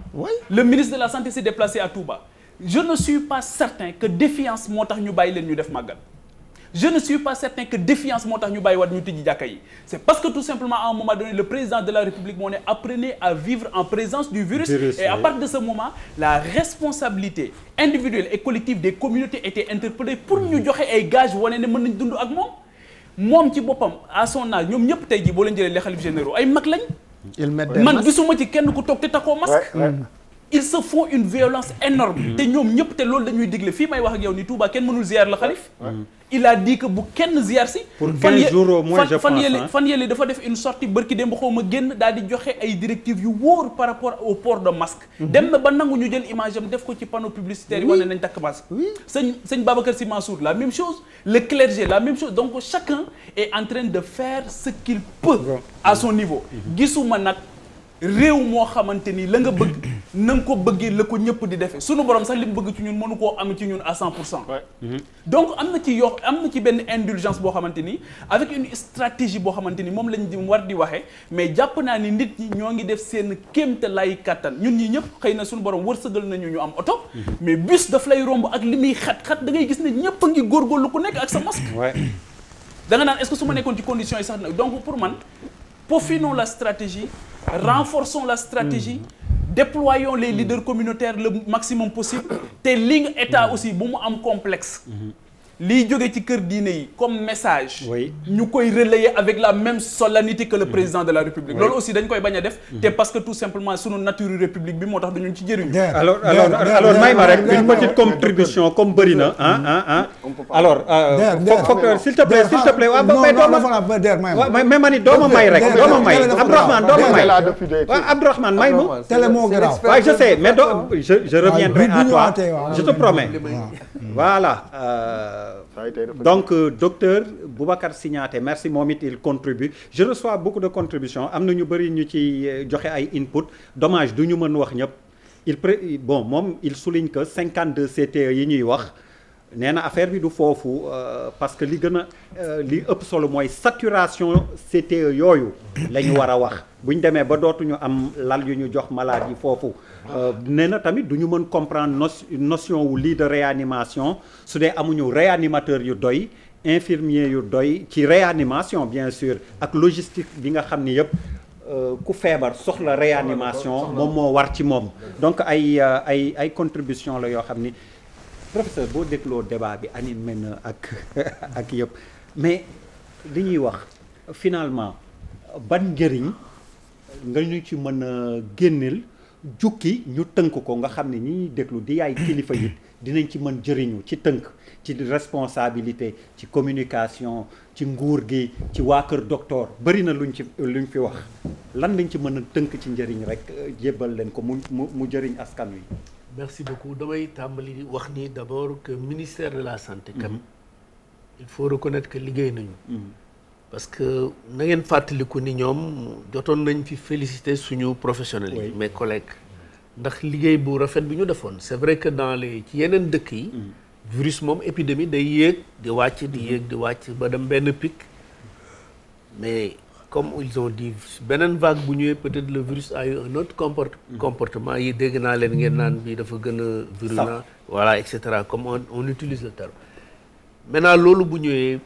[SPEAKER 2] le ministre de la santé s'est déplacé à Touba je ne suis pas certain que défiance moo tax ñu bàyyi leen ñu def Magal je ne suis pas certain que défiance moo tax ñu bàyyi waat ñu tijji jàkka yi c' parce que tout simplement à un moment donné le président de la république moo ne apprenez à vivre en présence du virus et à partir de ce moment la responsabilité individuelle et collective des communautés était interpellée pour ñu joxe ay gage wane ne mën nañ dund ak moom moom ci boppam à son âge ñoom ñëpp tey jii boo leen jëlee les xalif généraux ay mag lañ man gisuma ci kenn ku toog te takkoo masque ils se font une violence énorme mm. te ñoom loolu dañuy digle fii may wax ak yow kenn mënul ziar la il a dit bu kenn ziar si. pour 15 jours au moins je pense fan yële fan yële dafa def une sortie barki démb xaw ma génn daal di joxe ay directives yu wóor par rapport au port de masque. Mhm. dem na ba nangu ñu jël image am def ko ci panneau publicitaire yi wane nañ takk masque. sëñ sëñ Babacar Sy Mansour la même chose le clergé la même chose donc chacun est en train de faire ce qu'il peut à son niveau mhm. gisuma nag. réew moo xamante ni la nga bëgg na nga ko bëggee la ko ñëpp di defee sunu borom sax li mu bëgg ci ñun mënu koo am ci ñun à 100 pour cent mm-hmm. donc am na ci yoo am na ci benn indulgence boo xamante ni avec une stratégie boo xamante ni moom lañ di war di waxee mais jàpp naa ni nit ñi ñoo ngi def seen te lay kattan ñun ñi ñëpp xëy na suñu borom wërsëgal nañu ñu am oto mm-hmm. mais bus daf lay romb ak li muy xat-xat dangay gis ne ñëpp a ngi góorgóorlu ku nekk ak sa masque da nga naan est su ma nekkoon ci condition yi sax nag pour man peaufinons la stratégie, renforçons la stratégie. déployons les leaders communautaires le maximum possible te li nga état aussi bu mu am complexe liy jóge ci kër diine yi comme message. ñu koy relayer avec la même solennité que le mm-hmm. président de la république. loolu aussi dañ koy bañ def. Mm-hmm. te parce que tout simplement sunu nature république bi moo tax dañu ci jëriñu. alors alors alors rek une petite
[SPEAKER 1] contribution comme bëri mm-hmm. alors. Euh, s'il te plaît te plaît waaw may dooma may ma ni dooma may rek dooma may Abdourahmane dooma may waaw Abdourahmane may ma waaye je sais mais doo je reviendrai à toi je te donc euh, docteur Boubacar Signaté merci moom it il contribue je reçois beaucoup de contributions am na ñu bëri ñu ci euh, joxe ay input dommage du ñu mën wax ñëpp il pré bon moom il souligne que 52 CTE yi ñuy wax nee na affaire bi du foofu euh, parce que li gën a euh, li ëpp solo mooy saturation CTE yooyu la war a wax bu demee ba dootuñu am lal yu ñu jox malade yi foofu euh, nee na tamit du ñu mën comprendre no notion wu lii de réanimation su dee amuñu réanimateur yu doy infirmier yu doy ci réanimation bien sûr ak logistique bi nga xam ni yëpp ku feebar soxla réanimation moom moo war ci moom donc ay ay ay contribution la yoo xam ni professeur boo dégloo débat bi animé na ak ak yëpp mais li ñuy wax finalement ban njëriñ nga ñu ci mën a génneel jukki ñu tënk ko nga xam ne ñi déglu di yaay kilifa yi dinañ ci mën jëriñu ci tënk ci responsabilité ci communication ci nguur gi ci waa kër docteur bëri na luñ ci luñ fi wax lan lañ ci mën a tënk ci njëriñ rek euh, jébbal leen ko mu mu mu jëriñ askan wi.
[SPEAKER 7] merci beaucoup damay tàmbali di wax ni d'abord que ministère de la santé kam il faut reconnaître que liggéey nañu mm-hmm. parce que na ngeen fàttaliku ni ñoom jotoon nañ fi félicité suñu professionnels yi mes collègues ndax liggéey bu rafet bi ñu defoon c'est vrai que dans les ci yeneen dëkk yi mm-hmm. virus moom épidémie day yéeg di wàcc di mm-hmm. yéeg di wàcc ba dem benn pic mais comme ils ont dit beneen vague bu ñëwee peut-être le virus a eu un autre mm. comportement yi dégg naa leen ngeen naan bi dafa gën a virulent voilà et cetera comme on, on utilise le terme maintenant loolu bu ñëwee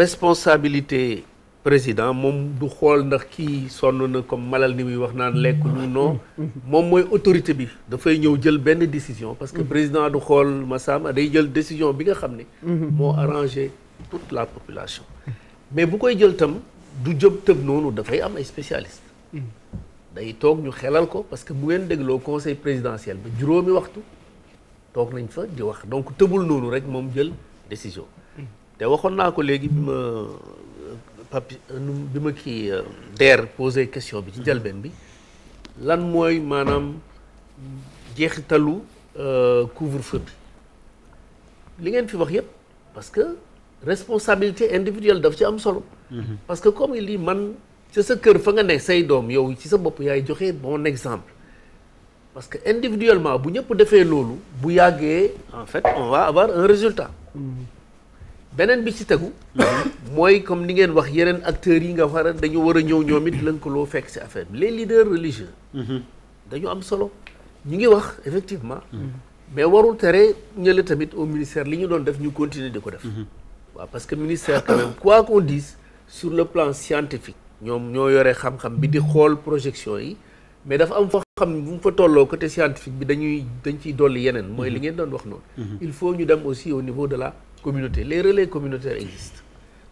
[SPEAKER 7] responsabilité président moom du xool ndax kii sonn na comme malal ni muy wax naan lekk ñu non moom mooy autorité bi dafay ñëw jël benn décision parce que mm. président du xool Massamba day jël décision bi nga xam ne mm-hmm. moo arrangé toute la population mais bu koy jël tam du jëm tëb noonu dafay am ay spécialiste hmm. day toog ñu xelal ko parce que bu ngeen dégloo conseil présidentiel ba juróomi waxtu toog nañ fa di wax donc tëbul noonu rek moom jël décision hmm. te waxoon naa ko léegi bi ma papi bi ma kii euh, DER posé question bi ci hmm. jalbeen bi lan mooy maanaam jeexitalu euh, couvre-feu bi li ngeen fi wax yëpp parce responsabilité individuelle dafa ci am solo. parce que comme lii man ci sa kër fa nga ne say doom yow ci sa bopp yaay joxe bon exemple. parce que individuellement bu ñëpp defee loolu bu yàggee en fait on va avoir un résultat. beneen bi ci tegu. mooy comme ni ngeen wax yeneen acteur yi nga war a dañu war a ñëw ñoom it lañ ko loo fekk ci affaire bi les leaders religieux. dañu am solo ñu ngi wax effectivement. Mm-hmm. mais warul tere ñële tamit au ministère li ñu doon def ñu continuer di ko def. waaw parce que ministère quand même quoi qu'on dise sur le plan scientifique ñoom ñoo yore xam-xam bi di xool projection yi mais dafa am foo xam ne bu mu fa tolloo côté scientifique bi dañuy dañ ciy dolli yeneen mooy li mhm. ngeen doon wax noonu mhm. il faut ñu dem aussi au niveau de la communauté les relais communautaires existent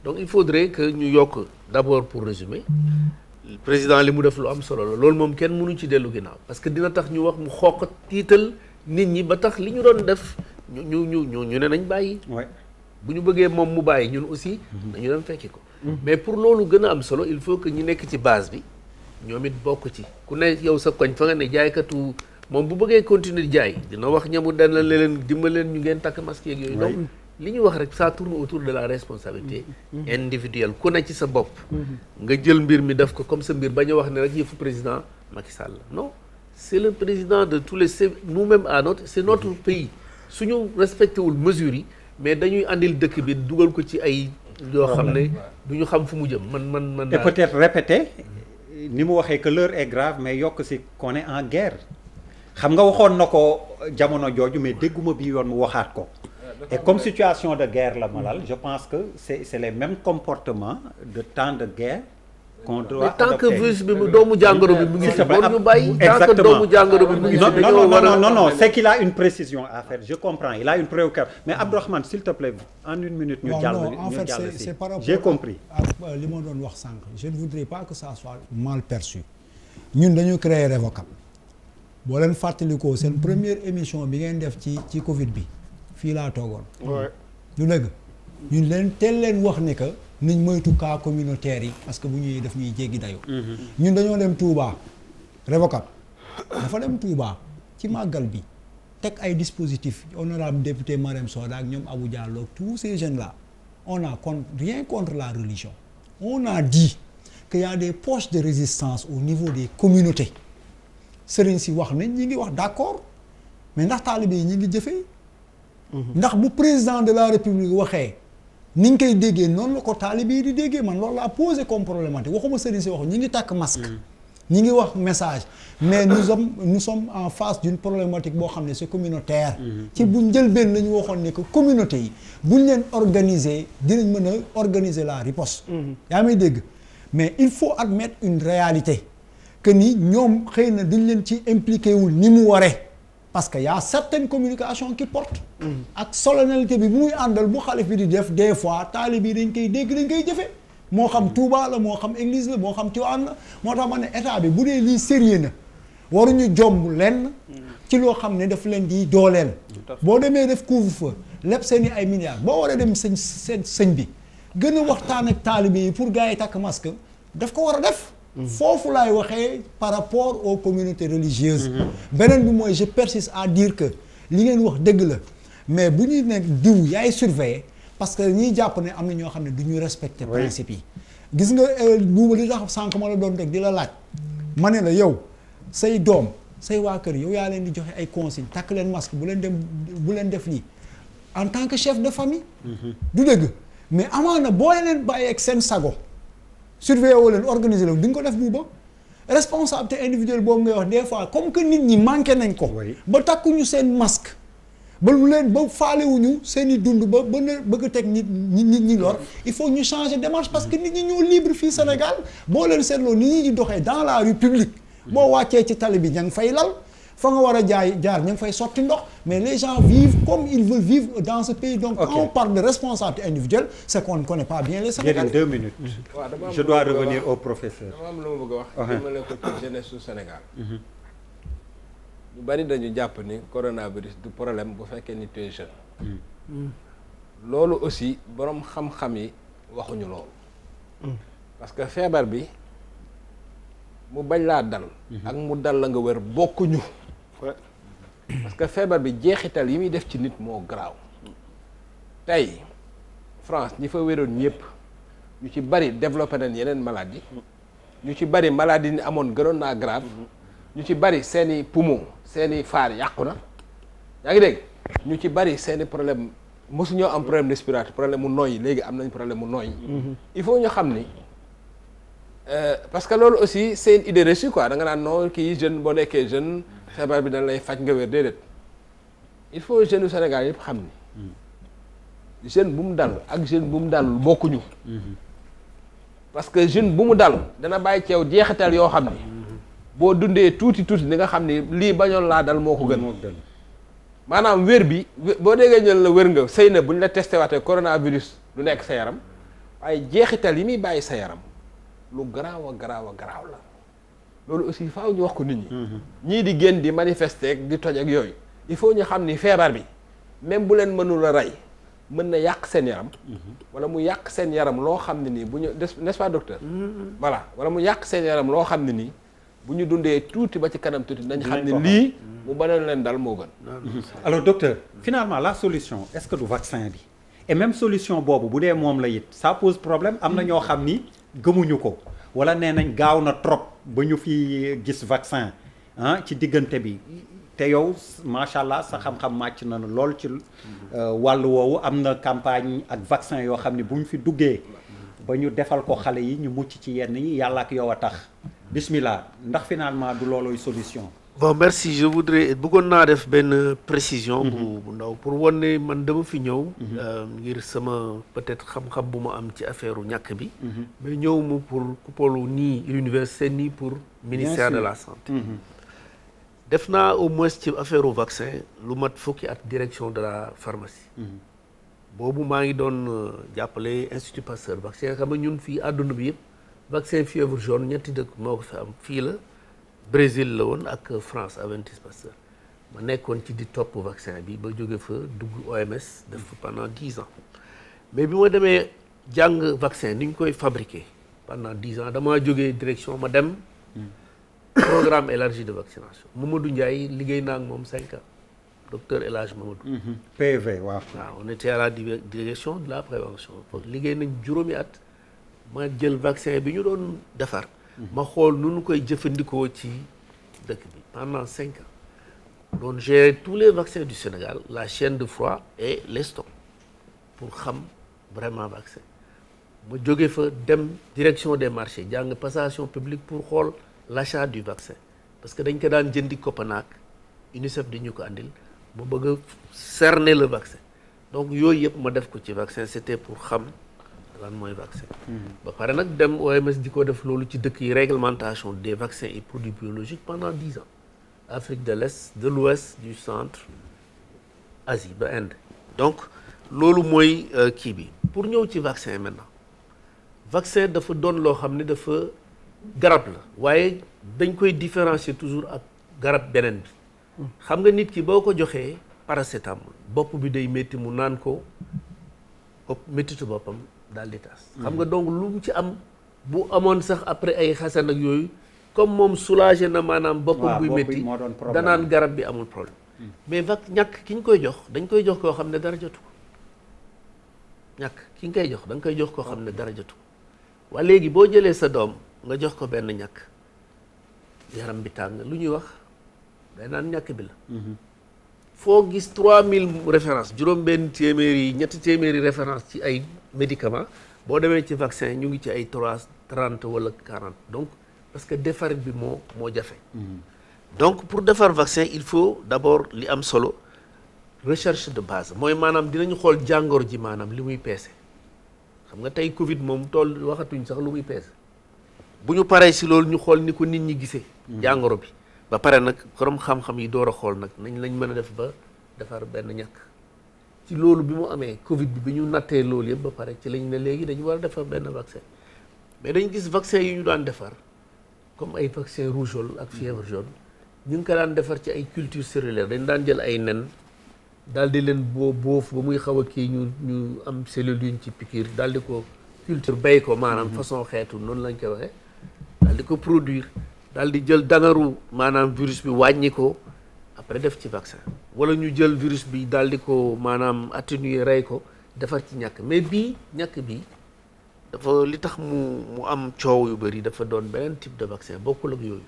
[SPEAKER 7] donc il faudrait que ñu yokk d'abord pour résumer le président li mu def lu am solo la loolu moom kenn mënu ci dellu ginnaaw parce que dina tax ñu wax mu xooq tiital nit ñi ba tax li ñu doon def ñu ñu ñu ñu ne nañ bàyyi bu ñu bëggee moom mu bàyyi ñun aussi. dañu mhm. dem fekki ko. mais pour loolu gën a am solo il faut que ñu nekk ci base bi ñoom it bokk ci ku ne yow sa koñ fa nga ne jaaykatu moom bu bëggee continuer jaay dina wax ñamu dana leen dimbaleen ñu ngeen takk masque yooyu. donc li ñu wax rek ça tourne autour de la responsabilité. Mhm. Mhm. individuelle ku ne ci sa bopp. nga jël mbir mi def ko comme sa mbir bañ a wax ne rek yëfu président Macky Sall non c' le président de tous les nous même à notre c' est suñu respecté wul mesures yi. mais dañuy àndil dëkk bi dugal ko ci ay. yoo xam ne du ñu xam fu mu jëm man man man. et peut-être répéter ni mu waxee que
[SPEAKER 1] l'heure grave mais yokk si qu'on en guerre xam nga waxoon na ko jamono jooju mais dégguma bi yoon mu waxaat ko. et comme situation de guerre la malal je pense que c'est c'est les mêmes comportements de temps de guerre. contre mais tant que virus bi doomu jàngoro bi mu ngi si bon ñu bàyyi tant que doomu jàngoro bi mu ngi si non non non non non c'est qu'il a une précision à faire je comprends il a une préoccupation mais Abdourahmane s'il te plaît en une minute ñu jàll ñu jàll si j'ai compris
[SPEAKER 8] euh, li ma doon wax sànq je ne voudrais pas que ça soit mal perçu ñun dañu créer révocable boo leen fàttalikoo seen première émission bi ngeen def ci ci covid bi fii laa toogoon lu dëgg ñun leen teel leen wax ni que nañ moytu cas communautaire yi parce que bu ñuy def ñuy jéggi dayoo. Mm-hmm. ñun dañoo dem Touba Revocat dafa dem Touba ci màggal bi teg ay dispositifs honorable député Marème Soda ak ñoom Abou Diallo tous ces jeunes la on a contre rien contre la religion on a dit qu'il y a des poches de résistance au niveau des communautés sëriñ si wax nañ ñi ngi wax d'accord mais ndax taalibe ñi ngi jëfee. Mm-hmm. ndax bu président de la république waxee. ni ñu koy déggee noonu la ko taalibe yi di déggee man loolu laa posé comme problématique waxuma sëriñ si wax ñi ngi tàkk masque. Mm. ñi ngi wax message mais nous sommes nous sommes en face d'une problématique boo xam ne c'est communautaire. Mm-hmm. Mm-hmm. ci bu njëlbeen la ñu waxoon ne que communauté yi buñ leen organiser dinañ mën a organiser la riposte. Mm-hmm. yaa may dégg mais il faut admettre une réalité que ni ñoom xëy na duñ leen ci impliqué wul ni mu waree. parce que y' a certaines communications qui portent. ak solennalité bi muy àndal bu xalif bi di def des fois taalib yi dañ koy dégg dañ koy jëfe moo xam Touba la moo xam église la moo xam Tiwaan la moo tax ma ne état bi bu dee lii sérieux na waruñu jomb lenn. ci loo xam ne daf leen di dooleel. boo demee def couvre-feu lépp seen i ay milliards boo waree dem sëñ seen sëñ bi gën a waxtaan ak taalibe yi pour gars yi takk masque daf ko war a def. Mm-hmm. foofu laay waxee par rapport aux communautés religieuses mm-hmm. beneen bi mooy je persiste à dire que li ngeen wax dëgg la mais bu ñuy nekk diw yaay surveiller parce que ñiy jàpp ne am na ñoo xam ne du ñu respecter principe yi gis nga euh, buuba li tax sànq ma la doon teg di la laaj ma ne la yow say doom say waa kër yow yaa leen di joxe ay consignes takk leen masque bu leen dem bu leen def lii en tant que chef de famille mm-hmm. du dëgg mais amaana boo leen bàyyi ak seen sago surveiller woo leen organiser leen duñ ko def buuba responsabilité individuelle boobu ngay wax des fois comme que nit ñi manqué nañ ko. ba takkuñu seen masque. ba lu leen ba faalewuñu seen i dund ba ba ne bëgg teg nit ñi nit ñi lor il faut ñu changer démarche parce que nit ñi ñoo libre fii Sénégal boo leen seetloo nit ñi di doxee dans la rue publique boo wàccee ci tali bi ña fay lal. fa nga war a jaay jaar ñu fay sotti ndox mais les gens vivent comme ils veulent vivre dans pays donc quand on parle de responsabilité individuelle c'est qu'on ne connaît pas
[SPEAKER 4] bien les Sénégalais deux minutes je dois revenir au professeur dama am lu ma bëgg a wax dimbale uh-huh. ko pour jeunesse
[SPEAKER 1] mm-hmm.
[SPEAKER 4] bari dañu jàpp ni coronavirus du problème bu fekkee ni tu es loolu aussi boroom xam-xam yi waxuñu loolu mm-hmm. parce que feebar bi mu bañ laa dal mm-hmm. ak mu dal la nga wër bokkuñu parce que feebar bi jeexital yi muy def ci nit moo garaaw tey France ñi fa wéroon ñëpp ñu ci bari développé nañ yeneen maladie ñu ci bari maladie ni amoon gënoon naa grave ñu ci bari seeni poumon seeni faar yàqu na yaa ngi dégg ñu ci bari seeni problème mosu ñoo am problème respiratoire problème mu nooy léegi am nañ problème mu nooy il faut ñu xam ni euh, parce que loolu aussi seen une idée reçue quoi da nga naan non kii jeune boo nekkee jeune feebar bi dañ lay faj nga wér déedéet il faut jeune Sénégal yëpp xam ni hmm. jeune bu mu dal ak jeune bu mu dal bokkuñu hmm. parce que jeune bu mu dal dana bàyyi ceew jeexital yoo xam ni hmm. boo dundee tuuti tuuti di nga xam ni lii bañoon laa dal moo ko gën maanaam wér bi boo déggee ñëw la wér nga sëy na bu ñu la testé waatee coronavirus du nekk sa yaram waaye jeexital yi muy bàyyi sa yaram lu garaaw garaawa garaaw garaaw la loolu aussi faaw ñu wax ko nit ñi. Mhm. ñii di génn di manifester di toj ak yooyu. il faut ñu xam ni feebar bi même bu leen mënul a rey mën na yàq seen yaram. Mhm. wala mu yàq seen yaram loo xam ne nii bu ñu n'est-ce pas docteur. Mhm. voilà wala mu yàq seen yaram loo xam ne nii
[SPEAKER 1] bu ñu dundee tuuti ba ci kanam tuuti nañ xam ne nii mu banal leen dal moo gën. alors docteur finalement la solution est-ce que du vaccin bi. et même solution boobu bu dee moom la it ça pose problème am na ñoo xam ni gëmuñu ko wala nee nañ gaaw na trop. ba ñu fi gis vaccin ah ci diggante bi te yow macha allah sa xam-xam màcc na lool ci euh, wàll woowu am na campagne ak vaccin yoo xam ne bu ñu fi duggee ba ñu defal ko xale yi ñu mucc ci yenn yi yàlla ak yow a tax bismillah ndax finalement du looloy solution.
[SPEAKER 7] bon merci je voudrais naa def benn précision. bu mhm. bu ndaw pour wan man dema fi ñëw. Mhm. Euh, ngir sama peut-être xam-xam bu ma am ci affaire ñàkk bi. Mhm. mais ñëw mu pour kupolu nii université nii pour. ministère de la santé. def naa au moins ci affaire vaccin lu mat fukki ak direction de la pharmacie. boobu maa ngi doon euh, jàppale Institut Pasteur vaccin a nga ñun fii àdduna bi yëpp vaccin fièvre jaune ñetti dëkk moo fi am fii la. Brésil la woon ak France Aventis Pasteur ma nekkoon ci di topp vaccin bi ba jóge fa dugg OMS def fa pendant ans mais bi ma demee jàng vaccin ni ñu koy fabriquer pendant dix ans damaa jógee direction ma dem programme élargi de vaccination Mamadou Ndiaye liggéey naa ak moom cinq ans docteur El Hadj Mamadou mhm. PV waaw waaw on était à la direction de liggéey nañ juróomi at ma jël vaccin bi ñu doon defar ma xool nu nu koy jëfandikoo ci dëkk bi pendant cinq ans doon gérer tous les vaccins du Sénégal la chaîne de froid et les stocks pour xam vraiment vaccin ma jóge fa dem direction des marchés jàng passation publique pour xool l'achat du vaccin parce que dañ ko daan jëndi Copenhague UNICEF di ko andil ma bëgg a cerner le vaccin donc yooyu yëpp ma def ko ci vaccin c'était pour xam lan mooy vaccin mm-hmm. ba pare nag dem OMS di ko def loolu ci dëkk yi réglementation des vaccins et produits biologiques pendant dix ans Afrique de l'Est de l'Ouest du centre Asie ba Inde donc loolu mooy euh, kii bi pour ñëw ci vaccin maintenant vaccin dafa doon loo xam ne dafa garab la waaye dañ koy différencier toujours ak garab beneen bi mm-hmm. xam nga nit ki boo ko joxee paracétamol bopp bi day métti mu naan ko méttitu boppam daal di tas. xam nga donc lu mu ci am bu amoon sax après ay xasan ak yooyu comme moom soulagé na maanaam. boppam buy métti danaan garab bi amul problème. mais vac ñàkk ki ñu koy jox dañ koy jox koo xam ne dara jotu ko ñàkk ki nga koy jox da nga koy jox koo xam ne dara jotu ko léegi boo jëlee sa doom nga jox ko benn ñàkk yaram bi tàng lu ñuy wax day naan ñàkk bi la. Mhm. foo gis 3000 références juróom benn téeméeri ñetti téeméeri référence ci ay. médicament boo demee ci vaccin ñu ngi ci ay trois trente wala quarante donc parce que defar bi moo moo jafe. Mhm. donc pour defar vaccin il faut d'abord li am solo recherche de base mooy maanaam dinañu xool jàngoor ji maanaam li muy peese xam nga tey Covid moom tool waxatuñ sax lu muy peese bu ñu paree si loolu ñu xool ni ko nit ñi gisee. Mhm. jàngoro bi ba pare nag borom xam-xam yi door a xool nag nañ lañ mën a def ba defar benn ñàkk. ci loolu bi mu amee Covid bi bi ñu nattee loolu yëpp ba pare ci lañ ne léegi dañu war a defar benn vaccin mais dañ gis vaccin yu ñu daan defar comme ay vaccin rougeole ak fièvre jaune ñu ngi ko daan defar ci ay culture cellulaire dañ daan jël ay nen daal di leen boo boofu ba muy xaw a kii ñu ñu am cellule yuñ ci piqûre daal di ko culture bay ko maanaam façon xeetu noonu lañ koy waxee daal di ko produire daal di jël dangaru maanaam virus bi wàññi ko après def ci vaccin wala ñu jël virus bi daal di ko maanaam atténuer rey ko defar ci ñàkk mais bii ñàkk bii dafa li tax mu mu am coow yu bari dafa doon beneen type de vaccin bokkul ak yooyu.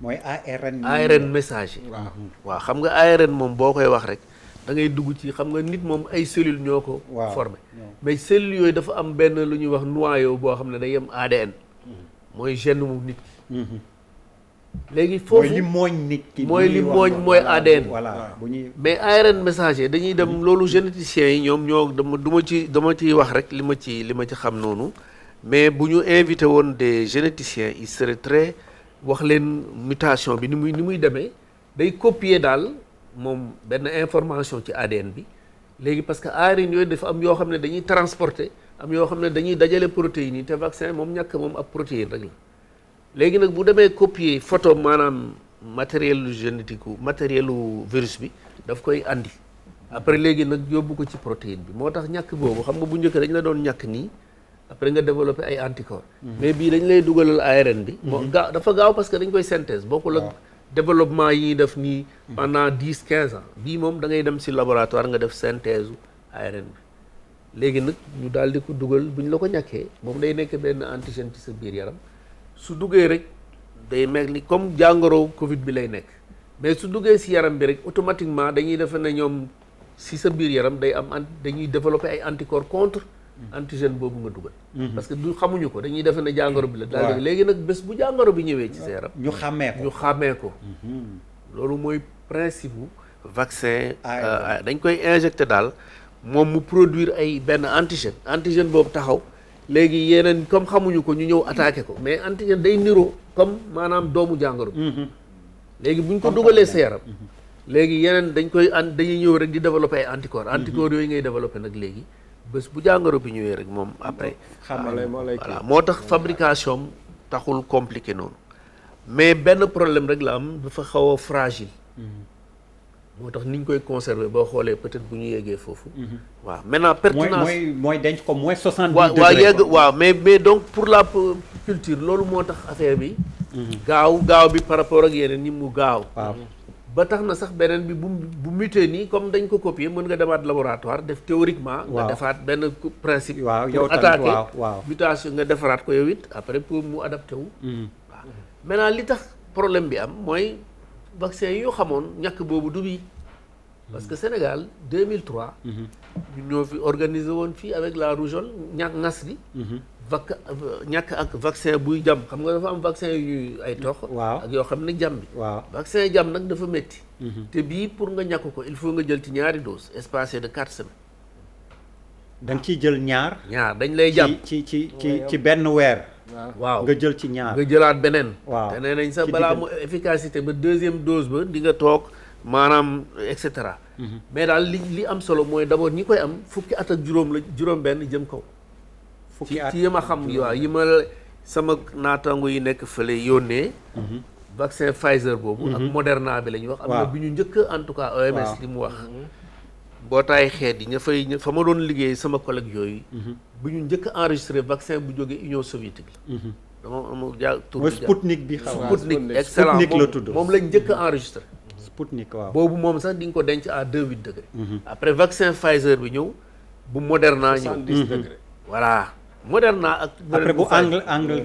[SPEAKER 1] mooy ARN. ARN messager. waaw waaw
[SPEAKER 7] xam nga ARN moom boo koy wax rek da ngay dugg ci xam nga nit moom ay cellules ñoo ko. formé mais cellules yooyu dafa am benn lu ñuy wax noyau boo xam ne day yem ADN. Mm-hmm. mooy gène mu nit léegi foofu mooy li nit mooy li mooñ mooy ADN voilà ah. bu ñuy mais ARN messager dañuy dem mm-hmm. loolu généticiens yi ñoom ñoo dama du ma ci dama ciy wax rek li ma ci li ma ci xam noonu mais bu ñu invité woon des généticiens il serait wax leen mutation bi ni muy ni muy demee day copier daal moom benn information ci ADN bi léegi parce que ARN yooyu dafa am yoo xam ne dañuy transporter am yoo xam ne dañuy dajale protéines yi te vaccin moom ñàkk moom ab protéine rek la léegi nag bu demee copier photo maanaam matériel génétique matériel virus bi daf koy andi après léegi nag yóbbu ko ci protéine bi moo tax ñàkk boobu xam nga bu njëkk dañ la doon ñàkk nii après nga développé ay anticorps mm-hmm. mais bii dañ lay dugalal ARN bi moo mm-hmm. gaaw dafa gaaw parce que dañ koy synthèse bokkul ak développement yi def nii mm-hmm. pendant dix quinze ans bii moom da ngay dem si laboratoire nga def synthèse ARN bi léegi nag ñu daal di ko dugal bu ñu la ko ñàkkee moom day nekk benn antigène ci sa biir yaram su duggee rek day mel ni comme jàngoro Covid bi lay nekk mais su duggee si yaram bi rek automatiquement dañuy defe na ñoom si sa biir yaram day am an dañuy développer ay anticorps contre antigène boobu nga dugal. Mhm. parce que du xamuñu ko dañuy defe ne jàngoro bi la. daal léegi nag bés bu jàngoro bi ñëwee ci sa yaram. ñu xàmmee ko ñu xàmmee ko. Mhm. loolu mooy principe bu vaccin. Ah, euh, dañ koy injecté daal moom mu produire ay benn antigène antigène boobu taxaw. léegi yeneen comme xamuñu ko ñu ñëw attaqué ko mais antigène day niroo comme maanaam doomu jàngoro bi mhm. léegi bu ñu ko dugalee sa yaram mhm. léegi yeneen dañ koy an dañuy ñëw rek di développé ay anticorps mhm. anticorps yooyu ngay développé nag léegi bés bu jàngoro bi ñëwee rek moom après voilà moo tax fabrication taxul compliqué noonu mais benn problème rek la am dafa xaw a fragile moo tax ni ñu koy conserver boo xoolee peut-être bu ñu yeggee foofu. Mhm. waaw maintenant pertinence mooy mooy denc ko mooy 70 degré. waaw waaw yegg mais mais donc pour la culture loolu moo tax affaire bi. Mhm. gaaw gaaw bi par rapport ak yeneen ñi mu gaaw. waaw ba tax na sax beneen bi bu bu muté nii comme dañ ko copier mën nga demaat laboratoire def théoriquement. nga defaat benn principe. waaw yow attaqué mutation nga defaraat ko yow it après pour mu adapté wu. Mhm. waaw li tax problème bi am mooy. vaccin yi ñu xamoon ñàkk boobu du bii parce que Sénégal 2003. Mhm. ñun ñoo fi organiser woon fii avec la rougeole ñàkk ngas bi. Mhm. vac ñàkk ak vaccin buy jàmm xam nga dafa am vaccin yu ay tox. waaw ak yoo xam ne jàmm bi. waaw vaccin jàmm nag dafa métti. Mhm. te bii pour nga ñàkk ko il faut nga jël ci ñaari dose espacé de quatre semaines.
[SPEAKER 1] da nga ciy jël ñaar. ñaar dañ lay jàmm ci ci ci ci
[SPEAKER 7] benn weer. waaw nga jël ci ñaar nga jëlaat beneen. waaw te nee sax balaa mu efficacité ba deuxième dose ba di nga toog maanaam et cetera. Mhm. mais daal li li am solo mooy d'abord ñi koy am fukki at ak juróom la juróom-benn jëm kaw. fukki at ci yi ma xam waaw yi ma sama naataango yi nekk fële yónnee. Mhm. vaccin Pfizer boobu. ak mhm. Moderna bi la ñuy wax. am na bi ñu njëkk en tout cas OMS li mu wax. mbootaay xeet yi ña fay ña fa ma doon liggéey sama collègue yooyu. Mhm. bu ñu njëkk a enregistré vaccin bu jógee Union soviétique la. Mhm. dama ma jaa tur bi Sputnik bi xaw Sputnik excellent moom lañ njëkk a enregistré. Sputnik waaw boobu moom sax di nga ko denc à deux huit degré. Mhm. après vaccin Pfizer bi ñëw bu Moderna ñëw. soixante-dix degré voilà. Moderna ak. après bu angle angle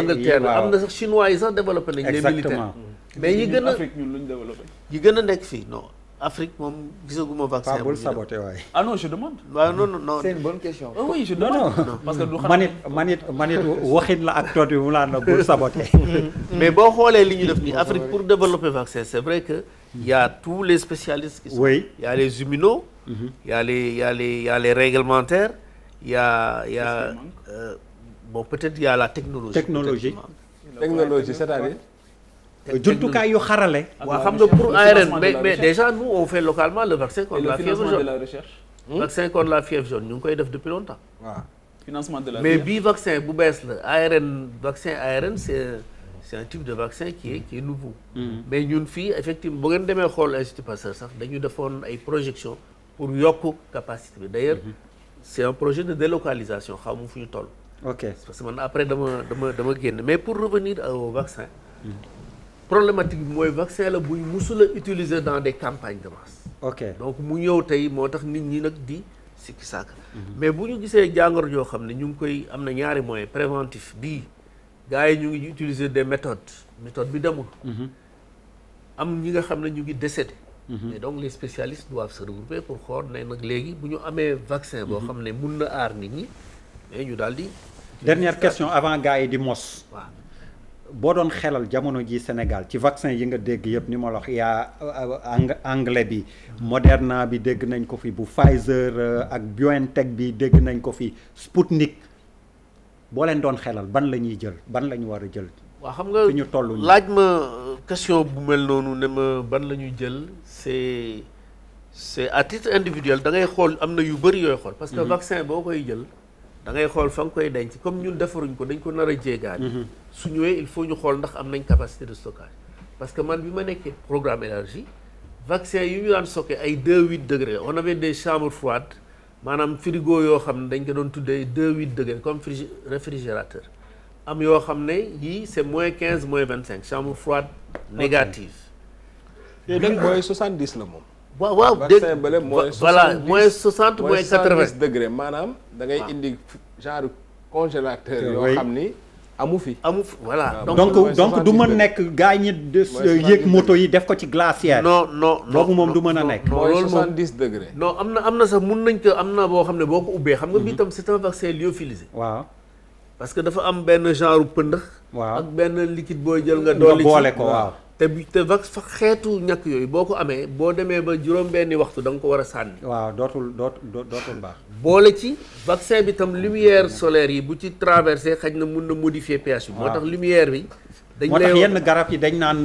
[SPEAKER 7] Angleterre am na sax chinois yi sax développé nañ. les militaires mais yi gën a yi gën a nekk fii Afrique moom gisaguma vaccin. bu saboté waay. ah non je demande. waaw non non non. c'est ah parce que du xam manit
[SPEAKER 1] manit manit waxin la ak tontu bi mu laan la mm-hmm. mais boo xoolee li ñu def
[SPEAKER 7] nii Afrique pour développer vaccin c'est vrai que. y a tous les spécialistes. qui sont oui y a les immunos. Mm-hmm. y a les y a les y a réglementaires. y a euh, peut-être y a la technologie. technologie technologie cest jumtukaay yu xarale. waa xam nga pour ARN mais mais déjà nous on fait localement le vaccin contre la fièvre jaune. de la recherche. Hmm? vaccin contre la fièvre jaune ñu ngi koy def depuis longtemps. waaw financement mais bi vaccin bu bees la ARN vaccin ARN c'est c'est un type de vaccin qui est qui est nouveau. Hmm. mais ñun fii effectivement bu ngeen demee xool Institut Pasteur sax dañu defoon ay projection pour yokk capacité bi d'ailleurs hmm. c'est un projet de délocalisation xaw ma fu ñu toll. ok parce que man après dama dama dama génn mais pour revenir au problématique bi mooy vaccin la buy musul a utiliser dans des campagne de masse. donc mu ñëw tey moo tax nit ñi nag di sikki sàkk. Mhm. mais bu ñu gisee jàngoro joo xam ne ñu ngi koy am na ñaari moyens préventif bii gars yi ñu ngi utiliser des méthodes méthode bi demul. Mhm. am ñi nga xam ne ñu ngi décédé. Mhm. et donc les spécialistes doivent se regrouper pour xool ne nag léegi bu ñu amee vaccin boo xam ne mun na aar nit ñi mais ñu daal di.
[SPEAKER 1] dernière question avant gars di mos. waaw. boo doon xelal jamono ji Sénégal ci vaccin yi nga dégg yëpp ni ma la wax yaa euh, anglais bi Moderna bi dégg nañ ko fi bu Pfizer euh, ak teg bi dégg nañ ko fi Sputnik boo leen doon xelal ban la ñuy jël ban la ñu war a jël. waa xam nga fi ñu toll laaj
[SPEAKER 7] ma question bu mel noonu ne ma ban la ñuy jël c'est c'est à titre individuel da xool am na yu bari yooyu xool. parce que mhm. vaccin boo koy jël. dangay xool fa nga koy denc comme ñun defaruñ ko dañ ko nar a jéegaani mhm. su ñëwee il faut ñu xool ndax am nañ capacité de stockage parce que man bi ma nekkee programme énergie vaccin yu ñu daan stocké ay deux huit degré on avait des chambres froides maanaam frigo yoo xam ne dañ ko doon tuddee deux huit degré comme frigi réfrigérateur am yoo xam ne yii c' est moins quinze moins vingt cinq chambre froide négative. léegi mooy
[SPEAKER 4] soixante dix la moom.
[SPEAKER 7] waaw waaw vaccin bële
[SPEAKER 4] mooy. voilà moins soixante moins quatre-vingts degré maanaam. da ngay indi genre congélateur. yoo xam ni amu fi. amu fi voilà ah, donc donc du mën nekk
[SPEAKER 1] gars ñi
[SPEAKER 7] de yéeg
[SPEAKER 1] moto yi def ko ci glacière. non non non moom du mën a nekk. mooy soixante
[SPEAKER 7] degré. non am na am na sax mun nañ ko am na boo xam ne boo ko ubbee xam nga mhm. bii tam c'est un vaccin lyophilisé. waaw. parce que dafa am benn genre pënd waaw ak benn liquide booy jël nga. dolli ci ko waaw. te te va fa xeetu ñàkk yooyu boo ko amee boo demee ba juróom-benni waxtu da nga ko war a sànni. waaw dootul dootul baax. boole ci vaccin bi tam lumière solaire yi bu ci traversé xaj na mun na modifier pH bi. moo tax lumière bi. dañ moo tax yenn garab yi dañ naan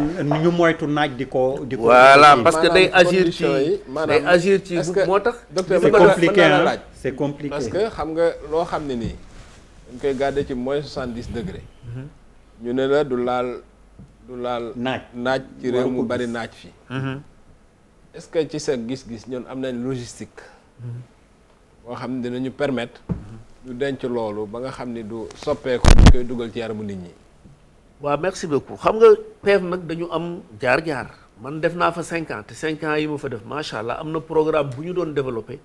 [SPEAKER 7] ñu moytu naaj di ko. di ko voilà parce que day agir ci day agir ci
[SPEAKER 4] moo tax. c'est compliqué c'est compliqué parce que xam nga loo xam ne nii. dañ koy garder ci moins soixante-dix degré. Mhm. ñu ne la du laal. du laal naaj naaj ci réew mu bari naaj fii mm-hmm. est-ce que ci sa gis-gis ñun am nañ logistique mm-hmm. boo xam ne ñu permettre mm-hmm. ñu denc loolu ba nga xam
[SPEAKER 7] ni du soppeeku ñu koy dugal ci yaramu nit ñi waaw merci beaucoup xam nga PEV nag dañu am jaar-jaar man def naa fa cinquante ans cinq ans yi ma fa def macha allah am na programme bu ñu doon développé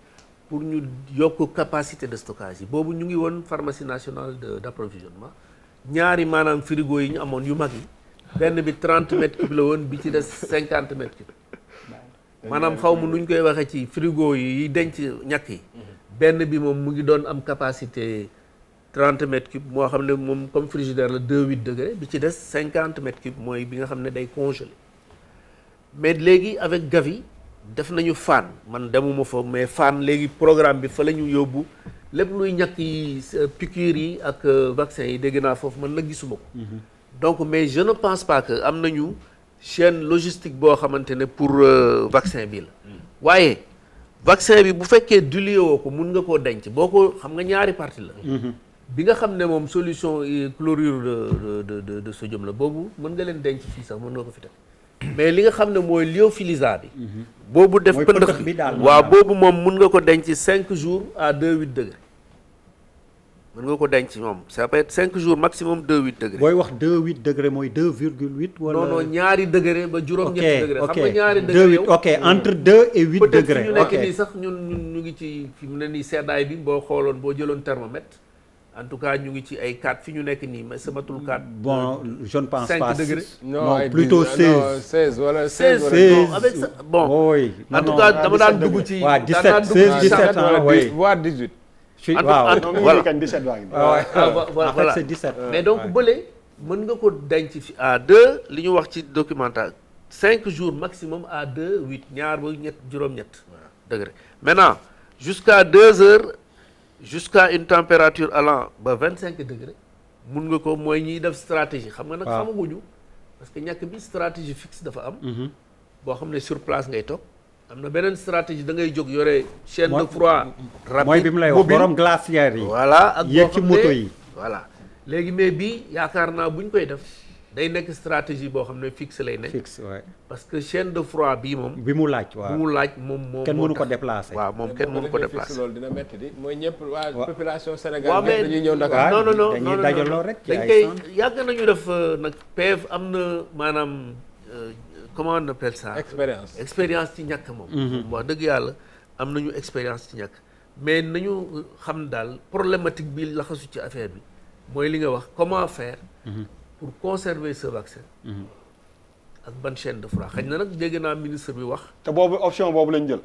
[SPEAKER 7] pour ñu yokk capacité de stockage yi boobu ñu ngi woon pharmacie nationale d'approvisionnement ñaari maanaam frigo yi ñu amoon yu mag yi benn bi 30 mètres cube la woon bi ci des 50 mètres cube maanaam xaw ma nuñ koy waxee ci frigo yi yi denc ñàkk yi benn bi moom mu ngi doon am capacité 30 mètres cube moo xam ne moom comme frigidaire la 2 8 degré bi ci des 50 mètres mooy bi nga xam ne day congelé mais léegi avec Gavi def nañu faan man demuma fa mais faan léegi programme bi fa la ñu yóbbu lépp luy ñàkk yi piqûre yi ak vaccin yi dégg naa foofu man la gisuma ko mhm. donc mais je ne pense pas que am nañu chaîne logistique boo xamante ne pour euh, vaccin bi la hmm. waaye vaccin bi bu fekkee dulier woo ko mun nga koo denc boo ko xam nga ñaari parti la hmm. bi nga xam ne moom solution euh, chlorure de de de sodium la boobu mën nga leen denc fii sax mën nga ko fi teg mais li nga xam ne mooy lyophilisat bi hmm. boobu def pëndëx bi waa boobu moom mun nga ko denc cinq jours à deux huit degré mën nga ko denc moom ça peut être cinq jours maximum deux huit degré. booy
[SPEAKER 1] wax deux huit degré mooy deux virgule huit. wala
[SPEAKER 7] ñaari degré ba juróom-ñetti degré. ok ok xam nga ñaari degré yow entre deux et huit degré. peut être ñu nekk nii sax ci fi mu ne nii seddaay bi boo xooloon boo jëloon thermomètre. en tout cas ñu ngi ci ay 4 fi ñu nekk nii mais samatul 4. bon euh, je ne pense pas 5 degrés. non plutôt 16 16 wala 16 wala avec ça bon. en tout ah, dama daan dugg ci.
[SPEAKER 4] waaw 17 16 17 ah oui voire 18. ci waaw voilà kañ 17 waa ngi. voilà en fait
[SPEAKER 7] mën nga ko denc fi à 2 li ñu wax ci documentaire 5 jours maximum à 2 8 ñaar ba ñett juróom-ñett. degré maintenant jusqu'à 2 heures jusqu'à une température allant ba 25 degré mun nga ko mooy ñuy def stratégie. xam nga nag xamaguñu parce que ñàkk bi stratégie dafa am. Mhm. boo xam ne sur place ngay toog. am na beneen stratégie da ngay jóg yore. chaîne de froid rapide mooy bi mu lay wax borom
[SPEAKER 1] glacière yi. voilà ak yéeg ci moto yi.
[SPEAKER 7] voilà léegi mais bii yaakaar naa bu ñu koy def day nekk stratégie boo xam ne fixe lay nekk. fixe waay parce que chaîne de froid bii moom. bi mu laaj waaw bi mu laaj moom moom. kenn mënu ko déplacer waaw moom kenn mënu ko déplacer. loolu dina métti di mooy ñëpp waa population Sénégal dañuy ñëw Dakar non non non dañuy dajaloo rek. dañ koy yàgg nañu def euh, nag PV am na maanaam. Euh, comment on appelle ça expérience expérience ci ñàkk moom mhm. wax dëgg yàlla am nañu expérience ci ñàkk mais nañu xam daal problématique bi laxasu ci affaire bi mooy li nga wax comment faire mhm. pour conserver ce vaccin mhm. ak ban chaîne de froid xëy na nag dégg naa ministre bi wax te
[SPEAKER 5] boobu option boobu lañ jël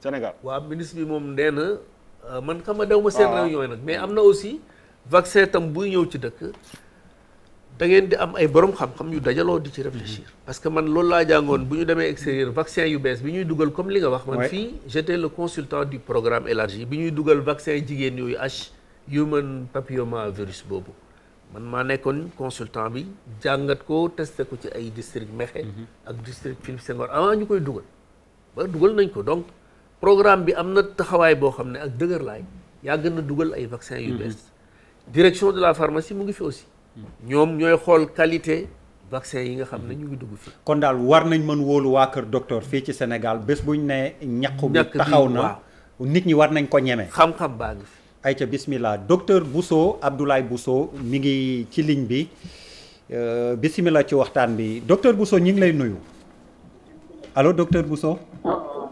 [SPEAKER 7] Sénégal waaw ministre bi moom nee na euh, man xam nga dew ma seen ah. réunion yi nag mais am na aussi vaccin tam buy ñëw ci dëkk da ngeen di am ay borom xam-xam yu dajaloo di ci réfléchir. Mhm. parce que man loolu laa jàngoon bu ñu demee extérieur vaccin yu bees bi ñuy dugal comme li nga wax. man fii j'étais le consultant du programme élargi bi ñuy dugal vaccin jigéen yooyu H human papilloma virus boobu. man maa nekkoon consultant bi jàngat ko testé ko ci ay district Mexe. Mhm. ak district Philippe Senghor avant ñu koy dugal. ba dugal nañ ko donc programme bi am na taxawaay boo xam ne ak dëgër laay yaa gën a dugal ay vaccin yu mhm. bees. direction de la pharmacie mu ngi fi aussi. ñoom ñooy xool qualité vaccin yi nga xam ne mhm. ñu ngi dugg
[SPEAKER 1] fi kon daal war nañ mën wóolu waa kër docteur fii ci senegal bés bu buñ ne ñaqu bi taxaw na nit ñi war nañ ko ñeme xam-xam baa ngi fi ay ca bismillah docteur Bousso Abdoulaye Bousso mi ngi ci ligne bi euh, bismillah ci waxtaan bi docteur Bousso ñu ngi lay nuyu allo docteur Bousso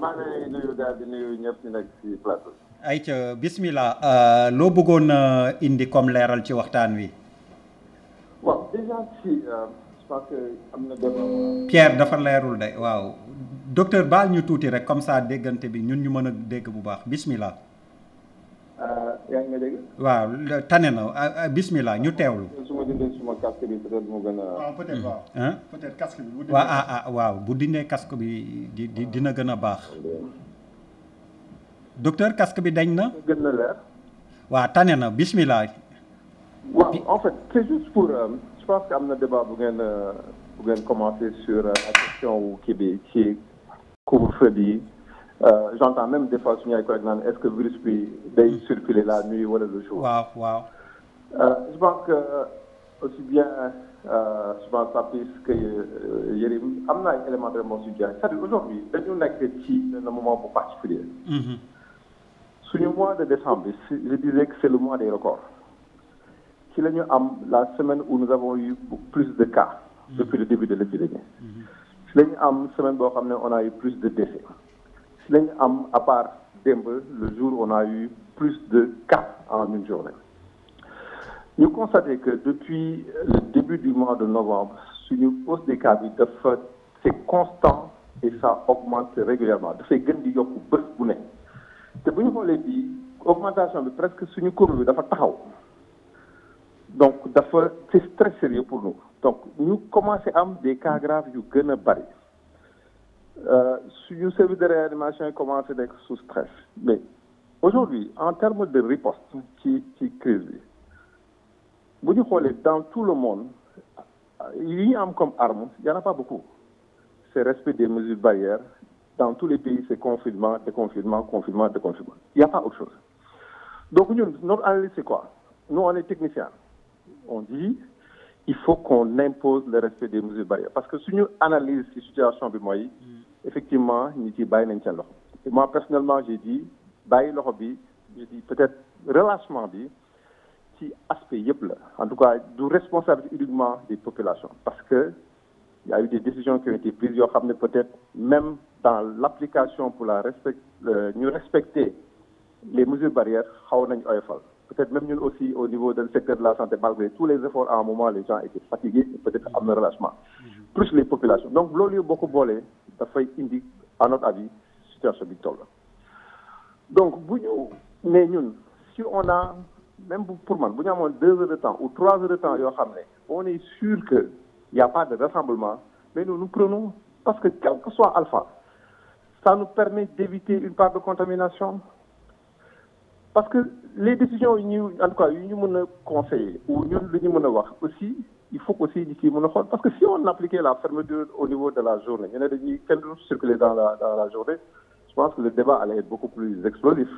[SPEAKER 1] maa ay ca bismillah euh, loo bëggoon euh, indi comme leeral ci waxtaan wi
[SPEAKER 10] Euh, am na Pierre
[SPEAKER 1] dafa leerul de waaw docteur baal ñu tuuti rek comme ça déggante bi ñun ñu mën a dégg bu baax bismillah.
[SPEAKER 10] Euh, yaa
[SPEAKER 1] waaw tane na bismillah ñu teewlu.
[SPEAKER 10] Euh, su ma dindee suma bi
[SPEAKER 5] peut ah, ah,
[SPEAKER 1] ah, waaw bu dindee. waaw bi dina gën a baax. docteur casque bi dañ na. waaw tane na bismillah.
[SPEAKER 10] waaw en fait c'est juste pour euh, je pense que am na débat bu ngeen euh, bu ngeen commencer sur euh, la question wu kii bi ci couvre-feu bi j'entends même des fois suñu ay collègues naan la nuit wala le jour. je pense que aussi bien je pense que Yérim am na ay éléments de réponse cest aujourd'hui dañu nekk ci benn moment bu particulier mhm. suñu mois de décembre bi je disais que c'est le mois des records. ci la ñu am la semaine où nous avons eu plus de cas mhm. depuis le début de l'épidémie mhm. ci la ñu am semaine boo xam ne on a eu plus de décès ci la ñu am à part démb le jour on a eu plus de cas en une journée ñu constaté que depuis le début du mois de novembre suñu hausse des cas bi dafa c'est constant et ça augmente régulièrement dafay gën di yokk bés bu ne te bu ñu xoolee bi augmentation bi presque suñu courbe bi dafa taxaw donc dafa c'est très sérieux pour nous donc ñu commencé am des cas graves yu gën a bari euh, suñu service de réanimation yi commencé nekk sous stress mais aujourd'hui en termes de riposte ci ci crise bi bu ñu xoolee dans tout le monde euh, yi ñu am comme arme y en a pas beaucoup c'est respect des mesures barrières dans tous les pays c'est confinement déconfinement confinement déconfinement il y a pas autre chose donc notre analyse c'est on dit il faut qu'on impose le respect des mesures barrières parce que suñu analyse ci situation bi mooy mm. effectivement nit yi bàyyi nañ ca loxo moi personnellement j'ai di bàyyi loxo bi j'ai di peut-être relâchement bi ci aspect yëpp la en tout cas du responsabilité uniquement des populations parce que il y a eu des décisions qui ont été prises yoo xam ne peut-être même dans l'application pour la respect euh, ñu respecter les mesures barrières xaw nañ fal peut-être même ñun aussi au niveau du secteur de la santé malgré tous les efforts à un moment les gens étaient fatigués peut-être am na relâchement mm-hmm. plus les populations donc loolu yëpp boo ko boolee dafay indi à notre avis situation bi toll donc bu ñu ne ñun si on a même pour man bu ñu amoon deux heures de temps ou trois heures de temps yoo ne on est sûr que y a pas de rassemblement mais nous nous prenons parce que quel que soit alpha ça nous permet d'éviter une parce que les décisions ñu en tout cas yu ñu a conseiller ou ñun lu ñu wax aussi il faut aussi ñu ciy mën parce que si on appliquait la fermeture au niveau de la journée ñu ne dañuy kenn du circuler dans la dans la journée je pense que le débat allait être beaucoup plus explosif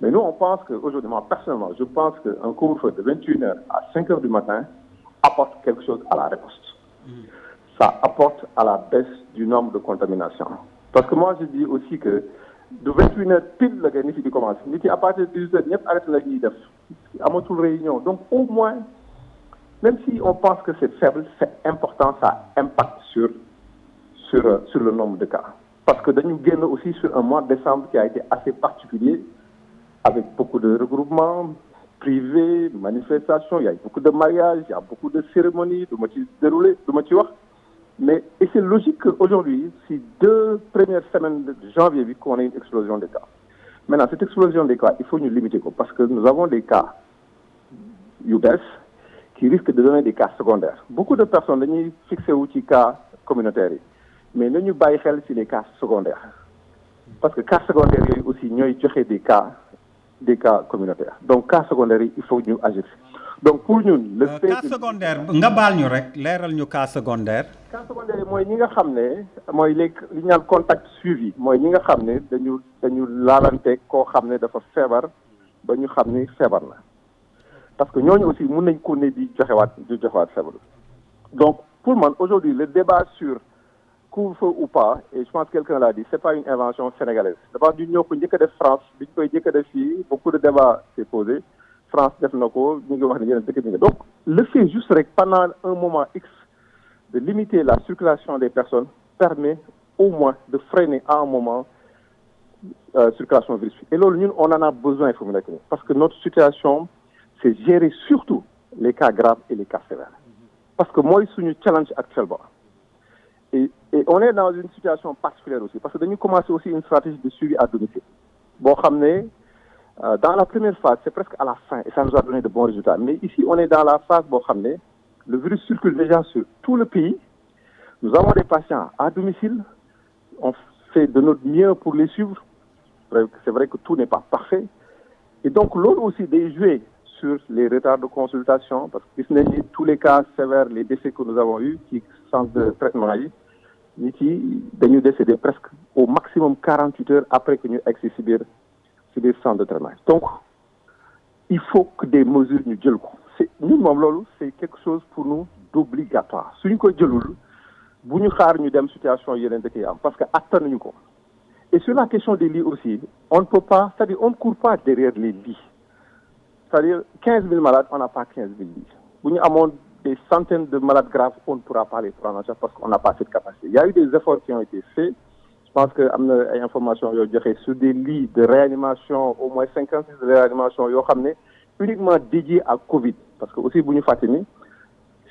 [SPEAKER 10] mais nous on pense que aujourd'hui moi personnellement je pense que un de vingt une heures à cinq heures du matin apporte quelque chose à la riposte ça apporte du 21 heures pile la kay nit yi di commencé nit yi à partir de 18 heures ñëpp arrêté la ñuy def amatul réunion donc au moins même si on pense que c'est faible c'est important ça impacte sur sur sur le nombre de cas parce que dañu génn aussi sur un mois de décembre qui a été assez particulier avec beaucoup de regroupements privés manifestations il y a eu beaucoup de mariages il y a beaucoup de cérémonies du ma ci déroulé du ma ci wax Mais et c'est logique qu'aujourd'hui, si deux premières semaines de janvier bi qu'on ait une explosion des cas. Maintenant, cette explosion des cas, il faut ñu limiter ko parce que nous avons des cas yu bees qui risquent de donner des cas secondaires. Beaucoup de personnes dañuy fixé wu ci cas communautaires yi mais nañu bàyyi xel ci les cas secondaires parce que cas secondaires yooyu aussi ñooy joxe des cas de cas communautaires donc cas secondaires yi il faut ñu agir. donc pour ñun. le euh, cas
[SPEAKER 1] secondaire nga baal ñu rek leeral ñu cas secondaire. cas secondaire mooy ñi
[SPEAKER 10] nga xam ne mooy léegi li ñu naan contact suivi mooy ñi nga xam ne dañu dañu laalante koo xam ne dafa feebar ba ñu xam ni feebar la parce que ñooñu aussi mun nañ ko ne di joxewaat di joxewaat feebar donc pour man aujourd'hui le débat sur couvre-feu ou pas et je pense que quelqu'un l'a dit c'est pas une invention sénégalaise. d'abord ñun ñoo ko njëkk def France bi ñu koy njëkk a def fii beaucoup de France def na ko ñu ngi wax ne yeneen dëkk bi nga donc le fait juste rek un moment X de limiter la circulation des personnes permet au moins de freiner à un moment euh, circulation virus bi et loolu ñun on a besoin fu parce que notre situation c'est gérer surtout les cas graves et les cas sévères parce que mooy suñu challenge actuellement et et on est dans une situation particulière aussi parce que dañu commencer aussi une stratégie de suivi à domicile boo xam ne euh, dans la première phase c'est presque à la fin et ça nous a donné de ne le virus circule tout le pays nous avons des à domicile on fait de pour les suivre c'est vrai que tout n'est pas parfait et donc loolu aussi day jouer sur les retards de consultation parce que gis nañ tous les cas sévères les décès que nous avons eus ci centre de traitement yi nit yi dañu décédé presque après que ñu egg si biir ci biir centre de drainage il faut que des mesures ñu jël ko c'est ñun moom loolu c'est quelque chose pour nous d'obligatoire suñ ko jëlul bu ñu xaar ñu dem situation yeneen dëkk yi am parce que attanuñu ko et sur la question des lits aussi on ne peut pas c'est-à-dire on ne court pas derrière les lits c'est-à-dire quinze on n'a pas quinze mille lits bu ñu amoon des centaines de malades graves on ne pourra pas les prendre en charge parce qu'on n'a pas cette y a eu des efforts qui ont été faits je que am na ay information yoo joxe sur des lits de réanimation au moins six de réanimation yoo xam ne uniquement dédié ak Covid parce que aussi bu ñu fàtte ni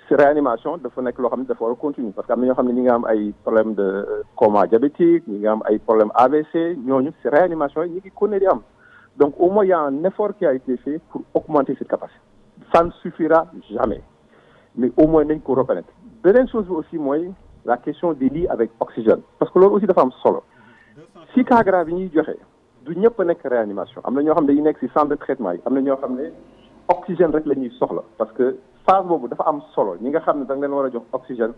[SPEAKER 10] réanimation dafa nekk loo xam ne dafa war a continuer parce que am na ñoo xam ne ñi nga am ay problème de euh, coma diabétique ñi nga am ay problème AVC ñooñu si réanimation yi ñu ngi connaît di am donc au moins il y a un effort qui a été fait pour augmenter cette capacité ça ne suffira jamais mais au moins nañ ko reconnaître beneen chose aussi mooy la question des lits avec oxygène parce que loolu aussi dafa am solo si cas grave yi ñuy joxe du ñëpp nekk réanimation am na ñoo xam ne dañuy nekk si san de traitement yi am na ñoo xam ne oxygène rek la ñuy soxla parce que phase boobu dafa am solo ñi nga xam ne da nga war a jox oxygène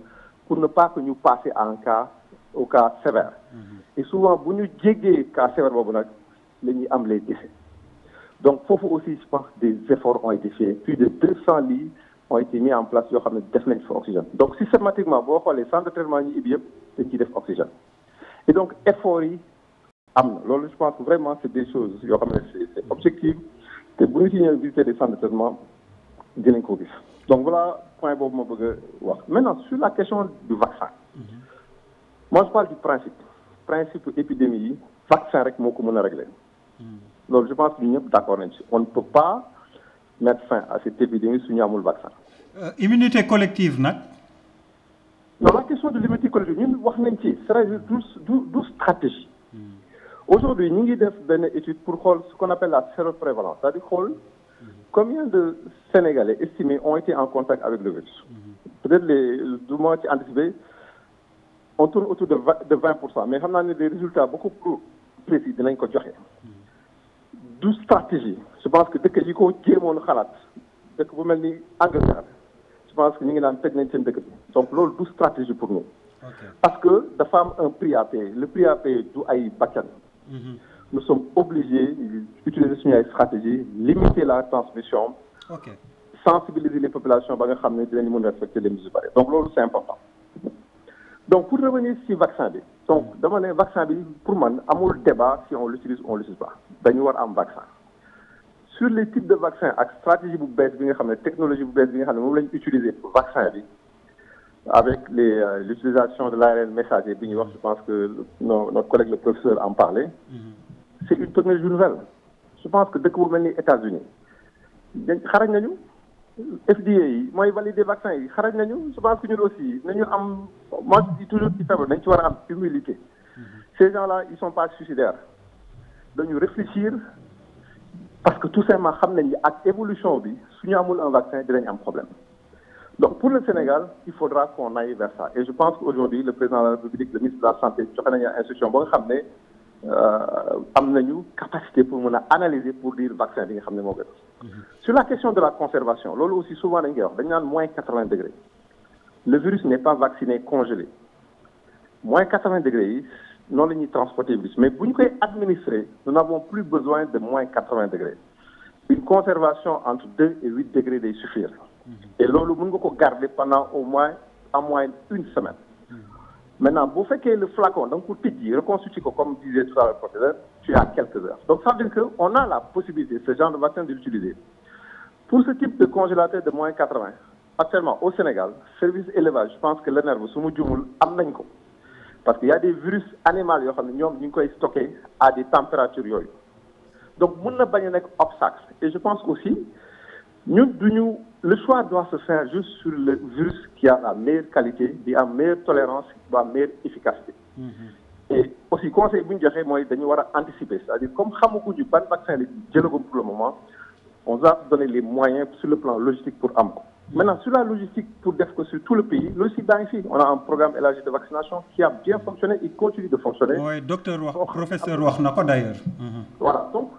[SPEAKER 10] pour ne pas que ñu passer en cas au cas sévère et souvent bu ñu jéggee cas sévère boobu nag lañuy am les décès donc foofu aussi je pense des efforts ont été faits plus ont été mis en place yoo xam ne def nañ fa oxygène donc systématiquement boo xoolee centre de traitement ñu ubbi yëpp dañ ciy def oxygène et donc am na loolu je pense que vraiment c' est des choses yoo xam ne c' est objectif te bu ñu ci ñëwee visiter des centres de traitement dinañ ko gis donc voilà point boobu ma bëgg a wax maintenant sur la question du vaccin mm-hmm. moi je parle du principe principe épidémie yi vaccin rek moo ko mën a régler mm-hmm. loolu je pense que ñu ñëpp d' accord nañ ci on ne peut mettre fin à cette épidémie su ñu amul vaccin. Euh, immunité collective nag. non la question de l'immunité collective ñun wax nañ ci c'est-à-dire du du stratégie. Hmm. aujourd'hui ñu ngi def benn étude pour xool ce qu'on appelle la séroprévalence c'est-à-dire xool combien de Sénégalais estimés ont été en contact avec le virus. Hmm. peut-être les du moins ci anticipé on tourne autour de vingt pour cent mais xam naa ne des résultats beaucoup plus précis dinañ ko joxe. Hmm. du stratégie. je pense que dëkk yi ko jéemoon xalaat dëkk bu mel ni Angleterre je pense que ñu ngi naan tëj nañ seen dëkk donc loolu du stratégie pour nous. parce que dafa am un prix à payer le prix à payer du ay bakkan. Mhm. nous sommes obligés d'utiliser suñu ay stratégie limiter la transmission. ok sensibiliser les populations ba nga xam ne dinañ mën respecter les mesures barrières donc loolu c'est important. donc pour revenir ci vaccin bi. donc mhm. dama ne vaccin bi pour man amul débat si on l'utilise on l'utilise pas dañu war am vaccin. su les types de vaccins ak stratégie bu bees bi nga xam ne technologie bu bees bi nga xam ne moom la ñu utiliser vaccin bi avec les euh, l'utilisation de l'ARN messager bi ñuy wax je pense que no notre collègue le professeur en parlait mm -hmm. c'est une technologie nouvelle je pense que dëkk bu mel ni États-Unis dañ xarañ nañu FDA yi mooy valider vaccin yi xarañ nañu je pense que ñun aussi nañu am moi je dis toujours ci feebar nañ ci war a am humilité mm-hmm. ces gens là ils sont pas suicidaires dañu parce que tout simplement xam nañ ni ak évolution bi su ñu amul un vaccin dinañ am problème donc pour le Sénégal il faudra qu'on aille vers ça et je pense qu'aujourd'hui le président de la République le ministre de la santé joxe nañu instruction ba nga xam ne euh, am nañu capacité mën a analyser pour dire vaccin bi nga xam ne moo gën mm-hmm. sur la question de la conservation loolu aussi souvent dañ koy wax dañ naan moins quatre-vingts degrés le virus n'est pas vacciné congelé moins quatre degrés yi noonu la ñuy transporter virus mais bu ñu koy administrer nous n'avons plus besoin de moins quatre-vingts degrés une conservation entre deux et huit degrés day suffire mm-hmm. et loolu mën nga ko garder pendant au moins en moyenne une semaine mm-hmm. maintenant bu fekkee le flacon da nga ko tijji reconstitue ko comme disait tout à l'heure professeur la possibilité ce de vaccin de l'utiliser pour ce type de congélateur de moins quatre-vingts actuellement au Sénégal service élevage pense que l'ENERV su ma jumul am nañ ko parce que y a des virus animaux yoo xam ne ñoom ñu ngi koy stocké à des températures yooyu donc mun na bañ nekk obstacle et je pense aussi ñun duñu le choix doit se faire juste sur le virus qui a la meilleure qualité bi am meilleure tolérance bi am meilleure efficacité
[SPEAKER 9] mm-hmm.
[SPEAKER 10] et aussi conseil bu ñu joxee mooy dañu war a anticiper c'est-à-dire comme xamaguñu ban vaccin la jëlagum pour le moment on va donner les moyens sur le plan logistique pour am ko Maintenant, sur la logistique, pour def que sur tout le pays, logistique baa on a un programme élargi de vaccination qui a bien fonctionné et continue de fonctionner. docteur wax professeur wax na ko d'ailleurs. Mhm. donc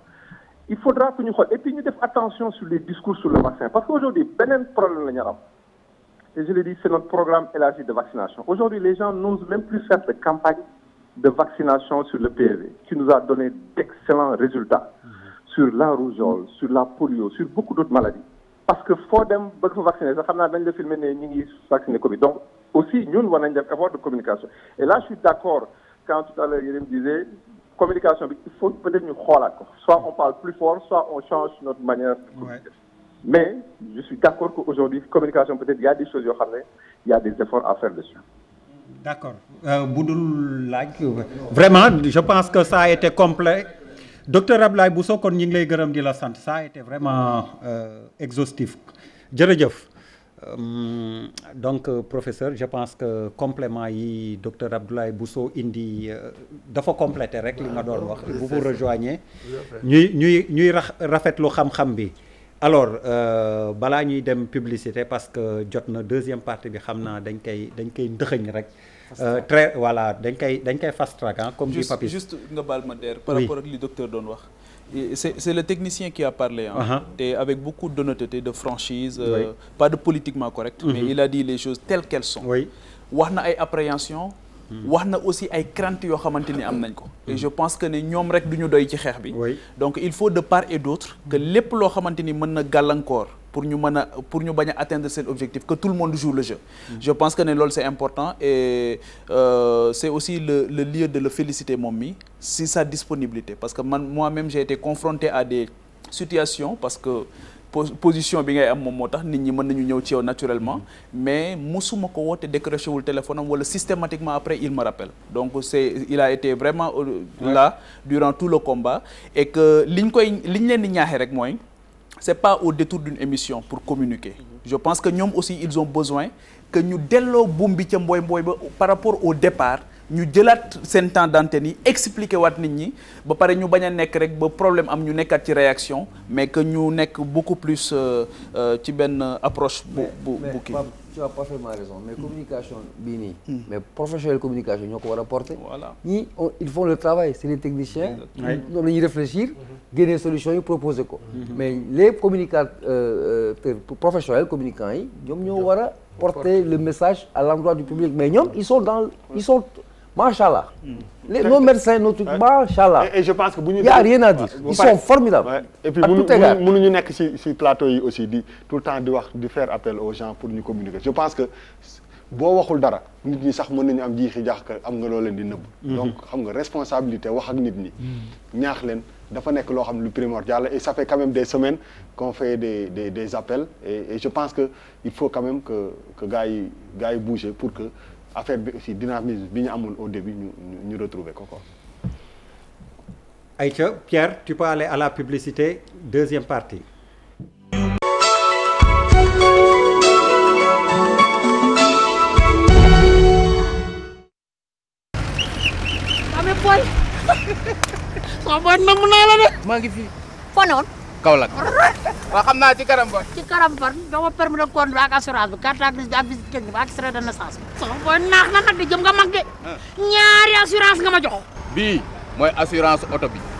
[SPEAKER 10] il faudra que ñu xool attention sur les discours sur le vaccin parce que aujourd'hui beneen problème la ñu am et je l'ai dit c'est notre programme élargi de vaccination aujourd'hui les gens n'osent même plus faire de vaccination sur le PV qui nous a donné d'excellents mhm. sur la rougeole sur la polio sur beaucoup parce que foo dem bëgg fa vacciner sax xam naa dañ la filmer ne ñu ngi vacciner donc aussi ñun war nañ def effort de communication et là je suis d'accord quand tout à l'heure Yérim disait communication bi il faut peut-être ñu xoolaat ko soit on parle plus fort soit on change notre manière mais je suis d'accord qu'aujourd'hui communication peut-être y a des choses yoo xam ne y a des efforts à faire dessus
[SPEAKER 1] d'accord euh, bu dul laaj vraiment je pense que ça a été complet docteur Ablaye Bousso kon ñu ngi lay gërëm di la sant ça a été vraiment euh, exhaustif jërëjëf euh, donc euh, professeur je pense que complément yi docteur Abdoulaye Bousso indi euh, dafa complété rek li nga doon wax bu vous rejoignez ñuy ñuy ñuy rax rafetlu xam-xam bi alors euh, balaa ñuy dem publicité parce que jot na deuxième partie bi xam naa dañ koy dañ koy ndëxëñ rek Euh, très voilà dañ koy dañ koy fast track comme dit Papis juste nga baal ma der par rapport ak
[SPEAKER 2] li docteur doon wax c'est c'est le technicien qui a parlé ah uh te avec beaucoup d'honnêteté de franchise euh, oui. pas de politiquement correct mais mm-hmm. il a dit les choses telles qu'elles sont oui wax na ay appréhension mm-hmm. wax na aussi ay crainte yoo xamante ni am nañ ko mm-hmm. je pense que ne ñoom rek du ñu doy ci xeex bi donc il faut de part et d'autre que lépp loo xamante ni mën na gàllankoor pour ñu mën a pour ñu bañ a atteindre seen objectif que tout le monde joue le jeu. Mm. je pense que ne loolu c'est important et euh, c'est aussi le le lieu de le félicité moom mi si sa disponibilité parce que man moi-même j'ai été confronté à des situations parce que. position bi ngay am moom moo tax nit ñi mën nañu ñëw ci yow naturellement mm. mais musuma ko woote décroché wul téléphone am wala systématiquement après il me rappelle donc c'est il a été vraiment euh, là durant tout le combat et que liñ koy liñ leen di ñaaxee rek mooy c'est pas au détour d'une émission pour communiquer je pense que ñoom aussi ils ont besoin que ñu delloo buum bi ca mbooy mbooy ba par rapport au départ ñu jëlaat seen temps d'antenne yi expliqué waat nit ñi ba pare ñu bañ a nekk rek ba problème am ñu nekkaat ci réaction mais que ñu nekk beaucoup plus euh, euh, ci benn approche
[SPEAKER 6] bu bu bu kii tu as parfaitement raison mais hmm. communication bii nii. Hmm. mais professionnel communication ñoo ko war a porter. voilà ñii ils font le travail c'est les techniciens. loolu la ñuy réfléchir. Hmm. génne solution yi proposer ko. mais les communicateurs euh, professionnels communicants yi ñoom a porter le message à l'endroit du public mais dans ils sont. macha allah. Hmm. les nos médecins nos trucs macha allah. et je pense que bu y a rien à dire ils sont
[SPEAKER 5] formidables. et puis mënuñu nekk ci plateau yi aussi di tout le temps di wax di faire appel aux gens pour ñu communiquer je pense que boo waxul dara nit ñi sax mën nañu am jiixi jaax ka am nga loo leen di nëbb. Mhm. donc xam nga responsabilité wax ak nit ñi. Mhm. ñaax leen dafa nekk loo xam ne lu primordial et ça fait quand même des semaines qu'on fait des appels et je pense que il faut quand même affaire bi aussi dynamisme bi ñu amoon au début ñu ñu retrouver ko quoi.
[SPEAKER 1] Aïcha Pierre tu peux à la publicité deuxième partie.
[SPEAKER 2] waaw Paul. waaw Paul namm naa la de. maa ngi fi. fanoon. Kaolack. waaw xam naa ci Karambar. ci Karambar doo ma permis de
[SPEAKER 3] conduire ak assurance bi carte ak visite ak visite technique ak extrait de naissance bi. sama na nag di jëm nga mag de. Ah. ñaari assurance nga ma jox.
[SPEAKER 4] bii mooy assurance oto bi.